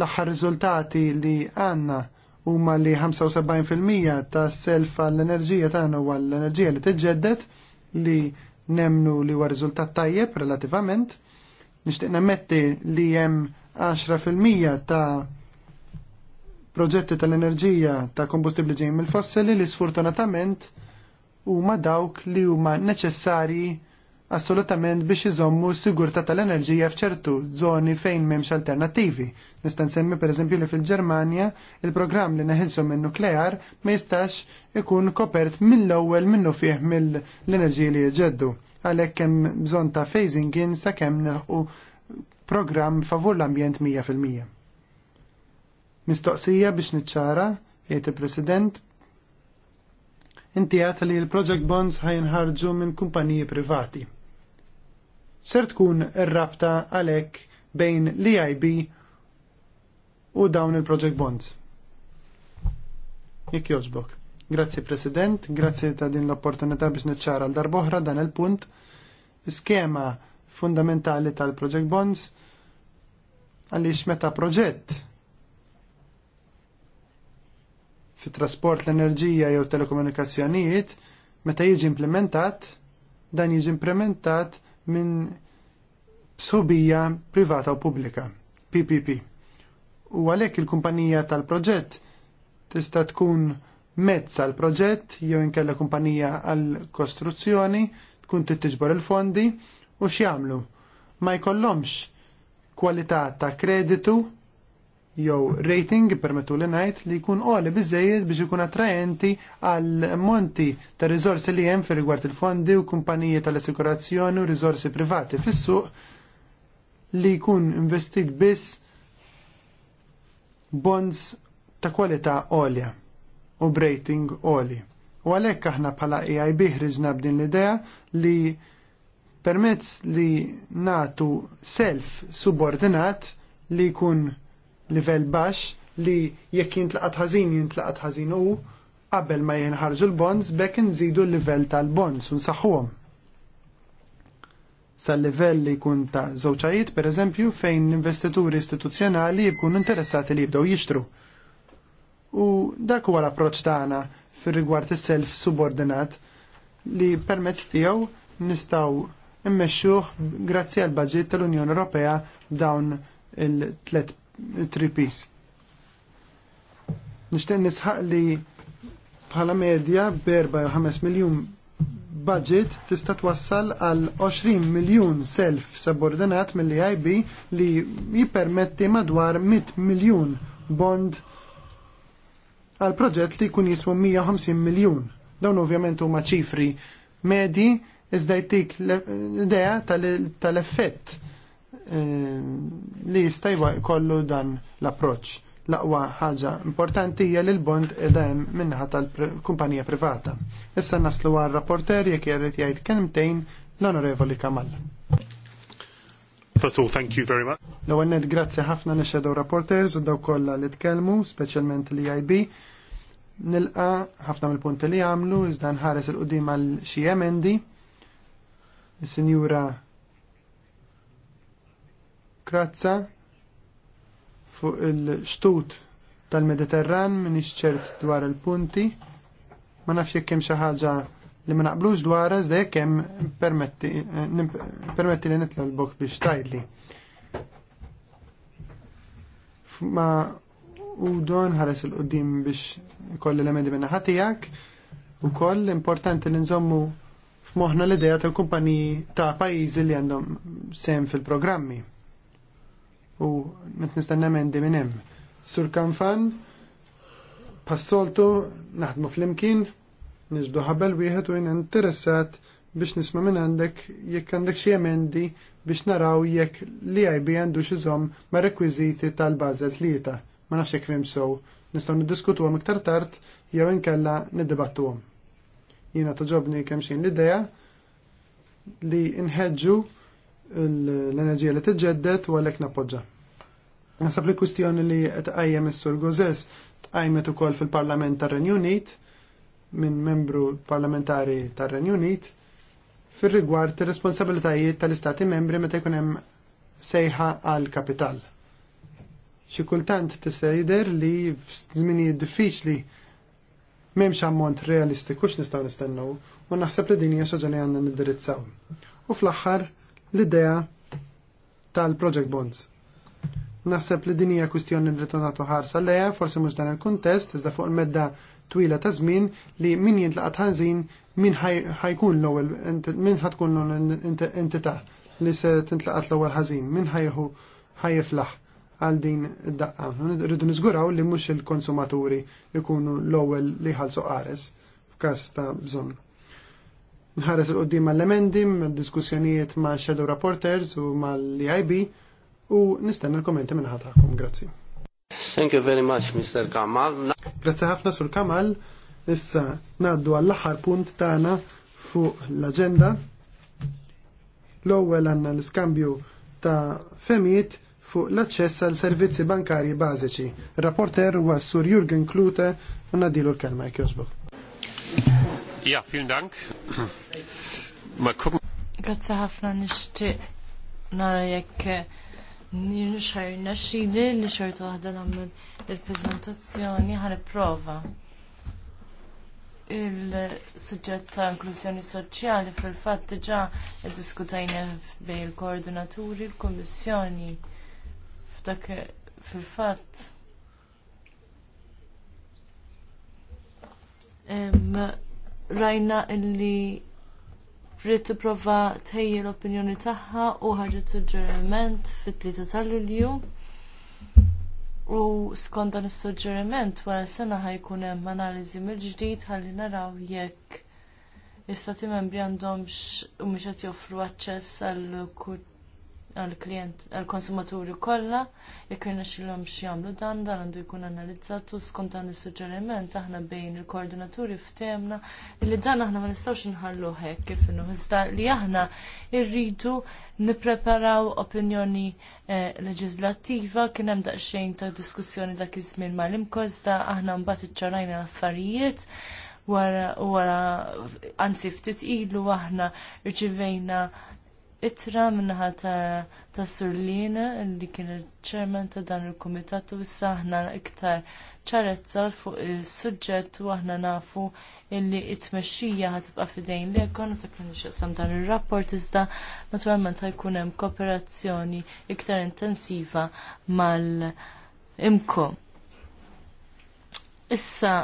l-aħħar riżultati li għanna huma li 75% ta' self l enerġija tagħna huwa l-enerġija li tiġġedded li nemnu li huwa riżultat tajjeb relattivament. Nixtieq nammetti li hemm 10% ta' proġetti tal-enerġija ta' kombustibli ġejjin mill-fossili li sfortunatament huma dawk li huma neċessarji assolutament biex iżommu s-sigurta tal-enerġija f'ċertu zoni fejn m'hemmx alternattivi. Nista' nsemmi pereżempju li fil-Ġermanja il-programm li neħilsu minn nuklear ma jistax ikun kopert mill-ewwel minnu fih mill-enerġija li jġeddu. Għalhekk hemm bżonn ta' phasing in sakemm nilħqu programm favur l-ambjent 100%. Mistoqsija biex niċċara, jgħid il-President, inti għat li l-Project Bonds ħajnħarġu minn kumpaniji privati ser tkun ir-rabta għalhekk bejn l-EIB u dawn il-project bonds. Jekk joġbok. Grazzi President, grazzi ta' din l-opportunità biex niċċara l darboħra dan il-punt. Skema fundamentali tal-project bonds għaliex meta proġett fit trasport l-enerġija jew telekomunikazzjonijiet meta jiġi implementat dan jiġi implementat minn sobija privata u pubblika, PPP. U għalhekk il-kumpanija tal-proġett tista' tkun mezz għal proġett jew inkella kumpanija għal kostruzzjoni tkun tittiġbor il-fondi u x'jagħmlu. Ma jkollhomx kwalità ta' kreditu jew rating permettu li ngħid li jkun qoli biżejjed biex ikun attrajenti għal monti ta' riżorsi li hemm fi rigward il-fondi u kumpaniji tal-assikurazzjoni u riżorsi privati fis-suq li jkun investit biss bonds ta' kwalità għolja u rating għoli. U għalhekk aħna bħala AIB ħriġna b'din l-idea li permezz li natu self subordinat li jkun livell baxx li jekk jintlaqat ħażin jintlaqat ħażin hu qabel ma jinħarġu l-bonds bekk nżidu l-livell tal-bonds u nsaħħuhom. Sal-livell li jkun ta' żewġajiet pereżempju fejn investituri istituzzjonali jkunu interessati li jibdew jixtru. U dak huwa l-approċċ tagħna fir-rigward is-self subordinat li permezz tiegħu nistgħu immexxuh grazzi għal budget tal-Unjoni Ewropea dawn il-tlet tripis. Nishten nisħaq li bħala medja berba jew 5 miljun budget tista' twassal għal 20 miljun self subordinat mill IB li jippermetti madwar 100 miljun bond għal proġett li jkun jiswa 150 miljun. Dawn ovvjament huma ċifri medji iżda jtik l-idea tal-effett Eh, li jistajwa kollu dan l-approċ. L'aqwa ħaġa importanti hija li l-bond edem minnaħa tal-kumpanija privata. Issa naslu għal rapporter jekk jarrit jgħid kelmtejn l-Onorevoli Kamal. First of all, thank you very much. L-ewwel grazzi ħafna nixxedew rapporters u daw kollha li tkellmu, speċjalment li IB. Nilqa ħafna mill-punti li għamlu, iżda nħares il-qudiem għal xi emendi. Is-Sinjura Krazza fuq il-xtut tal-Mediterran minn iċċert dwar il-punti. Ma nafx jekk hemm xi ħaġa li ma naqblux dwar iżda jekk hemm permetti eh, li l-bok biex tajli. Ma u don ħares il qudiem biex kolli l emedi minna ħatijak u koll importanti li nżommu f'moħna l idea tal-kumpaniji ta' pajjiżi li għandhom sem fil-programmi u qed nistenna emendi minn hemm. Sur Kanfan, passoltu naħdmu flimkien, nisbdu ħabel wieħed u jien interessat biex nisma minn għandek jekk għandek xi emendi biex naraw jekk li bi għandu xizom ma' rekwiżiti tal-bażel tlieta. Ma nafx jekk fim sow, nistgħu għom iktar tard jew inkella niddibattuhom. Jiena toġobni kemm xejn l-idea li nħeġġu l-enerġija li t-ġeddet u għalhekk napoġġa. Nasab li kustjoni li tqajjem is-Sur Gozes tqajmet ukoll fil-Parlament tar-Renju Unit minn membru parlamentari tar-Renju Unit fir-rigward ir-responsabilitajiet tal-Istati membri meta jkun hemm sejħa għal kapital. Xi kultant tista' jidher li f'żminijiet diffiċli m'hemmx ammont realistiku x'nistgħu nistennew u naħseb li din hija xi għandna nindirizzaw. U fl-aħħar l-idea tal-project bonds Naħseb li dinija kwistjoni li tonatu ħarsa leja, forsi mhux dan il-kuntest, iżda fuq il-medda twila ta' żmien li min jintlaqat ħanżin min ħajkun l-ewwel min ħatkun l entità li se tintlaqat l-ewwel ħażin, min ħajħu ħajiflaħ għal din id-daqqa. Rridu niżguraw li mhux il-konsumaturi jkunu l-ewwel li ħalsu qares f'każ ta' bżonn. Nħares il-qoddim mal emendim mal-diskussjonijiet ma' shadow reporters u mal ib u nistenna l-kommenti minn ħatakom. Grazzi. Thank you very much, Mr. Kamal. Grazzi ħafna sur Kamal. Issa naddu għall-aħħar punt tagħna fuq l-aġenda. L-ewwel għandna l-iskambju ta' femijiet fuq l-aċċess għal servizzi bankarji bażiċi. Rapporter huwa Sur Jurgen Klute u nadilu l-kelma jekk Ja, vielen Dank. Grazzi ħafna nixtieq nara jekk Nirxajna xili li xortu għahda namlu il-prezentazzjoni ħan prova il sujġet ta' inklużjoni soċjali fil-fatt diġà diskutajna bejn il-koordinaturi, il komissjoni f'dak fil-fatt. Rajna illi rrid tipprova tħejji l-opinjoni tagħha u ħarġet suġġeriment fit-tlieta tal-Lulju. U skont dan is-suġġeriment wara sena ħajkun hemm analiżi mill-ġdid ħalli naraw jekk l-istati membri għandhomx u mhux qed joffru aċċess għall għal-klient, għal-konsumaturi kollha, jekk irna xillom jagħmlu dan, dan għandu jkun analizzatu skontan skont dan is-suġġeriment aħna bejn il-koordinaturi f'temna li dan aħna ma nistgħux nħallu hekk kif innu iżda li aħna rridu nippreparaw opinjoni eh, leġislattiva kien hemm daqsxejn ta' diskussjoni dak iż-żmien mal-imkos da aħna mbagħad iċċarajna l-affarijiet wara wara anzi ftit ilu aħna rċivejna itra minnaħa ta', Surlina li kien il-ċerman ta' dan il-komitat u issa aħna iktar ċarezza fuq il sujġet u aħna nafu illi it-tmexxija ħatibqa' fidejn li jkun ta' kien xaqsam dan ir-rapport iżda naturalment ħajkun hemm kooperazzjoni iktar intensiva mal-imko. Issa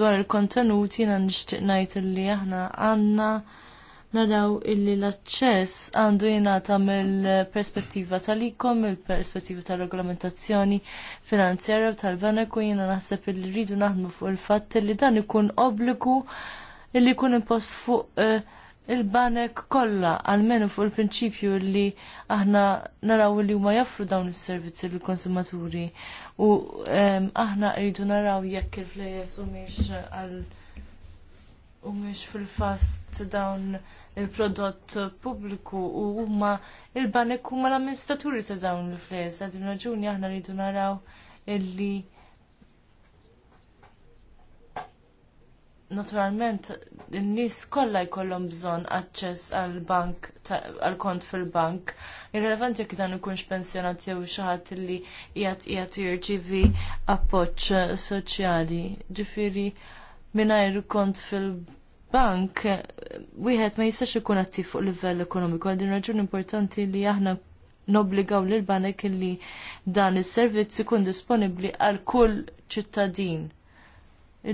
dwar il-kontenuti jiena nixtieq ngħid illi aħna għandna naraw illi l-aċċess għandu jingħata mill-perspettiva tal-ikom, mill-perspettiva tal-regolamentazzjoni finanzjarja u tal-banek u jiena naħseb illi rridu naħdmu fuq il fat li dan ikun obbligu illi jkun impost fuq eh, il-banek kollha għalmenu fuq il-prinċipju li aħna naraw li huma jaffru dawn is-servizzi lill konsumaturi u ehm, aħna rridu naraw jekk il-flejes u mhix għal u fil-fast dawn il-prodott pubbliku u huma il-banek huma l-amministraturi ta' dawn l-flejs. Għadin raġuni aħna rridu naraw illi naturalment il nis kollha jkollhom bżonn aċċess għal bank għal kont fil-bank. Irrelevanti jekk dan ikunx pensjonat jew xi ħadd li qiegħed qiegħed jirċivi appoġġ soċjali. Ġifieri mingħajr kont fil-bank bank wieħed ma jistax ikun attiv fuq livell ekonomiku għal din raġun importanti li aħna nobligaw lil banek li dan is-servizz ikun disponibbli għal kull ċittadin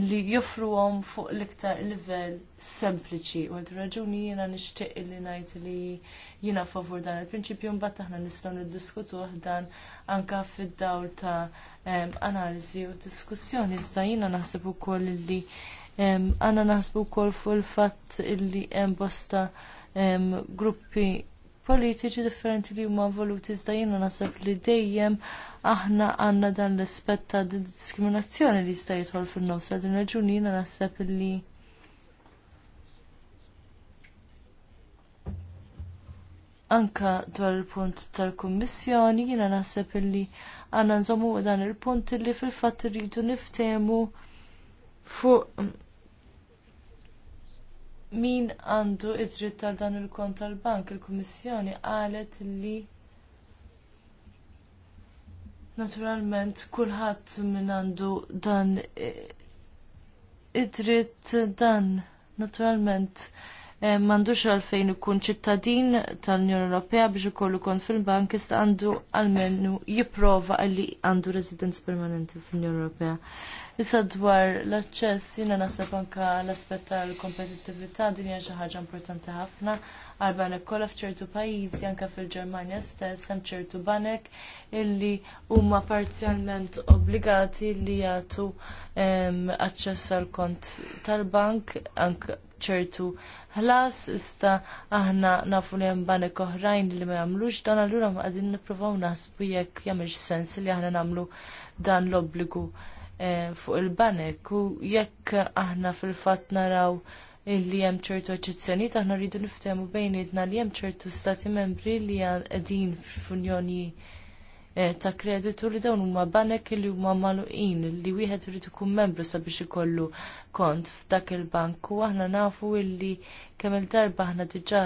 li joffruhom fuq l-iktar livell sempliċi. U għal raġuni jiena nixtieq li ngħid li jiena favur dan il-prinċipju mbagħad aħna nistgħu niddiskutuh dan anke fid-dawl ta' analiżi u diskussjoni iżda jiena naħseb ukoll li għanna naħsbu kol fuq il-fatt illi hemm bosta gruppi politiċi differenti li huma voluti iżda jiena naħseb li dejjem aħna għandna dan l-ispett ta' diskriminazzjoni li jista' jidħol fin-nofsa din raġuni jiena naħseb li anka dwar il-punt tal-Kummissjoni jiena naħseb li għandna nżommu dan il-punt illi fil-fatt irridu niftehmu fuq min għandu id-dritt għal dan il-kont tal-bank. Il-Kummissjoni qalet li naturalment kulħadd min għandu dan id-dritt dan naturalment eh, m'għandux għalfejn ikun ċittadin tal-Unjoni Ewropea biex ikollu kont fil-bank iżda għandu għalmenu jipprova li għandu residenza permanenti fl-Unjoni Ewropea. Issa dwar l-aċċess jiena naħseb anke l-aspett tal kompetitività din hija xi ħaġa importanti ħafna għal banek kollha f'ċertu pajjiżi anke fil-Ġermanja stess hemm ċertu banek illi huma parzjalment obbligati li jagħtu aċċess għall kont tal-bank anke ċertu ħlas, ista aħna nafu li hemm banek oħrajn li ma jagħmlux dan allura ma qegħdin nippruvaw naħsbu jekk jagħmilx sens li aħna nagħmlu dan l-obbligu Eh, fuq il-banek u jekk aħna fil-fatt naraw li hemm ċertu eċezzjonijiet aħna rridu niftemu bejnietna li hemm ċertu stati membri li qegħdin f'unjoni eh, ta' kreditu li dawn huma banek li huma magħluqin li wieħed irid ikun membru sabiex ikollu kont f'dak il-bank u aħna nafu illi kemm il-darba aħna diġà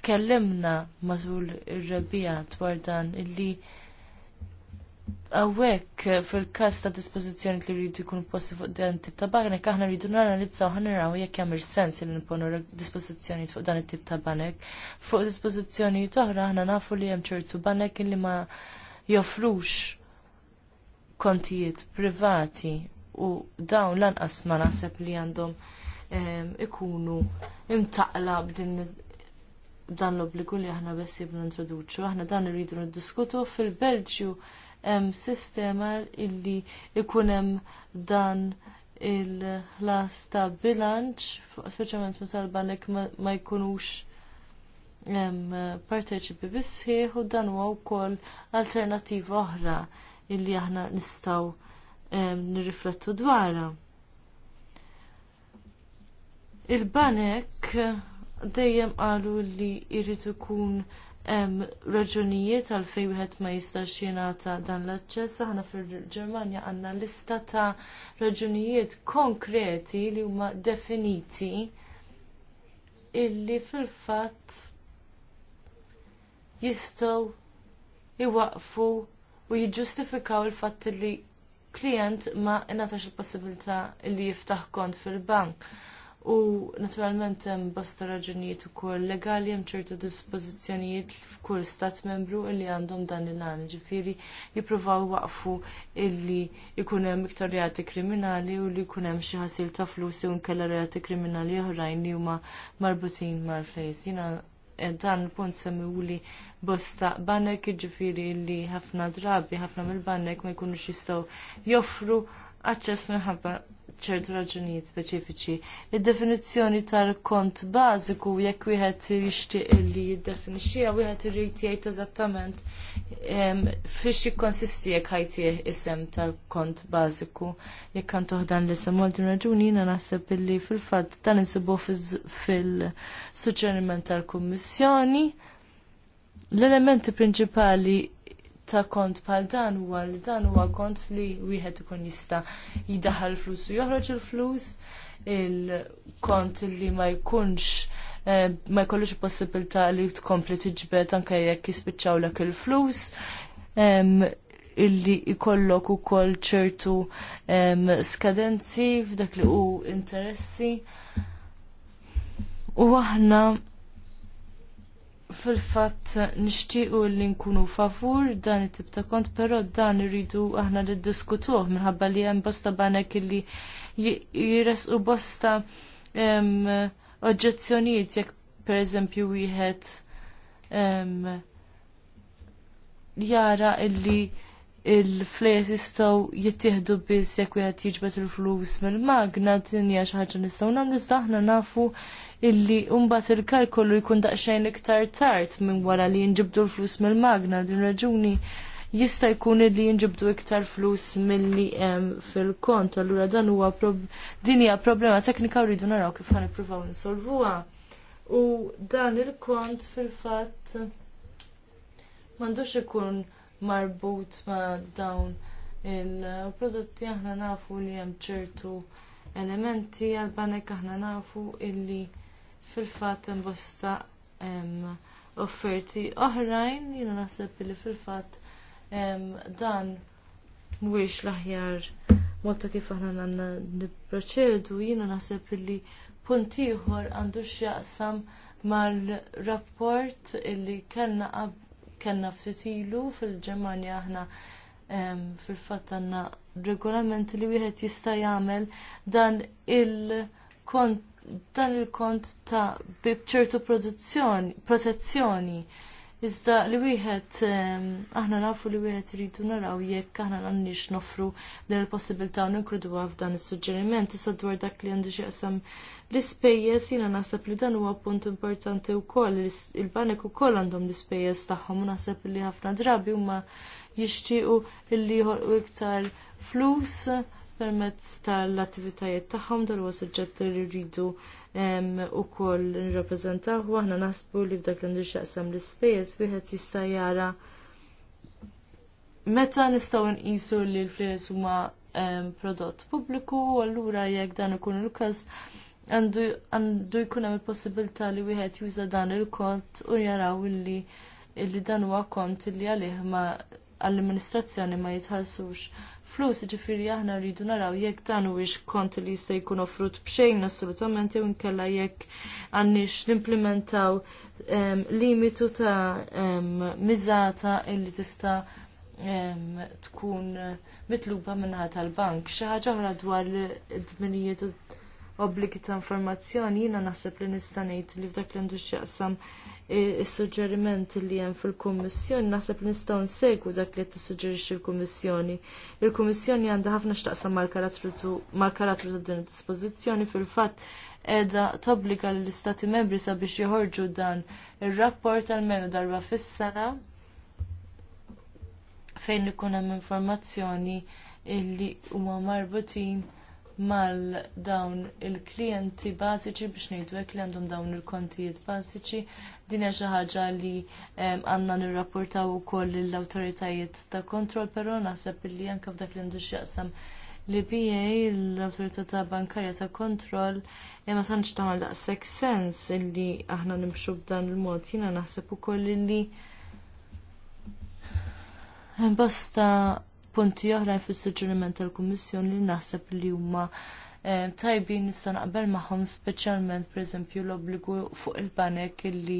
tkellimna matul ir-rebija dwar dan illi Awek, fil-kas ta' dispozizjoni li rridu jkun posti fuq dan tip ta' banek, aħna rridu nanalizzaw ħaniraw jekk jagħmel sens li nipponu dispożizzjoni fuq dan it-tip ta' banek. Fuq dispożizzjoni toħra aħna nafu li hemm ċertu banek li ma joffrux kontijiet privati u dawn lanqas ma naħseb li għandhom ikunu imtaqla b'din dan l obbligu li aħna bessi b'nintroduċu. aħna dan irridu niddiskutu fil-Belġju hemm sistema illi ikun hemm dan il-ħlas ta' bilanċ, speċjalment meta l-banek ma jkunux parteċipi bisħieħ u dan huwa wkoll alternattiva oħra illi aħna nistgħu nirriflettu dwarha. Il-banek dejjem qalu li jrid ikun hemm raġunijiet għal fejn wieħed ma jistax jingħata dan l-aċċess aħna fil-Ġermanja għandna lista ta' raġunijiet konkreti li huma definiti illi fil-fatt jistgħu iwaqfu u jiġġustifikaw il-fatt li klient ma ingħatax il-possibilità li jiftaħ kont fil-bank. U naturalment hemm bosta raġunijiet ukoll legali hemm ċertu dispożizzjonijiet f'kull stat membru illi għandhom dan il-għan, ġifiri jippruvaw waqfu illi jkun hemm iktar reati kriminali u li jkun hemm xi ħasil ta' flus u nkella reati kriminali oħrajn li huma marbutin mal-flejs. Jiena eh, dan il-punt li bosta banek ġifiri li ħafna drabi ħafna mill-banek ma jkunux jistgħu joffru aċċess minħabba ċertu raġunijiet speċifiċi. Id-definizzjoni tal-kont bażiku jekk wieħed jixtieq li jiddefinixxiha wieħed irid jgħid eżattament fiex jikkonsisti jekk ħajtieh isem tal-kont bażiku. Jekk kan toħdan l-isem għal din raġuni jiena naħseb illi fil-fatt dan insibu fil-suġġeriment tal-Kummissjoni. L-elementi prinċipali ta' kont bħal dan huwa għal dan huwa kont li wieħed ikun jista' jidaħħal flus u joħroġ il-flus il-kont li ma jkunx eh, ma jkollux possibilità li tkompli tiġbed anke jekk jispiċċawlek il-flus illi jkollok ukoll ċertu skadenzi f'dak li hu interessi u aħna fil-fatt nixtiequ li nkunu favur dan it-tip ta' kont, però dan rridu aħna li diskutuħ minħabba li hemm bosta banek li jiresqu bosta oġġezzjonijiet jekk pereżempju wieħed jara illi il-flejes jistgħu jittieħdu biss jekk wieħed jiġbed il-flus mill-magna din hija xi ħaġa nistgħu nagħmlu iżda aħna nafu illi mbagħad il-kalkolu jkun daqsxejn iktar tard minn wara li jinġibdu l-flus mill-magna din raġuni jista' jkun illi jinġibdu iktar flus milli hemm fil-kont. Allura dan huwa din hija problema teknika u rridu naraw kif ħanippruvaw insolvuha. U dan il-kont fil-fatt m'għandux ikun marbut ma' dawn il-prodotti aħna nafu li hemm ċertu elementi għal-banek aħna nafu illi fil-fatt hemm bosta offerti oħrajn jiena naħseb li fil-fatt dan mhuwiex l-aħjar mod kif aħna għandna nipproċedu jiena naħseb illi punt ieħor għandu x'jaqsam mal-rapport illi kellna qabel kellna ftit ilu fil-Ġermanja aħna fil-fatt għandna regolament li wieħed jista' jagħmel dan il-kont dan il-kont ta' bċertu protezzjoni. Iżda li wieħed aħna nafu li wieħed iridu naraw jekk aħna għandniex nofru din il-possibilità u ninkluduha f'dan is-suġġeriment issa dwar dak li għandu xi qasam L-ispejjeż jiena naħseb li dan huwa punt importanti wkoll, il-banek ukoll għandhom l-ispejjeż tagħhom u naħseb li ħafna drabi huma jixtiequ li jħolqu iktar flus permezz tal-attivitajiet tagħhom dan huwa suġġett li rridu ukoll nirrappreżentaw u aħna naħsbu li f'dak li x'jaqsam l-ispejjeż wieħed jista' jara meta nistgħu nqisu li l-flejjes huma prodott pubbliku, allura jekk dan ikun il-każ għandu jkun hemm il-possibilità li wieħed juża dan il-kont u jaraw illi illi dan huwa kont illi għalih ma għall-amministrazzjoni ma jitħallsux flus, ġifiri aħna rridu naraw jekk dan huwiex kont li jista' jkun offrut b'xejn assolutament jew inkella jekk għandniex nimplementaw ehm, limitu ta' ehm, miżata illi tista' ehm, tkun mitluba minnaħa tal-bank. Xi ħaġa oħra dwar id-dminijiet obbligi ta' informazzjoni jiena naħseb li nista' ngħid li f'dak li għandu x'jaqsam e, is suġġerimenti li hemm fil-Kummissjoni naħseb li nistgħu nsegwu dak li qed tissuġġerixxi l-Kummissjoni. Il-Kummissjoni għandha ħafna x'taqsam mal-karattru ta' din id-dispożizzjoni fil-fatt edha tobbliga l-istati membri sabiex joħorġu dan ir rapport għal menu darba fis-sena fejn ikun hemm informazzjoni li huma marbutin mal dawn il-klijenti bażiċi biex ngħidu hekk li għandhom dawn il-kontijiet bażiċi. Din hija xi ħaġa li għandna nirrapportaw ukoll lill-awtoritajiet ta' kontroll, però naħseb li anke f'dak li għandu x'jaqsam li bija l-Awtorità ta' Bankarja ta' Kontroll e ma tantx tagħmel daqshekk sens illi aħna nimxu b'dan il-mod. Jiena naħseb ukoll illi Bosta punti oħrajn fis-suġġeriment tal-Kummissjoni li naħseb li huma eh, tajbin nista' naqbel magħhom speċjalment pereżempju l-obbligu fuq il-banek illi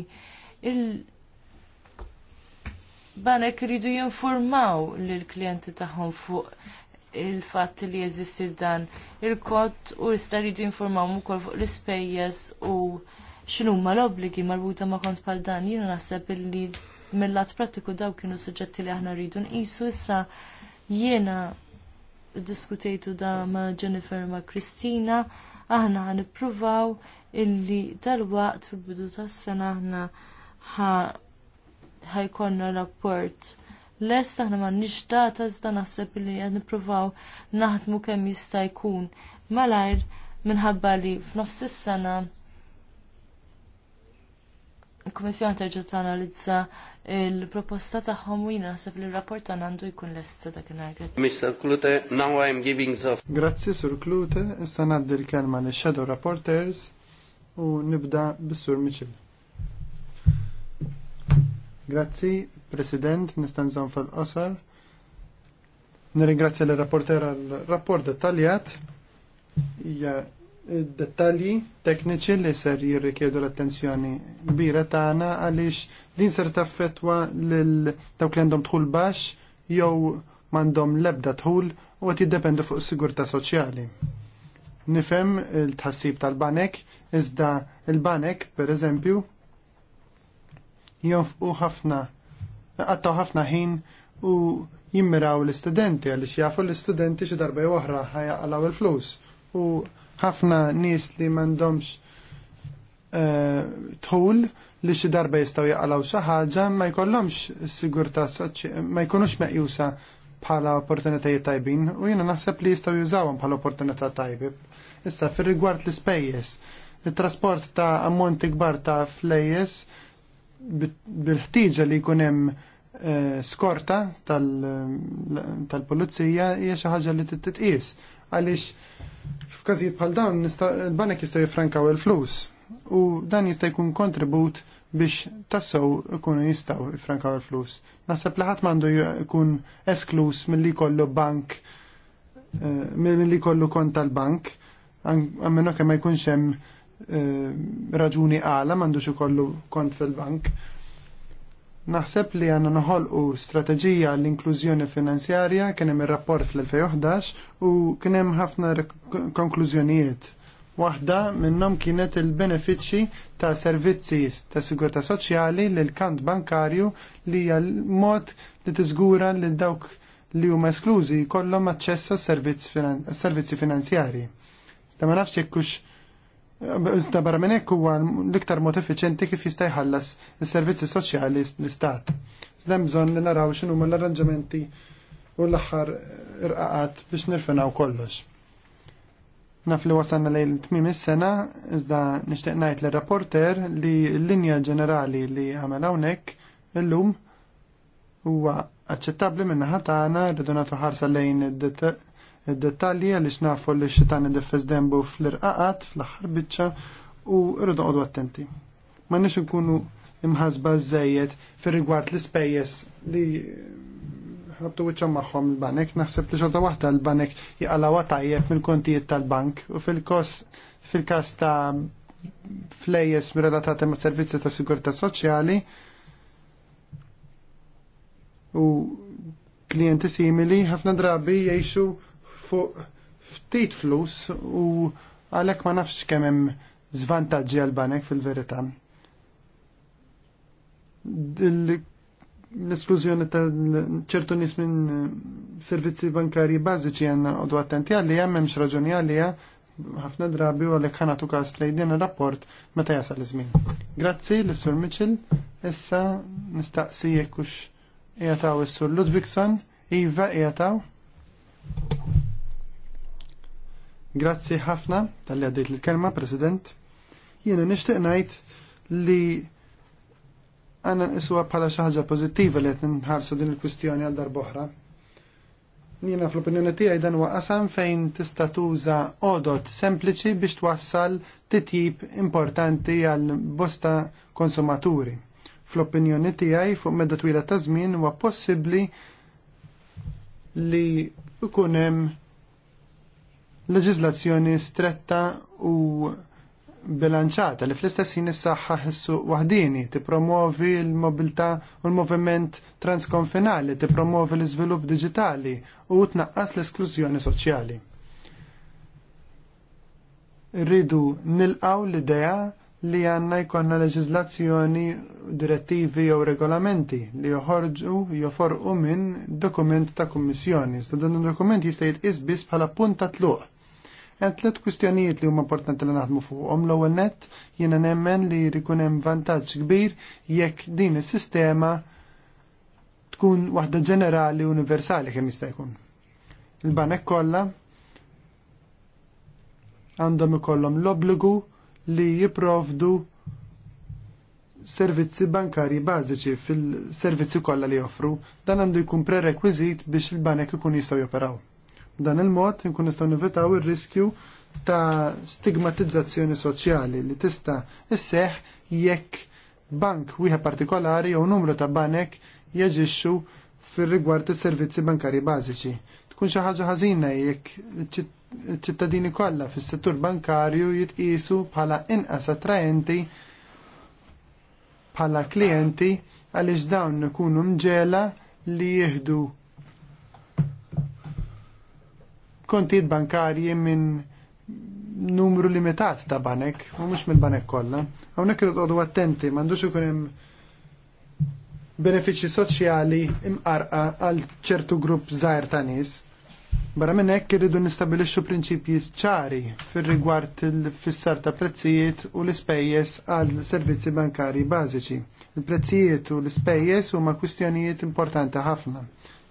il-banek iridu jinformaw lill-klijenti tagħhom fuq il-fatt li jeżisti dan il-kott u jista' jridu jinformaw ukoll fuq l-ispejjeż u x'inhuma l-obbligi marbuta ma' kont bħal dan jiena naħseb illi mill-lat pratiku daw kienu suġġetti li aħna rridu nqisu issa Jiena diskutejtu da ma' Jennifer ma' Kristina, aħna ħan ippruvaw illi tal waqt fil-bidu tas-sena aħna ħajkonna rapport. Lest aħna ma nix data iżda naħseb illi nippruvaw naħdmu kemm jista' jkun malajr minħabba li f'nofs is-sena il terġa' terġa' tanalizza il-proposta tagħhom u naħseb li rapport tagħna għandu jkun lesta dakinhar. Mr. Klute, now I'm giving the Grazzi Sur Klute, issa ngħaddi l-kelma li shadow Rapporters u nibda bis-Sur Michel. Grazzi, President, nista' nżomm fil-qosar. Nirringrazzja l-rapporter għal rapport dettaljat dettalji tekniċi li ser jirrikjedu l-attenzjoni kbira tagħna għaliex din ser taffetwa lil dawk li għandhom dħul baxx jew m'għandhom l-ebda dħul u qed jiddependu fuq is-sigurtà soċjali. Nifhem il-tħassib tal-banek iżda il-banek pereżempju jonfqu ħafna qattaw ħafna ħin u jimmiraw l-istudenti għaliex jafu l-istudenti xi darba oħra ħajaqalaw il-flus u ħafna nies li m'għandhomx eh, tħul li xi darba jistgħu jaqalgħu xi ħaġa ma jkollhomx sigurtà ma jkunux meqjusa bħala opportunitajiet tajbin u jiena naħseb li jistgħu jużawhom bħala opportunità tajbi. Issa fir-rigward l-ispejjeż, it-trasport ta' ammonti kbar ta' flejjes bil-ħtieġa li jkun hemm eh, skorta tal-pulizija hija xi ħaġa li titqies għaliex f'każijiet bħal dawn il-banek jistgħu jiffrankaw il-flus u dan jista' jkun kontribut biex tassew ikunu jistgħu jifrankaw il-flus. Naħseb li ħadd m'għandu jkun esklus milli jkollu bank eh, milli jkollu kont tal-bank kemm ma jkunx hemm eh, raġuni għala m'għandux ikollu kont fil-bank. Naħseb li għanna noħolqu strateġija l-inklużjoni finanzjarja kien hemm ir-rapport fl-2011 u kien hemm ħafna konklużjonijiet. Waħda minnhom kienet il-benefiċċji ta' servizzi ta' sigurtà soċjali l kant bankarju li hija mod li tiżgura li dawk li huma esklużi jkollhom aċċess servizzi finanzjari. Iżda ma nafx Iżda barra minn hekk huwa l-iktar mod effiċenti kif jista' jħallas is-servizzi soċjali l-istat. Iżda bżonn li naraw x'inhu l-arranġamenti u l-aħħar irqaqat biex nirfinaw kollox. Naf li wasanna lejn tmiem is-sena, iżda nixtieq ngħid l rapporter li l-linja ġenerali li għamel hawnhekk illum huwa aċċettabbli min-naħa tagħna rridu nagħtu ħarsa lejn id id-dettalji għaliex nafu li id-defez dembu fl-irqaqat, fl-aħħar biċċa u irridu għodu attenti. Ma nix nkunu imħazba zzejiet fir rigward l-spejjes li ħabtu wiċċa magħhom il-banek, naħseb li xorta waħda l-banek jgħalawa tajjeb mill-kontijiet tal-bank u fil-kos fil-kas ta' flejjes relatati ma' servizzi ta' sigurtà soċjali u klijenti simili ħafna drabi jgħixu fuq ftit flus u għalhekk ma nafx kemm hemm żvantaġġi għal banek fil-verità. L-esklużjoni ta' ċertu nies minn eh, servizzi bankarji bażiċi għandna qogħdu attenti għalli hemm hemmx raġuni għalija ħafna drabi u għalek ħanatu każ lejdin il-rapport meta jasal iż-żmien. Grazzi l-Sur Mitchell, issa nistaqsi jekkux jgħataw is-Sur Ludwigson, Iva jgħataw. Grazzi ħafna tal-li għaddejt l-kelma, President. Jiena nixtieq ngħid li għandna nqisuha bħala xi ħaġa pożittiva li qed nħarsu din il-kwistjoni għal darb'oħra. Jiena fl-opinjoni tiegħi dan huwa qasam fejn tista' tuża għodot sempliċi biex twassal titjib importanti għal bosta konsumaturi. Fl-opinjoni tiegħi fuq medda twila ta' żmien huwa possibbli li ikun hemm leġiżlazzjoni stretta u bilanċata li fl-istess ħin is-saħħa ħissu waħdini, tippromovi l-mobilità u l-moviment transkonfinali, tippromovi l-iżvilupp diġitali u tnaqqas l-esklużjoni soċjali. Rridu nilqaw l-idea li għanna jkollna leġiżlazzjoni, direttivi jew regolamenti li joħorġu joforqu minn dokument ta' kummissjoni. Sta dan il-dokument jista' jitqis biss bħala punta tluq Hemm tliet kwistjonijiet li huma importanti li naħdmu fuqhom. L-ewwel nett jiena nemmen li jkun hemm vantaġġ kbir jekk din is-sistema tkun waħda ġenerali universali kemm jista' jkun. Il-banek kollha għandhom ikollhom l-obbligu li jipprovdu servizzi bankari bażiċi fil-servizzi kollha li joffru, dan għandu jkun prerekwiżit biex il-banek ikun jistgħu joperaw. B'dan il-mod nkun nistgħu nivitaw ir-riskju ta' stigmatizzazzjoni soċjali li tista' isseħ jekk bank wieħed partikolari jew numru ta' banek jaġixxu fir-rigward is-servizzi bankari bażiċi. Tkun xi ħaġa ħażina jekk ċittadini kollha fis-settur bankarju jitqisu bħala inqas attraenti bħala klijenti għaliex dawn ikunu mġela li jieħdu kontijiet bankarji minn numru limitat ta' banek, u mhux mill-banek kollha. Hawnhekk irid għodu attenti, m'għandux ikun hemm benefiċċji soċjali imqarqa għal ċertu grupp zaħir ta' nis. Barra minn hekk irridu nistabilixxu prinċipji ċari fir-rigward il-fissar ta' prezzijiet u l-ispejjeż għal servizzi bankari bażiċi. Il-prezzijiet u l-ispejjeż huma kwistjonijiet importanti ħafna.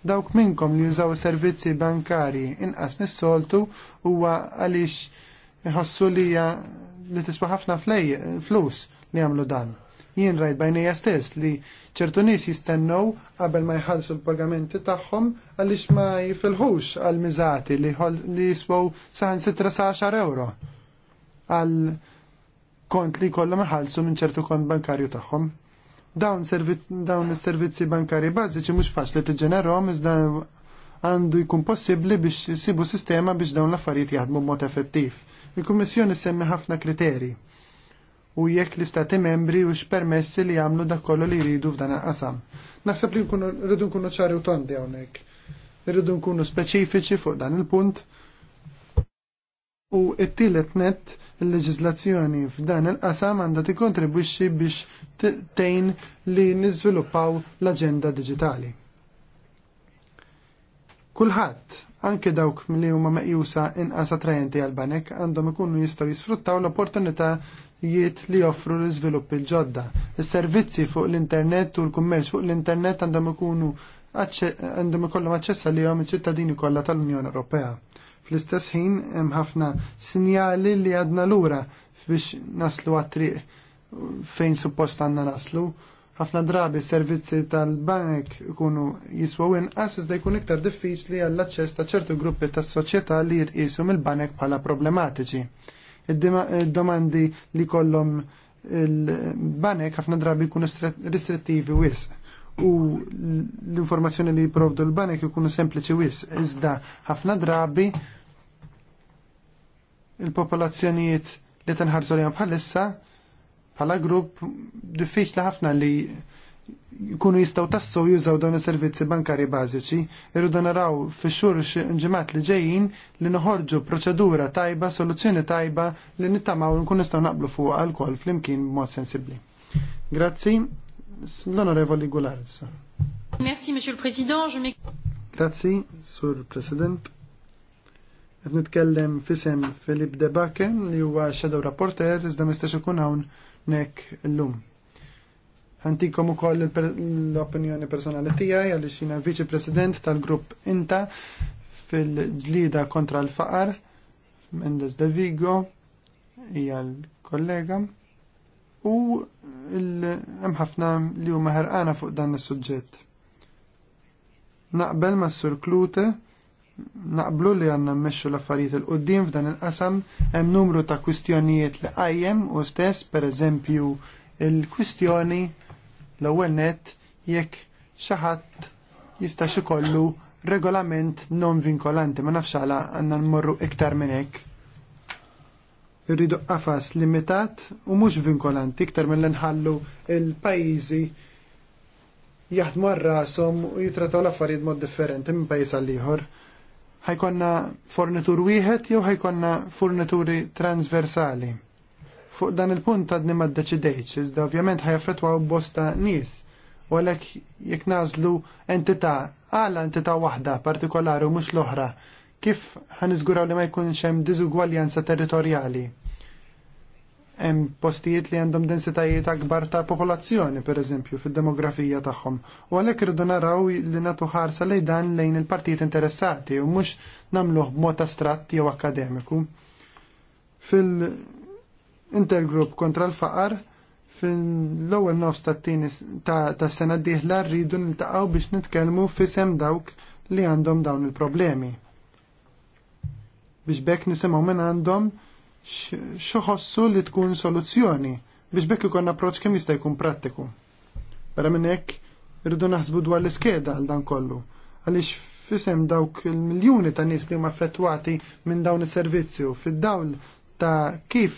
Dawk minnkom li jużaw servizzi bankari inqas mis-soltu huwa għaliex iħossu li li tiswa ħafna flus li għamlu dan. Jien rajt bajnija stess li ċertu nies jistennew qabel ma jħallsu l-pagamenti tagħhom għaliex ma jifilħux għal miżati li jiswaw saħan 16 euro għal kont li kollu maħalsu minn ċertu kont bankarju tagħhom. Dawn, dawn is-servizzi bankari bażiċi mhux faċli tiġġenerhom iżda għandu jkun possibbli biex sibu sistema biex dawn l-affarijiet jaħdmu b'mod effettiv. Il-Kummissjoni semmi ħafna kriteri u jekk l-istati membri u x-permessi li jagħmlu dak kollu li jridu f'dan il-qasam. Naħseb li rridu nkunu ċari u tondi hawnhekk. Rridu nkunu speċifiċi fuq dan il-punt U it-tielet net il-leġizlazzjoni f'dan il-qasam għandha tikkontribwixxi biex tgħin li niżviluppaw l-aġenda diġitali. Kulħadd, anke dawk li huma meqjusa inqas attrajenti għal banek għandhom ikunu jistgħu jisfruttaw l-opportunitajiet li joffru l-iżvilupp il-ġodda. Is-servizzi fuq l-internet u l-kummerċ fuq l-internet għandhom ikunu għandhom ikollhom aċċessa li jom iċ-ċittadini kollha tal-Unjoni Ewropea Fl-istess ħin hemm ħafna sinjali li għadna lura biex naslu għat-triq fejn suppost għandna naslu. Ħafna drabi servizzi tal-bank ikunu jiswaw inqas iżda jkun iktar diffiċli għall-aċċess ta' ċertu gruppi tas-soċjetà li jitqisu mill-banek bħala problematiċi. Id-domandi li kollhom il-banek ħafna drabi jkunu ristrittivi wis u l-informazzjoni li jiprovdu l-banek jkunu sempliċi wis iżda ħafna drabi il-popolazzjonijiet li tenħarsu li bħalissa bħala grupp diffiċli ħafna li jkunu jistaw tassu jużaw dawn is-servizzi bankari bażiċi, irridu naraw fi xhur ġimgħat li ġejjin li noħorġu proċedura tajba, soluzzjoni tajba li nittamaw nkun nistgħu naqblu fuq alkohol flimkien b'mod sensibbli. Grazzi, l-Onorevoli Gularza. Merci, Monsieur le Président. Grazzi, Sur President. Qed nitkellem fisem Filip De Baken li huwa Shadow Rapporter iżda mistax ikun hawn nek llum. Ħantikom ukoll l-opinjoni personali tiegħi għaliex jiena Viċi President tal-grupp Inta fil-ġlida kontra l-faqar Mendes De Vigo hija l-kollega u hemm ħafna li huma ħerqana fuq dan is-suġġett. Naqbel mas-Sur Klute naqblu li għanna mmexxu l-affarijiet il-qoddim f'dan il-qasam hemm numru ta' kwistjonijiet li qajjem u stess pereżempju il-kwistjoni l-ewwel net jekk xi ħadd jista' ikollu regolament non vinkolanti ma nafx għala għandna nmorru iktar minn hekk. Irridu qafas limitat u mhux vinkolanti iktar milli nħallu il-pajjiżi jaħdmu għal rashom u jitrataw l-affarijiet mod differenti minn pajjiż għal ieħor ħajkonna fornitur wieħed jew ħajkonna fornituri transversali. Fuq dan il-punt għadni ma d-deċidejċ, iżda ovvjament ħajfetwa bosta nies u għalek jek nazlu entità, għala entità wahda partikolari u mux l-oħra, kif ħanizguraw li ma jkunx hemm diżugwaljanza territorjali hemm postijiet li għandhom densitajiet akbar ta' popolazzjoni, per eżempju, fil demografija tagħhom. U għalhekk irridu naraw li nagħtu ħarsa lejn dan lejn il-partijiet interessati u mhux nagħmluh b'mod astratt jew akademiku. Fil-intergrupp kontra l-faqar, fil-ewwel nofs tat-tieni tas sena dieħla rridu niltaqgħu biex nitkellmu fisem dawk li għandhom dawn il-problemi. Biex bekk nisimgħu minn għandhom xoħossu li tkun soluzzjoni biex bekk ikon approċ kemm jista' jkun prattiku. Para minn hekk irridu naħsbu dwar l-iskeda għal dan kollu għaliex fisem dawk il-miljuni ta' nies li huma affettwati minn dawn is-servizzju fid-dawl ta' kif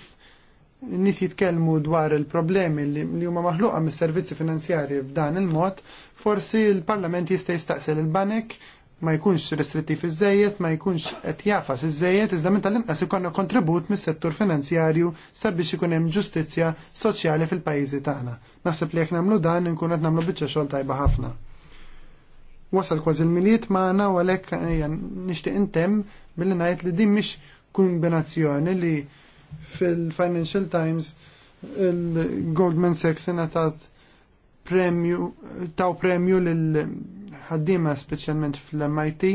nis jitkellmu dwar il-problemi li huma maħluqa mis servizzi finanzjarji f'dan il-mod, forsi l-Parlament jista' jistaqsel il-banek ma jkunx restrittiv iż-żejjed, ma jkunx qed jafas iż-żejjed iżda minn tal-inqas ikollna kontribut mis-settur finanzjarju sabiex ikun hemm ġustizzja soċjali fil-pajjiżi tagħna. Naħseb li jekk nagħmlu dan inkun qed nagħmlu biċċa xogħol tajba ħafna. Wasal kważi l-miliet magħna u għalhekk nixtieq intemm billi ngħid li din mhix kombinazzjoni li fil-Financial Times il-Goldman Sachs ingħatat premju taw premju lil Ħaddima speċjalment fl-MIT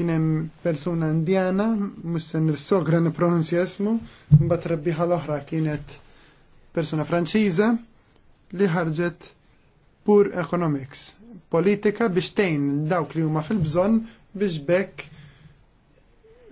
kien hemm persuna indjana, mhux sogra n nippronunzja ismu, mbagħad rabbiħa l-oħra kienet persuna Franċiża li ħarġet pur economics, politika biex tejn dawk li huma fil-bżonn biex bekk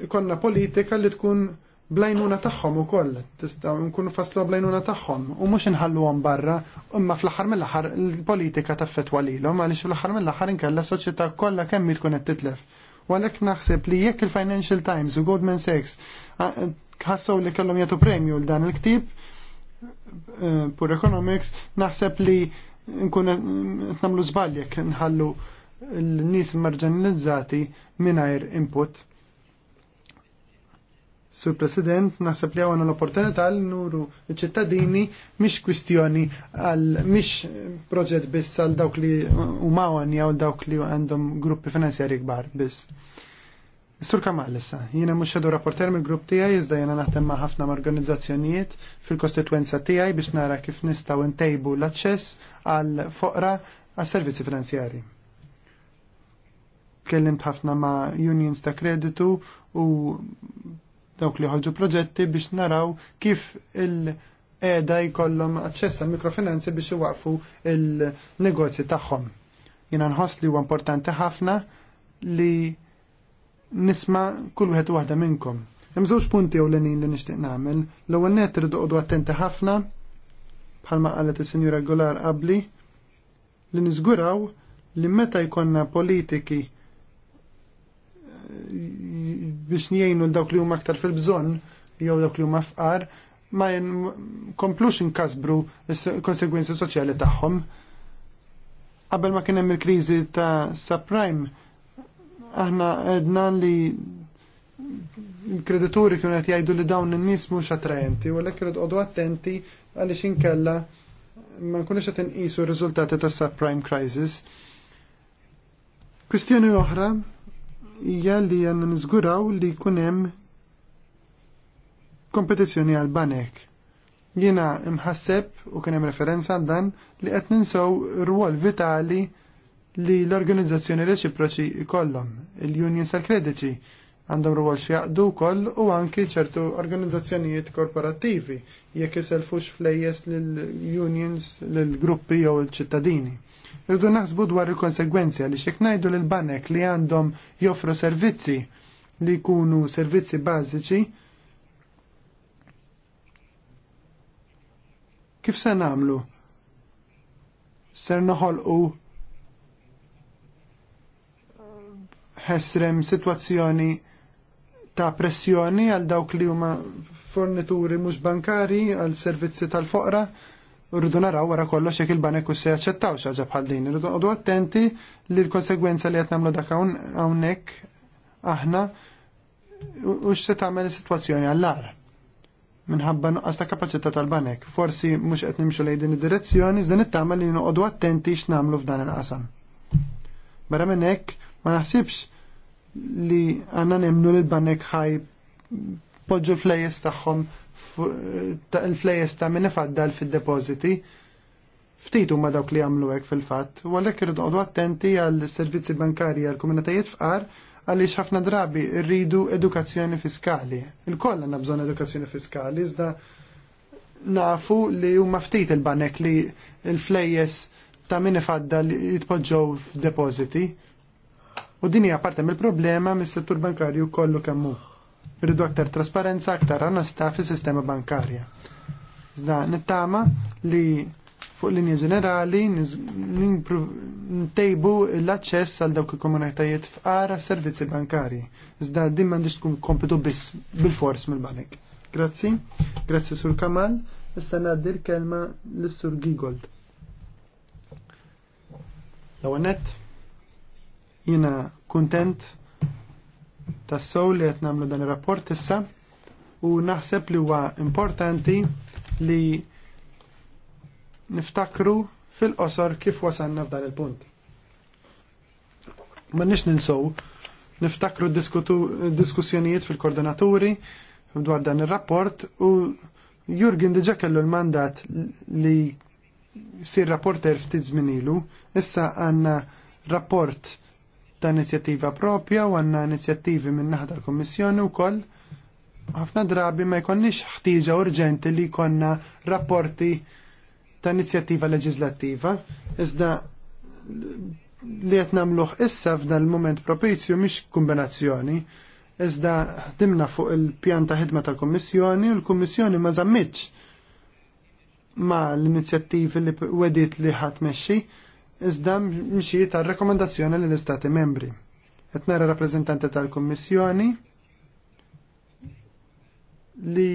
ikonna politika li tkun blajnuna tagħhom ukoll tista' nkunu faslu blajnuna tagħhom u mhux inħalluhom barra imma fl-aħħar mill-aħħar il-politika taffetwa lilhom għaliex fl-aħħar mill-aħħar inkella s-soċjetà kollha kemm tkun qed titlef. U għalhekk naħseb li jekk il-Financial Times u Goldman Sachs ħassew li kellhom jagħtu premju l dan il ktib eh, pur economics naħseb li nkun qed nagħmlu żball jekk nħallu l-nies marġanalizzati mingħajr input Sur President, naħseb li għana l-opportunità li nuru ċittadini mhix kwistjoni għal mhix proġett biss għal dawk li huma jew dawk li għandhom gruppi finanzjari kbar biss. Sur Kamal issa, jiena mhux xedu rapporter mill-grupp tiegħi iżda naħtem maħafna ma' ħafna organizzazzjonijiet fil-kostitwenza tiegħi biex nara kif nistgħu ntejbu l-aċċess għal foqra għas servizzi finanzjari. Kellimt ħafna ma' unions ta' kreditu u dawk li ħolġu proġetti biex naraw kif il- eda jkollhom aċċess għal mikrofinanzi biex iwaqfu il-negozji tagħhom. Jiena nħoss li huwa importanti ħafna li nisma' kull wieħed waħda minnkom. Hemm żewġ punti ewlenin li nixtieq nagħmel. L-ewwel nett irid uqgħodu attenti ħafna bħalma qalet is-Sinjura Golar qabli li niżguraw li meta jkollna politiki biex njgħinu dawk li huma aktar fil-bżonn jew dawk li huma fqar ma komplux inkasbru s-konsegwenzi soċjali tagħhom. Qabel ma kien hemm il-kriżi ta' subprime, aħna għedna li l-kredituri kienu qed jgħidu li dawn in-nies mhux attrajenti, u lek irid qogħdu attenti għaliex inkella ma nkunux qed inqisu r-riżultati tas subprime crisis. Kwistjoni oħra hija li għandna niżguraw li jkun hemm kompetizzjoni għal banek. Jiena imħasseb u kien hemm referenza għal dan li qed ninsew rwol vitali li l-organizzazzjoni reċiproċi kollom. il-unions tal kredici għandhom rwol xjaqdu koll u anki ċertu organizzazzjonijiet korporattivi jekk iselfux flejjes lill-unions, lill-gruppi jew il-ċittadini. Irdu naħsbu dwar il konsegwenzja li xek najdu l-banek li għandhom joffru servizzi li jkunu servizzi bażiċi kif se namlu? Ser noħolqu ħesrem situazzjoni ta' pressjoni għal dawk li huma fornituri mhux bankari għal servizzi tal-foqra rridu naraw wara kollox jekk il-banek u se jaċċettaw xi ħaġa bħal din. Irridu attenti li l-konsegwenza li qed nagħmlu dak hawnhekk aħna u x'se tagħmel is-sitwazzjoni għall-ar minħabba nuqqas ta' kapaċità tal-banek. Forsi mhux qed nimxu lejn din id-direzzjoni, iżda nittama li noqogħdu attenti x'namlu f'dan il-qasam. Barra minn hekk ma naħsibx li għandna nemnu lill banek ħaj poġġu flejes tagħhom il-flejes ta' min ifaddal fid depositi Ftit huma dawk li jagħmlu hekk fil-fatt, u għalhekk irid noqogħdu attenti għall-servizzi bankarji għall-komunitajiet fqar għaliex ħafna drabi rridu edukazzjoni fiskali. Il-koll għandna bżonn edukazzjoni fiskali, iżda nafu li huma ftit il-banek li l-flejjes ta' min ifadda li jitpoġġew f'depositi. U din hija parte mill-problema mis-settur bankarju kollu kemm hu. Rridu aktar trasparenza, aktar anasta fis sistema bankarja. Iżda nittama li fuq linja ġenerali ntejbu l-aċċess għal dawk il-komunitajiet f'qara servizzi bankari. Iżda din m'għandix tkun kompetu biss bil-fors mill-banek. Grazzi, grazzi sur Kamal, issa naddir kelma lis-sur Gigold. L-ewwel nett, kuntent Tas-Sow li qed nagħmlu dan ir-rapport issa u naħseb li huwa importanti li niftakru fil-qosor kif wasanna f'dan il-punt. Ma nix ninsow, niftakru diskussjonijiet fil-koordinaturi dwar dan il-rapport u Jurgen diġa kellu l-mandat li sir rapporter ftit zminilu, issa għanna rapport ta' inizjattiva propja u għanna inizjattivi minn naħa tal-Kommissjoni wkoll ħafna drabi ma jkonniex ħtiġa urġenti li jkollna rapporti ta' inizjattiva leġislattiva, iżda li qed nagħmluh issa f'dan il-mument propizju mhix kombinazzjoni. Iżda dimna fuq il-pjan ta' ħidma tal-Kummissjoni u l-Kummissjoni ma żammitx ma l-inizjattivi li wedit li ħadd mexxi iżda mxi tal-rekomendazzjoni l istati membri. Qed nara rappreżentanti tal-Kummissjoni li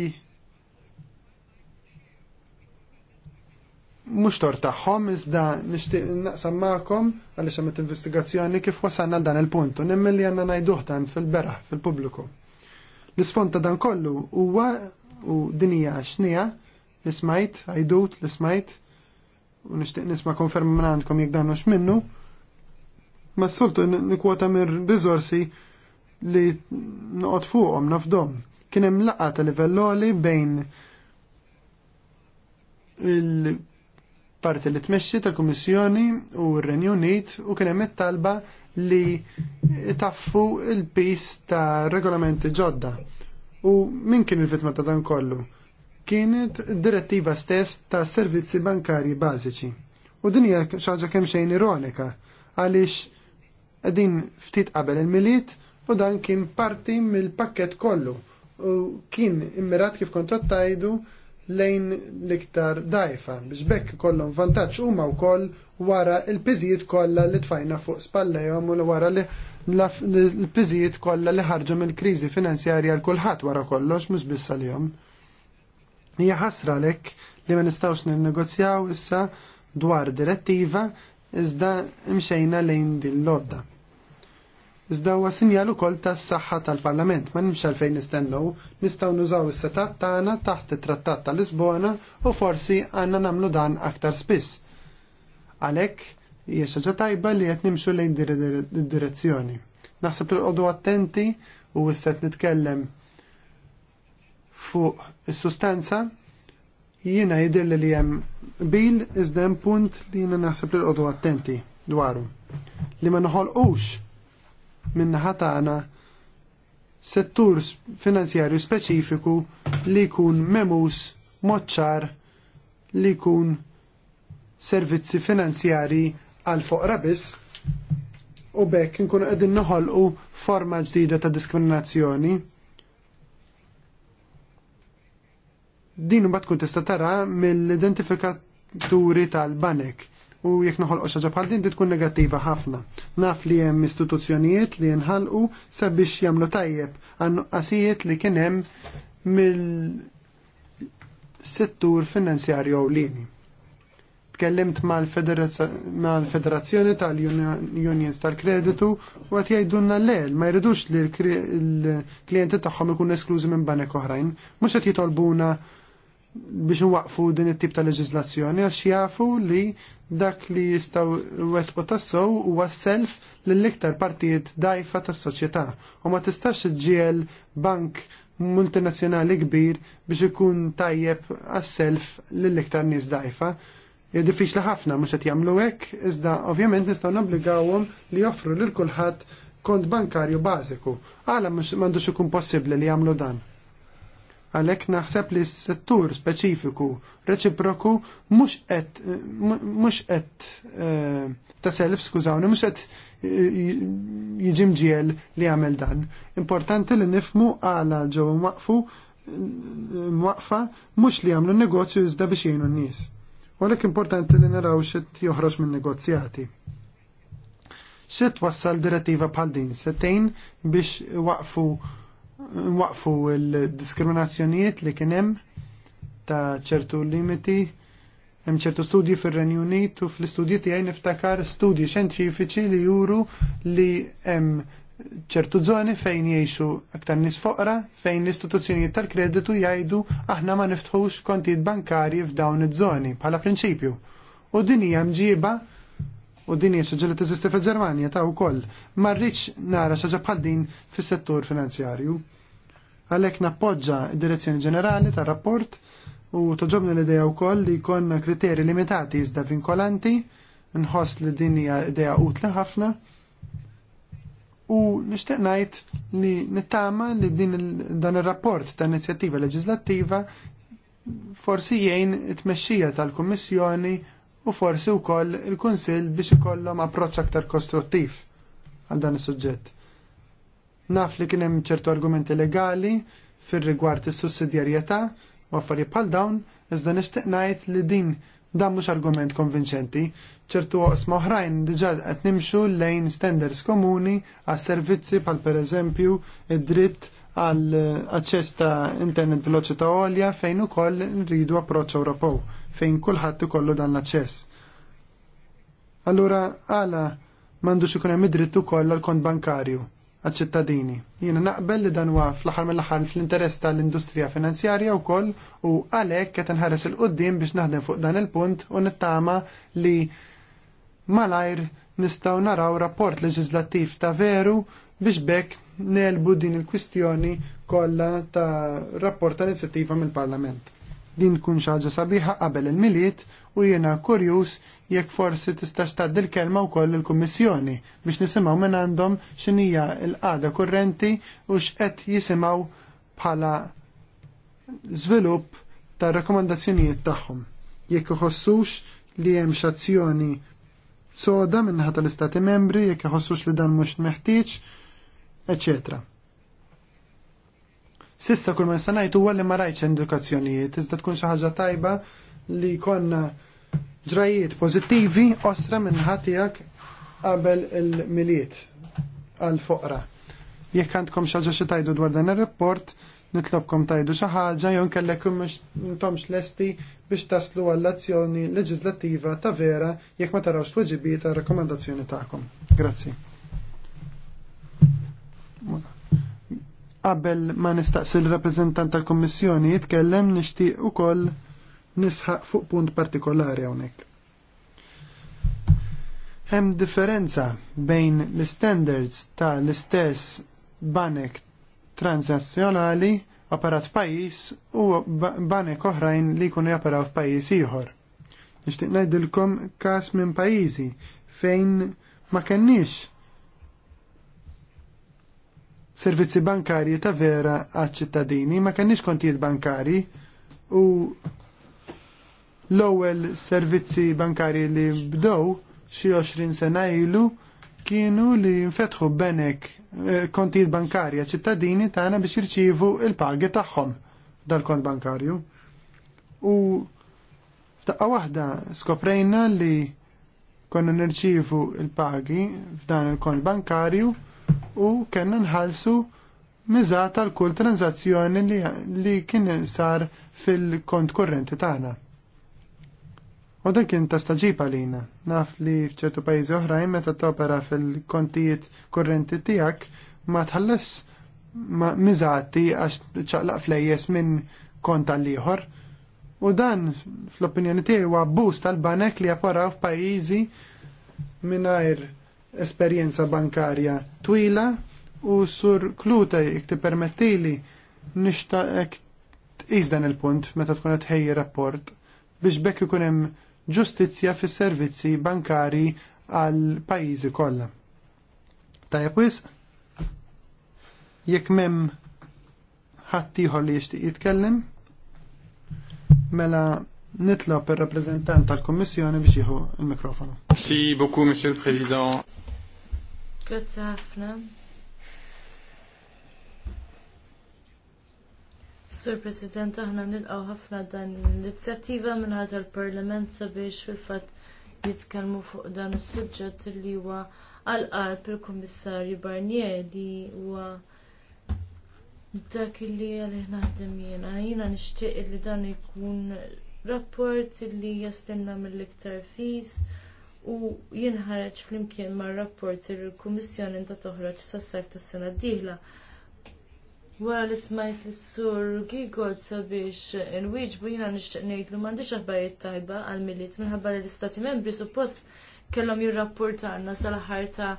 mhux tor tagħhom iżda nixtieq naqsam magħkom għaliex hemm investigazzjoni kif wasanna dan il-punt u li għandna ngħiduh dan fil-beraħ fil-pubbliku. L-isfond ta' dan kollu huwa u dinija xnija li smajt, għajdut li smajt, u nixtieq nisma' konferma minn għandkom jekk dan minnu, ma s-soltu nikwota minn riżorsi li noqgħod fuqhom nafdom. Kien hemm laqgħa ta' livelloli bejn il-parti li tmexxi tal-Kummissjoni u r-Renju Unit u kien hemm it-talba li taffu il-pis ta' regolamenti ġodda. U min kien il-vitma ta' dan kollu? kienet direttiva stess ta' servizzi bankarji bażiċi. U din hija xaġa kemm xejn ironika għaliex qegħdin ftit qabel il-miliet u dan kien parti mill-pakket kollu u kien immirat kif kont tajdu lejn l-iktar dajfa biex bekk kollhom vantaġġ huma wkoll wara l-piżijiet kollha li tfajna fuq spallejhom u wara li l-piżijiet kollha li ħarġu mill-kriżi finanzjarja l kulħadd wara kollox mhux biss għalihom. Hija ħasra lek li ma nistawx ninnegozjaw issa dwar direttiva iżda mxejna lejn din l-odda. Iżda huwa sinjal ukoll tas-saħħa tal-Parlament ma nimx għalfejn nistennew, nistgħu nużaw is-setat tagħna taħt it-Trattat ta' Lisbona u forsi għandna nagħmlu dan aktar spiss. Għalhekk hija ġa tajba li qed nimxu lejn direzzjoni Naħseb l-qodu attenti u wisset nitkellem fuq is-sustanza jiena jidher li hemm bil iżda hemm punt li jiena naħseb li l-qodu attenti dwaru. Li ma noħolqux minn għana settur finanzjarju speċifiku li jkun memus moċċar li jkun servizzi finanzjari għal fuq biss u bekk nkunu qegħdin noħolqu forma ġdida ta' diskriminazzjoni din mbagħad tkun tista' tara mill-identifikaturi tal-banek u jekk noħol xi ġabħal din tkun negattiva ħafna. Naf li hemm istituzzjonijiet li jinħalqu sabiex jagħmlu tajjeb għan-nuqqasijiet li kien hemm mill-settur finanzjarju lini. Tkellimt mal-Federazzjoni tal-Unions tal-Kreditu u għat l le, ma jridux li l-klienti tagħhom ikun esklużi minn banek oħrajn, mhux qed jitolbuna biex waqfu din it-tip ta' leġizlazzjoni għax jafu li dak li jistaw wetqu tassow huwa self lill-iktar partijiet dajfa tas-soċjetà u ma tistax ġiel bank multinazzjonali kbir biex ikun tajjeb għas-self lill-iktar nies dajfa. li ħafna mhux qed jagħmlu hekk, iżda ovvjament nistgħu nobbligawhom li joffru lil kulħadd kont bankarju bażiku. Għala m'għandux ikun possibbli li jagħmlu dan. Għalhekk naħseb li s-settur speċifiku reċiproku mhux qed mhux qed e, taself skużawni mhux qed e, jiġi mġiel li għamel dan. Importanti li nifmu għala ġew waqfu waqfa mhux li jagħmlu negozju iżda biex jienu n-nies. Għalhekk importanti li naraw x'qed joħroġ minn negozjati Xed wassal direttiva bħal din setejn biex waqfu nwaqfu l-diskriminazzjonijiet li kien hemm ta' ċertu limiti hemm ċertu studji fir-Renju Unit u fl-istudji tiegħi niftakar studji xjentifiċi li juru li hemm ċertu żoni fejn jgħixu aktar nies foqra fejn l-istituzzjonijiet tal-kreditu jgħidu aħna ma niftħux kontijiet bankarji f'dawn iż-żoni bħala prinċipju. U din hija mġiba u din hija xi ġieli teżisti fil-Ġermanja ta' wkoll. Ma rridx nara xi bħal din fis-settur finanzjarju. Għalhekk nappoġġa d-direzzjoni ġenerali tar-rapport u toġobni l-idea wkoll li jkollna kriteri limitati iżda vinkolanti, nħoss li din hija idea utla ħafna. U nixtieq ngħid li nittama li din dan ir-rapport ta' inizjattiva leġislattiva forsi jgħin it-tmexxija tal-Kummissjoni u forsi wkoll il-Kunsill biex ikollhom approċċ aktar kostruttiv għal dan is-suġġett. Naf li kien hemm ċertu argumenti legali fir-rigward is-sussidjarjetà u affarijiet bħal dawn, iżda nixtieq ngħid li din dan mhux argument konvinċenti. ċertu oqsma oħrajn diġà qed nimxu lejn standards komuni għas servizzi bħal pereżempju id-dritt għal aċċess ta' internet veloċità għolja fejn ukoll nridu approċċ Ewropew fejn kulħadd ikollu dan l-aċċess. Allura għala m'għandux ikun hemm id-dritt ukoll għall-kont bankarju għaċ-ċittadini. Jiena naqbel li dan huwa fl-aħħar mill-aħħar fl-interess tal-industrija finanzjarja wkoll u għalhekk qed inħares il qudiem biex naħdem fuq dan il-punt u nittama li malajr nistgħu naraw rapport leġislattiv ta' veru biex bekk nelbu din il-kwistjoni kollha ta' rapport ta' inizjattiva mill-Parlament. Din tkun xaġa sabiħa qabel il-miliet u jiena kurjus jekk forsi tistax tgħaddi l-kelma wkoll il-Kummissjoni biex nisimgħu minn għandhom x'inhija l-qagħda kurrenti u x'qed jisimgħu bħala żvilupp tar rakkomandazzjonijiet tagħhom. Jekk iħossux li hemm x'azzjoni soda minnaħa tal-Istati membri jekk iħossux li dan mhux meħtieġ, eċċetera. Sissa kull ma ngħid huwa li ma rajtx edukazzjonijiet, iżda tkun xi ħaġa tajba li konna ġrajiet pożittivi osra minn ħatijak qabel il-miliet għal-foqra. Jekk għandkom xi ħaġa xi tajdu dwar dan ir-rapport, nitlobkom tajdu xi ħaġa jew nkellek intomx lesti biex taslu għall-azzjoni leġislattiva ta' vera jekk ma tarawx tweġibiet ta' rakkomandazzjoni tagħkom. Grazzi. Qabel ma nistaqsi l-rappreżentant tal-Kummissjoni jitkellem nixtieq ukoll nisħaq fuq punt partikolari hawnhekk. Hemm differenza bejn l-standards ta' l-istess banek transazzjonali apparat pajis u banek oħrajn li jkunu japaraw f'pajjiż ieħor. Nixtieq ngħidilkom każ minn pajjiżi fejn ma kenniex servizzi bankarji ta' vera għal-ċittadini, ma kenniex kontijiet bankari u l-ewwel servizzi bankari li bdew xi 20 sena ilu kienu li nfetħu benek eh, kontijiet bankarja ċittadini tagħna biex jirċievu il-pagi tagħhom dal-kont bankarju. U f'daqqa waħda skoprejna li konna nirċievu il-pagi f'dan il-kont bankarju u kena nħallsu miżat tal kull tranzazzjoni li, li kien sar fil-kont kurrenti tagħna. U dan kien ta' staġiba għalina, Naf li f'ċertu pajjiżi oħrajn meta topera fil-kontijiet kurrenti tiegħek ma tħalles ma mizati għax ċaqlaq flejjes minn kont għal ieħor. U dan fl-opinjoni tiegħi huwa boost tal-banek li japparaw f'pajjiżi mingħajr esperjenza bankarja twila u sur kluta jek permettili nishta ek izdan il-punt meta tkun qed ħejji rapport biex bekk ikun hemm ġustizzja fis-servizzi bankari għal pajjiżi kollha. Tajjeb wisq? jekk m'hemm ħadd ieħor li jixtieq jitkellem, mela nitlob ir-rappreżentant tal-Kummissjoni biex jieħu l mikrofonu Si beaucoup, Monsieur le Président. Grazzi ħafna. Sur President, aħna nilqaw ħafna dan l-inizjattiva minn l parlament sabiex fil-fatt jitkellmu fuq dan is-suġġett li huwa għal-qalb il-Kummissarju Barnier li huwa dak li għalli naħdem jiena. Jiena nixtieq li dan ikun rapport li jastenna mill-iktar fis u jinħareġ flimkien mar rapport il l-Kummissjoni ta' toħroġ sas sar tas-sena d-dieħla. Wara li smajt lis sur Gigod sabiex inwieġbu jiena nixtieq li m'għandix aħbarijiet tajba għal miliet minħabba li l-Istati Membri suppost kellhom jirrapportarna sal-aħħar ta'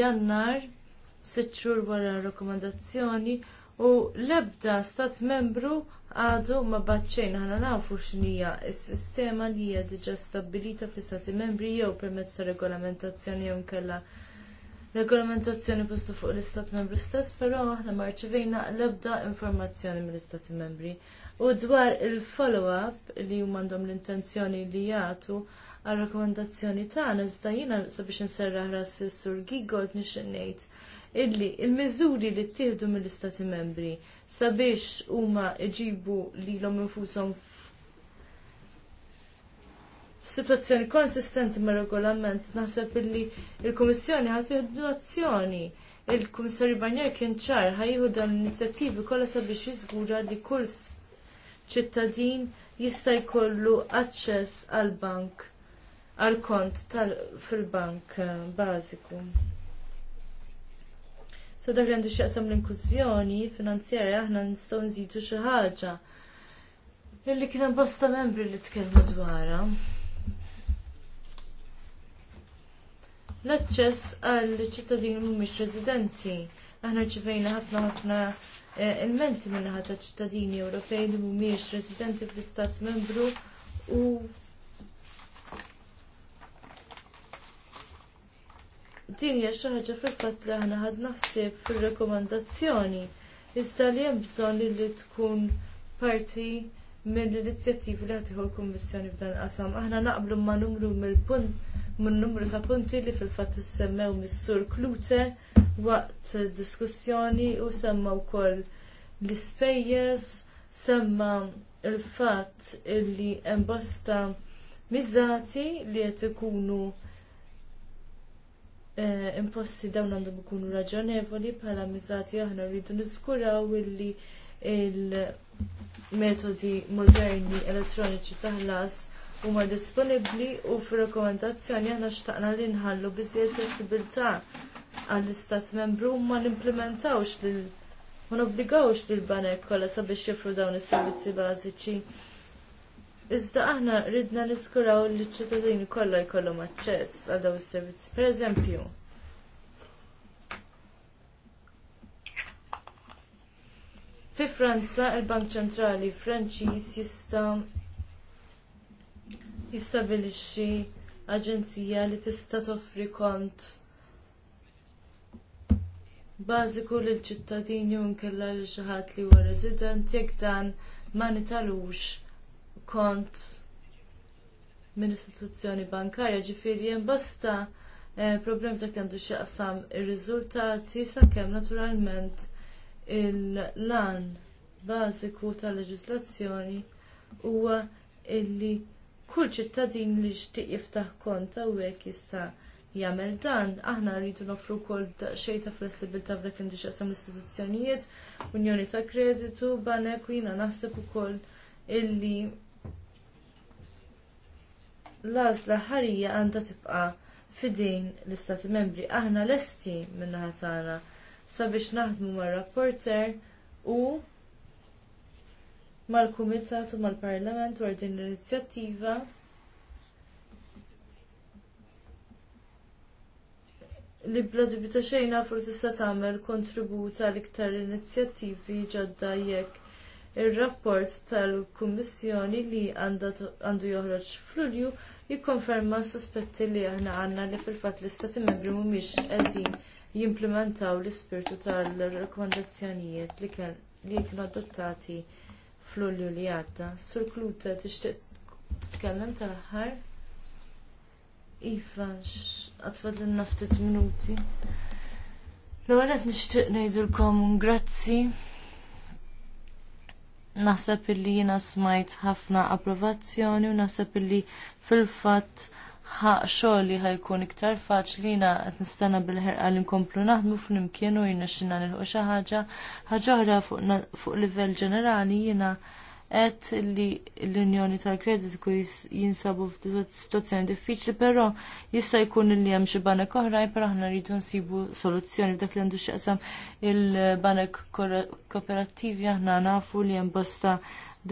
Jannar sitt xhur wara r rakkomandazzjoni u l-ebda stat membru għadu ma baċċejn ħana nafu x'nija s-sistema li hija diġà stabbilita fl-Istati Membri jew permezz ta' regolamentazzjoni jew nkella regolamentazzjoni postu fuq l-Istat Membri stess, però aħna ma rċevejna l-ebda informazzjoni mill-Istati Membri. U dwar il-follow-up li għandhom l-intenzjoni li jagħtu għal rakkomandazzjoni tagħna iżda jiena sabiex inserraħ s sur Gigold nixtieq ngħid illi il-miżuri li ttieħdu mill-Istati membri sabiex huma iġibu lilhom infushom f'sitwazzjoni konsistenti mar regolament naħseb illi il-Kummissjoni ħad azzjoni. Il-Kummissarju Banjar kien ċar ħajjieħu dan l-inizjattivi kollha sabiex jiżgura li kull ċittadin jista' jkollu aċċess għall bank għall kont fil-bank bażiku. So dak li għandu x'jaqsam l-inklużjoni finanzjarja aħna nistgħu nżidu xi ħaġa. Illi kien hemm bosta membri li tkellmu dwarha. L-aċċess għal ċittadini mhumiex residenti. Aħna rċivejna ħafna ħafna eh, il-menti minnaħa ta' ċittadini Ewropej li mhumiex residenti fl-Istat membru u Din hija xi ħaġa fil-fatt li aħna ħad naħsib fir-rekomandazzjoni. Iżda li hemm bżonn li tkun parti minn l inizjattivi li ħatiħu l-Kummissjoni f'dan qasam. Aħna naqblu ma' numru mill-punt minn numru ta' punti li fil-fatt issemmew mis-sur Klute waqt diskussjoni u semma wkoll l-ispejjeż, semma l fatt illi hemm bosta miżati li qed ikunu Eh, imposti dawn għandhom ikunu raġonevoli bħala miżati aħna rridu niżguraw illi il-metodi moderni elettroniċi taħlas huma disponibbli u fir-rekomendazzjoni aħna xtaqna li nħallu biżjed flessibilità għall-istat membru ma nimplementawx lil ma nobbligawx lil banek kollha sabiex jifru dawn is-servizzi bażiċi Iżda aħna ridna niskuraw li ċittadini kollha jkollhom aċċess għal dawn is-servizzi. Pereżempju, Fi Franza, il-Bank ċentrali Franċiż jista' jistabilixxi aġenzija li tista' toffri kont bażiku lil ċittadini u nkella lil xi ħadd li huwa resident jekk dan ma nitalux kont minn istituzzjoni bankarja ġifieri hemm bosta eh, problem ta' għandu x'jaqsam ir-riżultati sakemm naturalment il-lan bażiku tal-leġiżlazzjoni huwa illi kull ċittadin li jixtieq jiftaħ kont hawnhekk jista' jagħmel dan, aħna rridu noffru wkoll xejn ta' flessibilità f'dak li xaqsam l-istituzzjonijiet, Unjoni ta' Kreditu, Banek u naħseb ukoll illi l-għażla ħarija għandha tibqa' fidejn l-Istati Membri. Aħna lesti min-naħa tagħna sabiex naħdmu mar-rapporter u mal-Kumitat u mal-Parlament dwar din l-inizjattiva li bla dubita xejn għafru tista' tagħmel kontribut għal iktar inizjattivi ġodda jekk ir-rapport tal-Kummissjoni li għandu joħroġ f'Lulju jikkonferma s suspetti li aħna għandna li fil fatt l-istati membri mhumiex qegħdin jimplementaw l-ispirtu tal-rekomendazzjonijiet li kienu adottati fl-ulju li għadda. Sur Kluta tixtieq titkellem tal-aħħar? Iva, għatfad l-naftit minuti. L-għalet nishtiq nejdulkom grazzi naħseb illi jina smajt ħafna approvazzjoni u naħseb illi fil-fatt xogħli ħajkun iktar faċli jiena qed nistana bil-ħerqa li nkomplu naħdmu fl-imkienu jina xinna nil xi ħaġa. Ħaġa oħra fuq livell ġenerali jiena għed li l-Unjoni tal kredit ku jinsabu f'sitwazzjoni diffiċli, però jista' jkun li hemm xi banek oħrajn, però aħna rridu nsibu soluzzjoni f'dak li għandu x'jaqsam il-banek kooperattivi aħna nafu li hemm bosta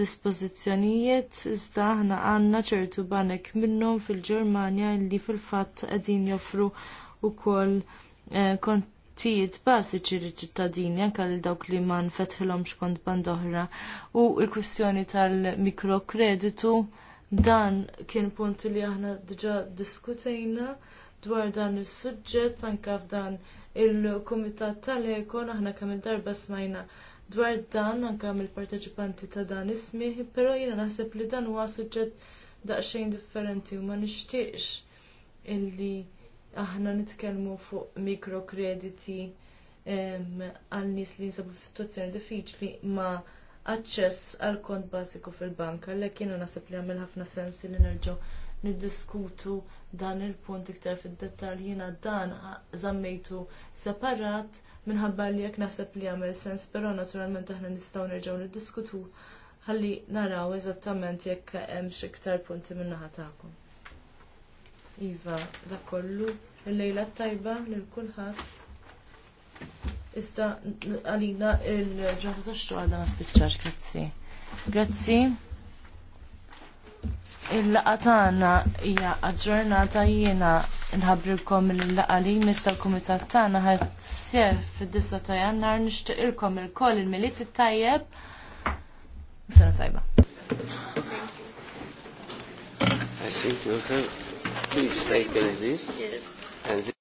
dispozizjonijiet, iżda aħna għandna ċertu banek minnhom fil-Ġermanja li fil-fatt qegħdin joffru wkoll eh, kont Tijiet bażiċi li ċittadini anke li dawk li ma nfetħilhomx kont band oħra u l-kwistjoni tal-mikrokreditu dan kien punt li aħna diġà diskutejna dwar dan is-suġġett anke f'dan il-Kumitat tal-Ekon aħna kemm il-darba smajna dwar dan anke mill-parteċipanti ta' dan ismiħ però jiena naħseb li dan huwa suġġett daqsxejn differenti u ma nixtieqx illi aħna nitkellmu fuq mikrokrediti għal nies li jinsabu f'sitwazzjoni diffiċli ma aċċess għal kont bażiku fil-banka li kienu nasib li għamil ħafna sensi li nerġgħu niddiskutu dan il-punt iktar fid-dettal jena dan żammejtu separat minħabba li jekk naħseb li għamil sens, però naturalment aħna nistgħu nerġgħu niddiskutu ħalli naraw eżattament jekk hemm xi iktar punti min-naħa tagħkom. Iva, da kollu, il-lejla tajba l-kulħat. Ista għalina il-ġurnata ta' xogħol ma spiċċax, grazzi. Grazzi. Il-laqa tagħna hija aġġornata jiena nħabbrilkom il-laqa li mista l-kumitat tagħna ħadd sef fid-disa ta' jannar nixtieqilkom il-koll il-miliet it-tajjeb u sena tajba. I think you're okay. Please take it as And